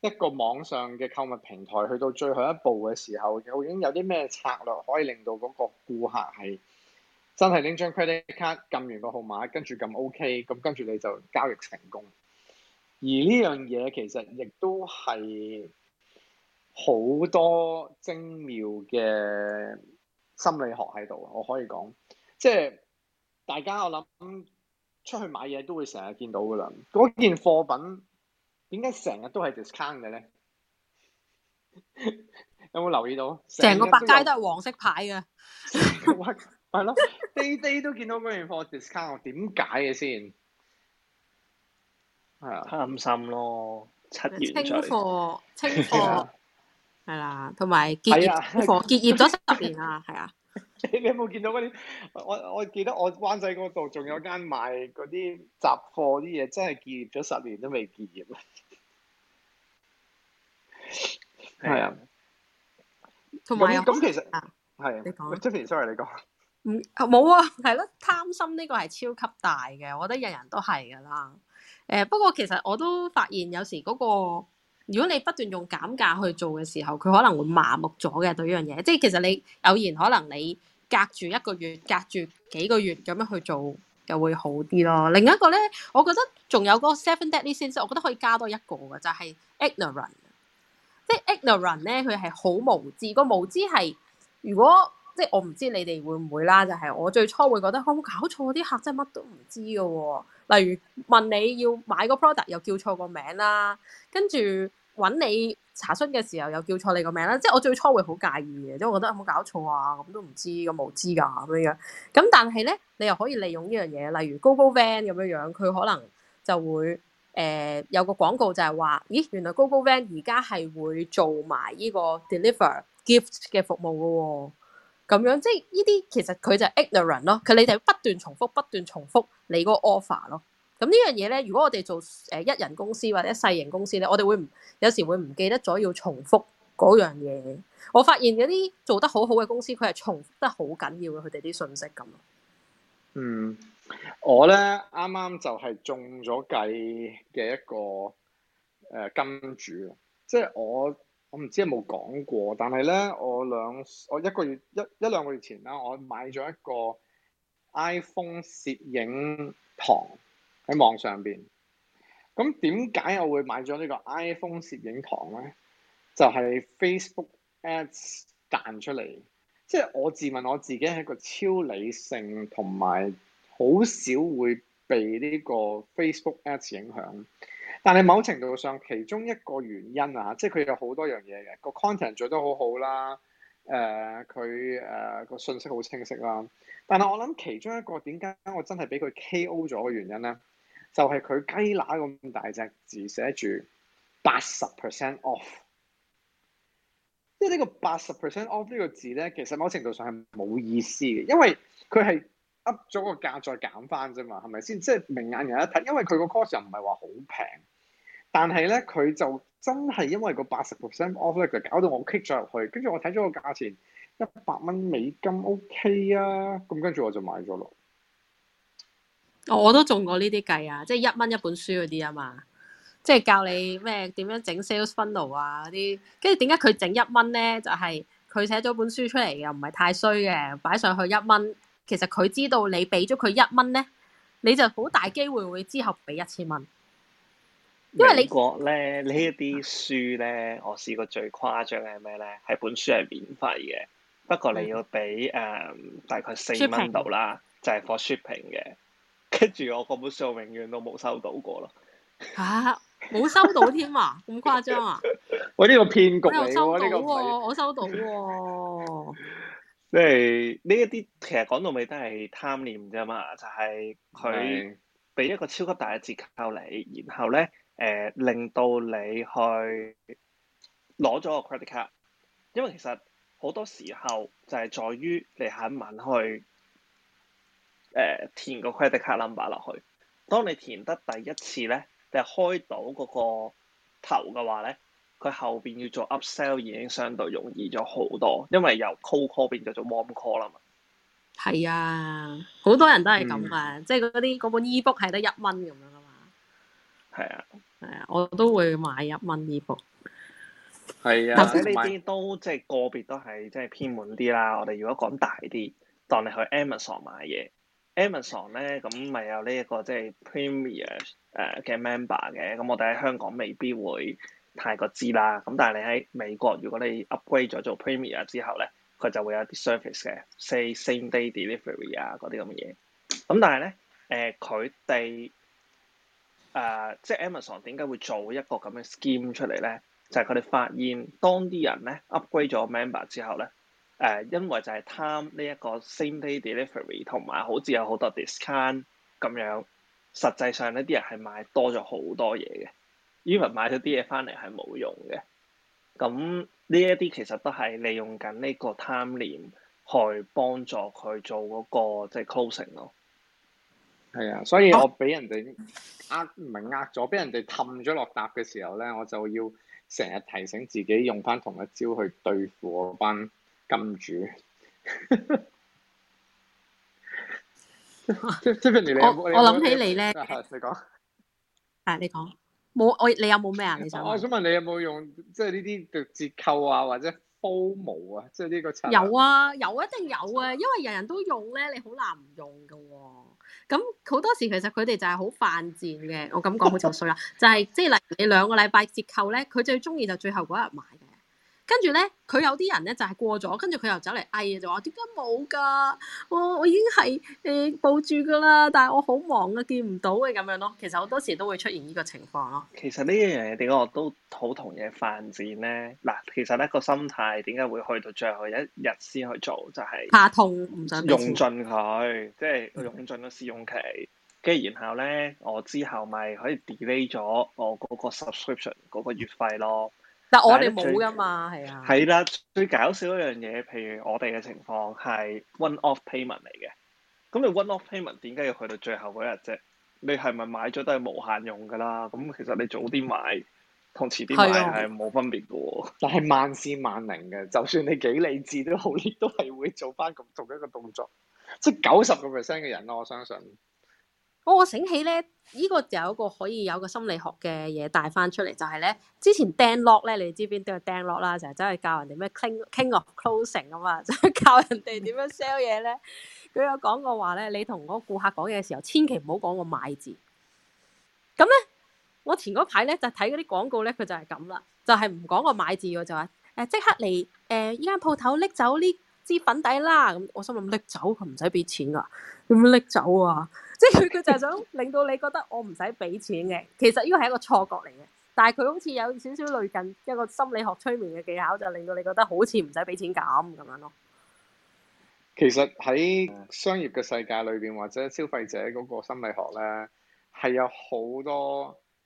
一個網上嘅購物平台，去到最後一步嘅時候，究竟有啲咩策略可以令到嗰個顧客係真係拎張 credit card 撳完個號碼，跟住撳 OK，咁跟住你就交易成功。而呢樣嘢其實亦都係好多精妙嘅心理學喺度，我可以講，即係大家我諗出去買嘢都會成日見到噶啦，嗰件貨品。點解成日都係 discount 嘅咧？ <laughs> 有冇留意到？成個百佳都係黃色牌嘅 <laughs> ，係咯 day day 都見到嗰件貨 discount，點解嘅先？係 <laughs> 啊，貪心咯，七元清貨，清貨，係啦、 <laughs> 啊，同埋結業貨，啊啊、結業咗十年啦，係啊。 <laughs> 你有冇見到嗰啲？我我記得我灣仔嗰度仲有間賣嗰啲雜貨啲嘢，真係結業咗十年都未結業啦。係 <laughs> 啊，同埋咁其實係，你講。sorry 你講。唔冇啊，係咯是，貪說、啊啊、心呢個係超級大嘅，我覺得人人都係噶啦。誒，不過其實我都發現有時嗰、那個。如果你不斷用減價去做嘅時候，佢可能會麻木咗嘅對呢樣嘢。即係其實你偶然可能你隔住一個月、隔住幾個月咁樣去做，就會好啲咯。另一個咧，我覺得仲有個 seven deadly sins，我覺得可以加多一個嘅，就係、是、ignorant。即係 ignorant 咧，佢係好無知。個無知係如果即係我唔知你哋會唔會啦，就係、是、我最初會覺得搞好搞錯啲客真係乜都唔知嘅喎。例如問你要買個 product 又叫錯個名啦，跟住。揾你查詢嘅時候又叫錯你個名啦，即係我最初會好介意嘅，即係我覺得有冇搞錯啊？咁都唔知咁無知㗎咁樣，咁但係咧你又可以利用呢樣嘢，例如 GoGoVan 咁樣樣，佢可能就會誒、呃、有個廣告就係話，咦原來 GoGoVan 而家係會做埋呢個 deliver gift 嘅服務㗎喎、哦，咁樣即係呢啲其實佢就係 ignorant 咯，佢你就不斷重複不斷重複你嗰個 offer 咯。咁呢樣嘢咧，如果我哋做誒一人公司或者細型公司咧，我哋會唔有時會唔記得咗要重複嗰樣嘢。我發現有啲做得好好嘅公司，佢係重複得好緊要嘅佢哋啲信息咁。嗯，我咧啱啱就係中咗計嘅一個誒金主，即係我我唔知有冇講過，但係咧我兩我一個月一一兩個月前啦，我買咗一個 iPhone 攝影堂。喺網上邊，咁點解我會買咗呢個 iPhone 攝影堂呢？就係 Facebook Ads 彈出嚟，即係我自問我自己係一個超理性同埋好少會被呢個 Facebook Ads 影響。但係某程度上，其中一個原因啊，即係佢有好多樣嘢嘅個 content 做得好好啦，誒佢誒個訊息好清晰啦。但係我諗其中一個點解我真係俾佢 KO 咗嘅原因呢？就係佢雞乸咁大隻字寫住八十 percent off，即係呢個八十 percent off 呢個字咧，其實某程度上係冇意思嘅，因為佢係噏咗個價再減翻啫嘛，係咪先？即係明眼人一睇，因為佢個 course 又唔係話好平，但係咧佢就真係因為個八十 percent off 咧，就搞到我 kick 咗入去，跟住我睇咗個價錢一百蚊美金，OK 啊，咁跟住我就買咗落。哦、我都中過呢啲計啊，即係一蚊一本書嗰啲啊嘛，即係教你咩點樣整 Sales funnel 啊嗰啲，跟住點解佢整一蚊咧？就係、是、佢寫咗本書出嚟又唔係太衰嘅，擺上去一蚊。其實佢知道你俾咗佢一蚊咧，你就好大機會會之後俾一千蚊。因為你美國咧呢一啲書咧，我試過最誇張係咩咧？係本書係免費嘅，不過你要俾誒、um, 大概四蚊度啦，就係、是、for shipping 嘅。跟住我根本上永遠都冇收到過啦，嚇冇收到添啊？咁 <laughs> 誇張啊！喂，呢個騙局我收到喎、啊，我收到喎、啊。即係呢一啲其實講到尾都係貪念啫嘛，就係佢俾一個超級大嘅折扣你，然後咧誒、呃、令到你去攞咗個 credit card。因為其實好多時候就係在於你肯唔肯去。誒填個 credit card number 落去。當你填得第一次咧，就開到嗰個頭嘅話咧，佢後邊要做 Upsell 已經相對容易咗好多，因為由 cold call, call 變咗做 warm call 啦嘛。係啊，好多人都係咁、嗯 e、啊，即係嗰啲嗰本 Ebook 係得一蚊咁樣啊嘛。係啊，係啊，我都會買一蚊 Ebook。係啊， <laughs> 或者呢啲都即係個別都係即係偏門啲啦。我哋如果講大啲，當你去 Amazon 買嘢。Amazon 咧，咁咪有呢、這、一個即係 Premier 誒、呃、嘅 Member 嘅，咁我哋喺香港未必會太過知啦。咁但係你喺美國，如果你 upgrade 咗做 Premier 之後咧，佢就會有啲 service 嘅，say same day delivery 啊嗰啲咁嘅嘢。咁但係咧誒佢哋誒即係 Amazon 點解會做一個咁嘅 scheme 出嚟咧？就係佢哋發現當啲人咧 upgrade 咗 Member 之後咧。誒，uh, 因為就係貪呢一個 same day delivery，同埋好似有好多 discount 咁樣，實際上呢啲人係買多咗好多嘢嘅，even 買咗啲嘢翻嚟係冇用嘅。咁呢一啲其實都係利用緊呢個貪念去幫助佢做嗰、嗰個即係 closing 咯。係、就是、啊，所以我俾人哋呃唔係呃咗，俾人哋氹咗落搭嘅時候咧，我就要成日提醒自己用翻同一招去對付我班。跟住，我你有有我諗起你咧， <noise> 你講，誒你講，冇我你有冇咩啊？你想、啊，我想問你，你有冇用即係呢啲嘅折扣啊，或者 promo 啊？即係呢個啊有啊，有一定有啊，因為人人都用咧，你好難唔用噶喎、啊。咁好多時其實佢哋就係好犯賤嘅，我咁講好似好衰啦、 <laughs> 就係。就係即係例如你兩個禮拜折扣咧，佢最中意就最後嗰日買。跟住咧，佢有啲人咧就係、是、過咗，跟住佢又走嚟嗌啊，就話點解冇㗎？我、哦、我已經係誒保住㗎啦，但係我好忙啊，見唔到嘅咁樣咯。其實好多時都會出現呢個情況咯，其。其實呢一樣嘢點講，我都好同意犯賤咧。嗱，其實呢個心態點解會去到最後一日先去做，就係怕痛，唔想用盡佢，即係用盡咗試用期，跟住然後咧，我之後咪可以 delay 咗我嗰個 subscription 嗰個月費咯。但我哋冇噶嘛，係啊。係啦的，最搞笑一樣嘢，譬如我哋嘅情況係 one off payment 嚟嘅。咁你 one off payment 點解要去到最後嗰日啫？你係咪買咗都係無限用噶啦？咁其實你早啲買同遲啲買係冇分別嘅喎。但係萬事萬靈嘅，就算你幾理智都好，你都係會做返咁做一個動作，即係九十個 percent 嘅人咯，我相信。Oh, 我醒起咧，呢、這個有一個可以有個心理學嘅嘢帶翻出嚟，就係、是、咧之前 Dan Lock 咧，你知邊都有 Dan Lock 啦，成日走去教人哋咩 King of Closing 啊嘛，就係教人哋點樣 sell 嘢咧。佢 <laughs> 有講過話咧，你同嗰個顧客講嘢嘅時候，千祈唔好講個買字。咁咧，我前嗰排咧就睇嗰啲廣告咧，佢就係咁啦，就係唔講個買字，就話誒即刻嚟誒依間鋪頭拎走呢。支粉底啦，咁我心諗拎走佢唔使俾錢噶，要唔要拎走啊？即係佢佢就係想令到你覺得我唔使俾錢嘅，其實呢個係一個錯覺嚟嘅。但係佢好似有少少類近一個心理學催眠嘅技巧，就令到你覺得好似唔使俾錢咁咁樣咯。其實喺商業嘅世界裏邊，或者消費者嗰個心理學咧，係有好多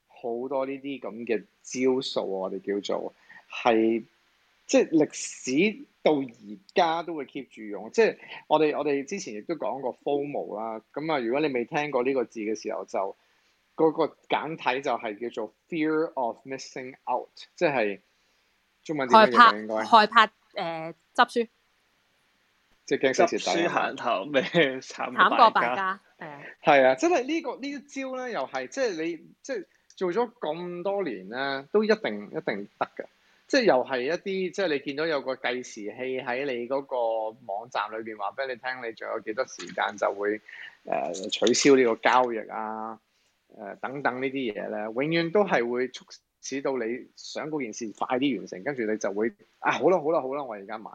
好多呢啲咁嘅招數，我哋叫做係即係歷史。到而家都會 keep 住用，即係我哋我哋之前亦都講過 FOMO 啦、嗯。咁啊，如果你未聽過呢個字嘅時候，就個個簡體就係叫做 fear of missing out，即係中文點講？應該害怕誒該、呃、執輸書，即係驚失時行頭咩？慘過敗家係啊，係、 <laughs> 嗯、啊！真係、這個、呢個呢招咧，又係即係你即係做咗咁多年咧，都一定一定，一定得㗎。即係又係一啲，即係你見到有個計時器喺你嗰個網站裏邊話俾你聽，你仲有幾多時間就會誒、呃、取消呢個交易啊，誒、呃、等等呢啲嘢咧，永遠都係會促使到你想嗰件事快啲完成，跟住你就會啊，好啦好啦好啦，我而家買。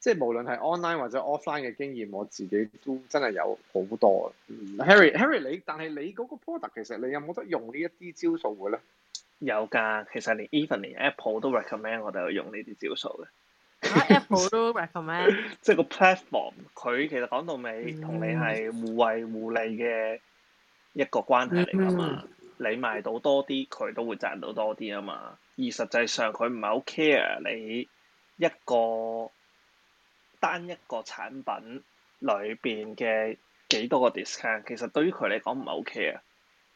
即係無論係 online 或者 offline 嘅經驗，我自己都真係有好多。Mm hmm. Harry Harry，你但係你嗰個 product 其實你有冇得用呢一啲招數嘅咧？有㗎，其實連 even 連 Apple 都 recommend 我哋去用呢啲招數嘅。Apple 都 recommend，即係個 platform，佢 <laughs> 其實講到尾同、嗯、你係互惠互利嘅一個關係嚟㗎嘛。嗯、你賣到多啲，佢都會賺到多啲啊嘛。而實際上，佢唔係好 care 你一個單一個產品裏邊嘅幾多個 discount。其實對於佢嚟講唔係 OK 啊，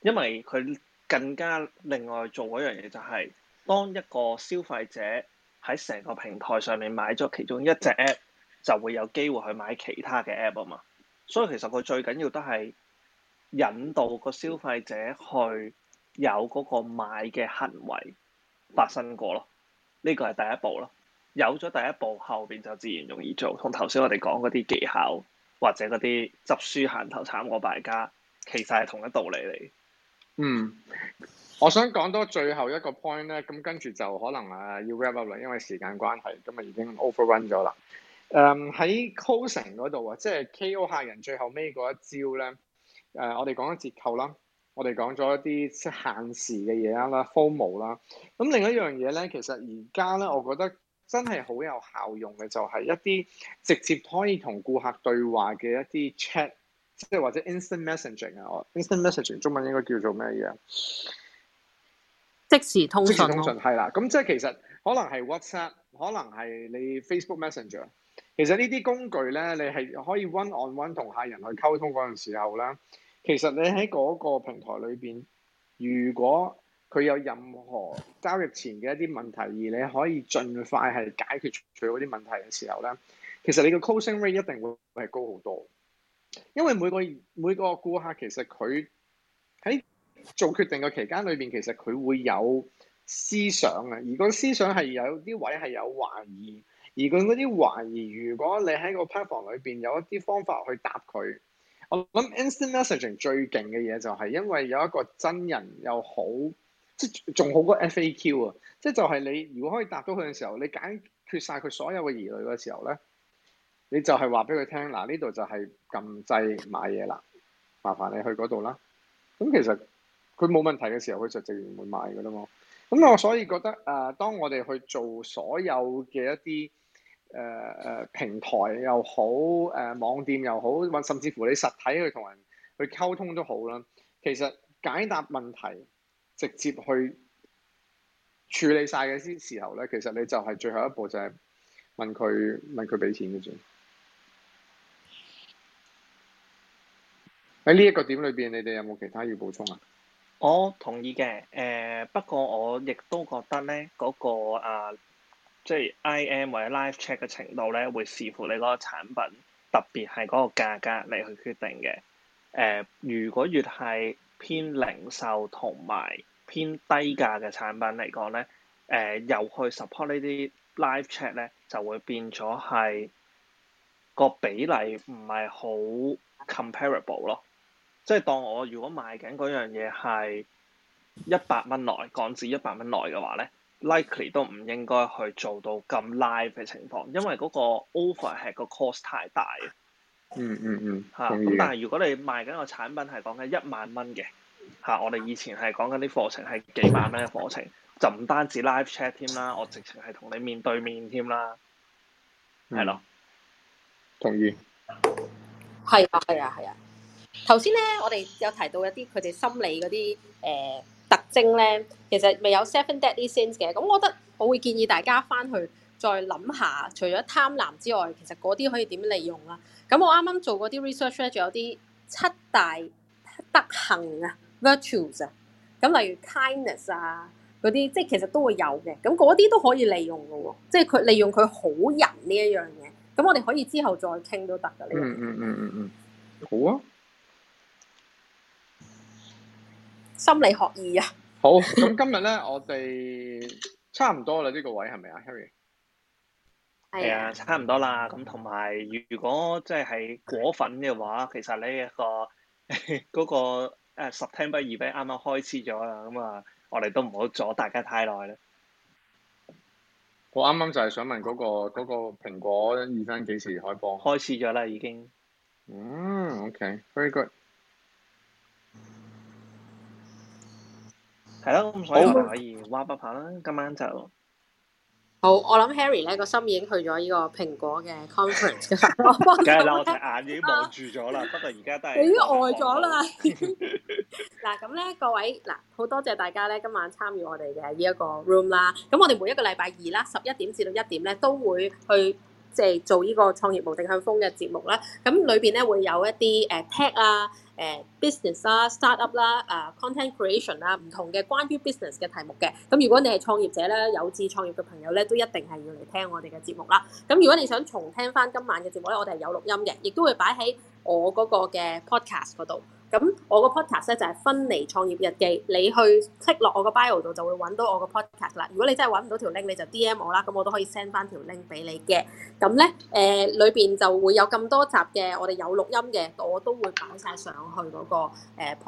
因為佢。更加另外做嗰樣嘢就係，當一個消費者喺成個平台上面買咗其中一隻 app，就會有機會去買其他嘅 app 啊嘛。所以其實，佢最緊要都係引導個消費者去有嗰個買嘅行為發生過咯。呢個係第一步咯。有咗第一步，後邊就自然容易做。同頭先我哋講嗰啲技巧或者嗰啲執輸行頭慘過敗家，其實，係同一道理嚟。嗯，我想講多最後一個 point 咧，咁跟住就可能啊要 wrap up 啦，因為時間關係，咁啊已經 overrun 咗啦。誒喺 closing 嗰度啊，即係 KO 客人最後尾嗰一招咧，誒、呃、我哋講咗折扣啦，我哋講咗一啲即係限時嘅嘢啦、FOMO 啦，咁另一樣嘢咧，其實而家咧，我覺得真係好有效用嘅就係一啲直接可以同顧客對話嘅一啲 chat。即係或者 instant messaging 啊，我 instant messaging 中文應該叫做咩嘢？即時通訊。即時通訊係啦，咁即係其實可能係 WhatsApp，可能係你 Facebook Messenger。其實呢啲工具咧，你係可以 one on one 同客人去溝通嗰陣時候啦。其實你喺嗰個平台裏邊，如果佢有任何交易前嘅一啲問題，而你可以盡快係解決除咗啲問題嘅時候咧，其實你嘅 closing rate 一定會係高好多。因為每個每個顧客其實佢喺做決定嘅期間裏邊，其實佢會有思想啊。而個思想係有啲位係有懷疑，而佢嗰啲懷疑，如果你喺個 platform 裏邊有一啲方法去答佢，我諗 Instant Messaging 最勁嘅嘢就係因為有一個真人又好，即係仲好過 FAQ 啊！即係就係你如果可以答到佢嘅時候，你解決晒佢所有嘅疑慮嘅時候咧。你就係話俾佢聽，嗱，呢度就係撳掣買嘢啦，麻煩你去嗰度啦。咁其實佢冇問題嘅時候，佢就直接會買嘅啦嘛。咁我所以覺得，誒、呃、當我哋去做所有嘅一啲誒誒平台又好，誒、呃、網店又好，甚至乎你實體去同人去溝通都好啦。其實解答問題，直接去處理晒嘅之時候咧，其實你就係最後一步就，就係問佢問佢俾錢嘅啫。喺呢一個點裏邊，你哋有冇其他要補充啊？我同意嘅，誒、呃、不過我亦都覺得咧，嗰、那個啊，即、呃、係、就是、IM 或者 Live Chat 嘅程度咧，會視乎你嗰個產品，特別係嗰個價格嚟去決定嘅。誒、呃，如果越係偏零售同埋偏低價嘅產品嚟講咧，誒、呃、又去 support 呢啲 Live Chat 咧，就會變咗係個比例唔係好 comparable 咯。即係當我如果賣緊嗰樣嘢係一百蚊內，降至一百蚊內嘅話咧，likely 都唔應該去做到咁 live 嘅情況，因為嗰個 overhead 個 cost 太大嘅。嗯嗯嗯。嚇！咁但係如果你賣緊個產品係講緊一萬蚊嘅嚇，我哋以前係講緊啲課程係幾萬蚊嘅課程，就唔單止 live chat 添啦，我直情係同你面對面添啦，係咯、嗯，的同意。係啊！係啊！係啊！頭先咧，我哋有提到一啲佢哋心理嗰啲誒特徵咧，其實未有 seven deadly sins 嘅。咁、嗯、我覺得我會建議大家返去再諗下，除咗貪婪之外，其實嗰啲可以點利用啦。咁我啱啱做嗰啲 research 咧，仲有啲七大德行啊 virtues 啊，咁例如 kindness 啊嗰啲，即係其實都會有嘅。咁嗰啲都可以利用嘅喎，即係佢利用佢好人呢一樣嘢。咁我哋可以之後再傾都得嘅。嗯嗯嗯嗯嗯，好啊。心理學二啊， <laughs> 好，咁今日咧，我哋差唔多啦，呢、這個位係咪啊，Harry？係啊、哎呀， <laughs> 差唔多啦。咁同埋，如果即係果粉嘅話，其實你、這、一個嗰、那個誒，September event 咧，啱啱開始咗啦。咁啊，我哋都唔好阻大家太耐啦。我啱啱就係想問嗰、那個嗰、那個蘋果 event 幾時開播？開始咗啦，已經。嗯、mm,，OK，very、okay, good。係咯，咁、嗯嗯、所以就可以話不拍啦。今晚就好，我諗 Harry 咧個心已經去咗呢個蘋果嘅 conference。梗係 <laughs> 了 <laughs> 我隻眼已經望住咗啦，不過而家都係已經呆咗啦。嗱，咁咧各位嗱，好多謝大家咧今晚參與我哋嘅呢一個 room 啦。咁我哋每一個禮拜二啦，十一點至到一點咧都會去。即係做呢、這個創業無定向瘋嘅節目啦，咁裏邊咧會有一啲誒 tech 啊、誒 business 啦、startup 啦、啊 content creation 啦，唔同嘅關於 business 嘅題目嘅。咁如果你係創業者咧、有志創業嘅朋友咧，都一定係要嚟聽我哋嘅節目啦。咁如果你想重聽翻今晚嘅節目咧，我哋係有錄音嘅，亦都會擺喺我嗰個嘅 podcast 嗰度。咁我個 podcast 咧就係、是、分離創業日記，你去 click 落我個 bio 度就會揾到我個 podcast 啦。如果你真係揾唔到條 link，你就 D.M 我啦，咁我都可以 send 翻條 link 俾你嘅。咁咧誒裏邊就會有咁多集嘅，我哋有錄音嘅，我都會擺晒上去嗰個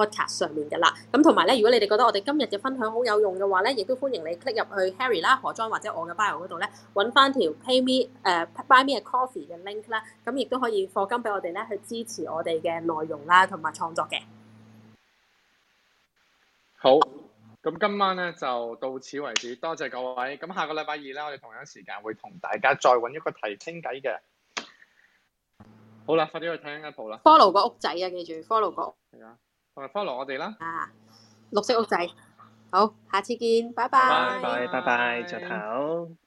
誒 podcast 上面噶啦。咁同埋咧，如果你哋覺得我哋今日嘅分享好有用嘅話咧，亦都歡迎你 click 入去 Harry 啦、啊、何莊或者我嘅 bio 嗰度咧，揾翻條 pay me 誒、uh, buy me a coffee 嘅 link 啦。咁亦都可以課金俾我哋咧去支持我哋嘅內容啦同埋創作嘅。好，咁今晚咧就到此為止，多謝各位。咁下個禮拜二咧，我哋同樣時間會同大家再搵一個題傾偈嘅。好啦，快啲去睇一部啦。Follow 個屋仔啊，記住 Follow 個屋仔啊，同埋 Follow 我哋啦。啊，綠色屋仔，好，下次見，拜拜。拜拜拜拜，早唞。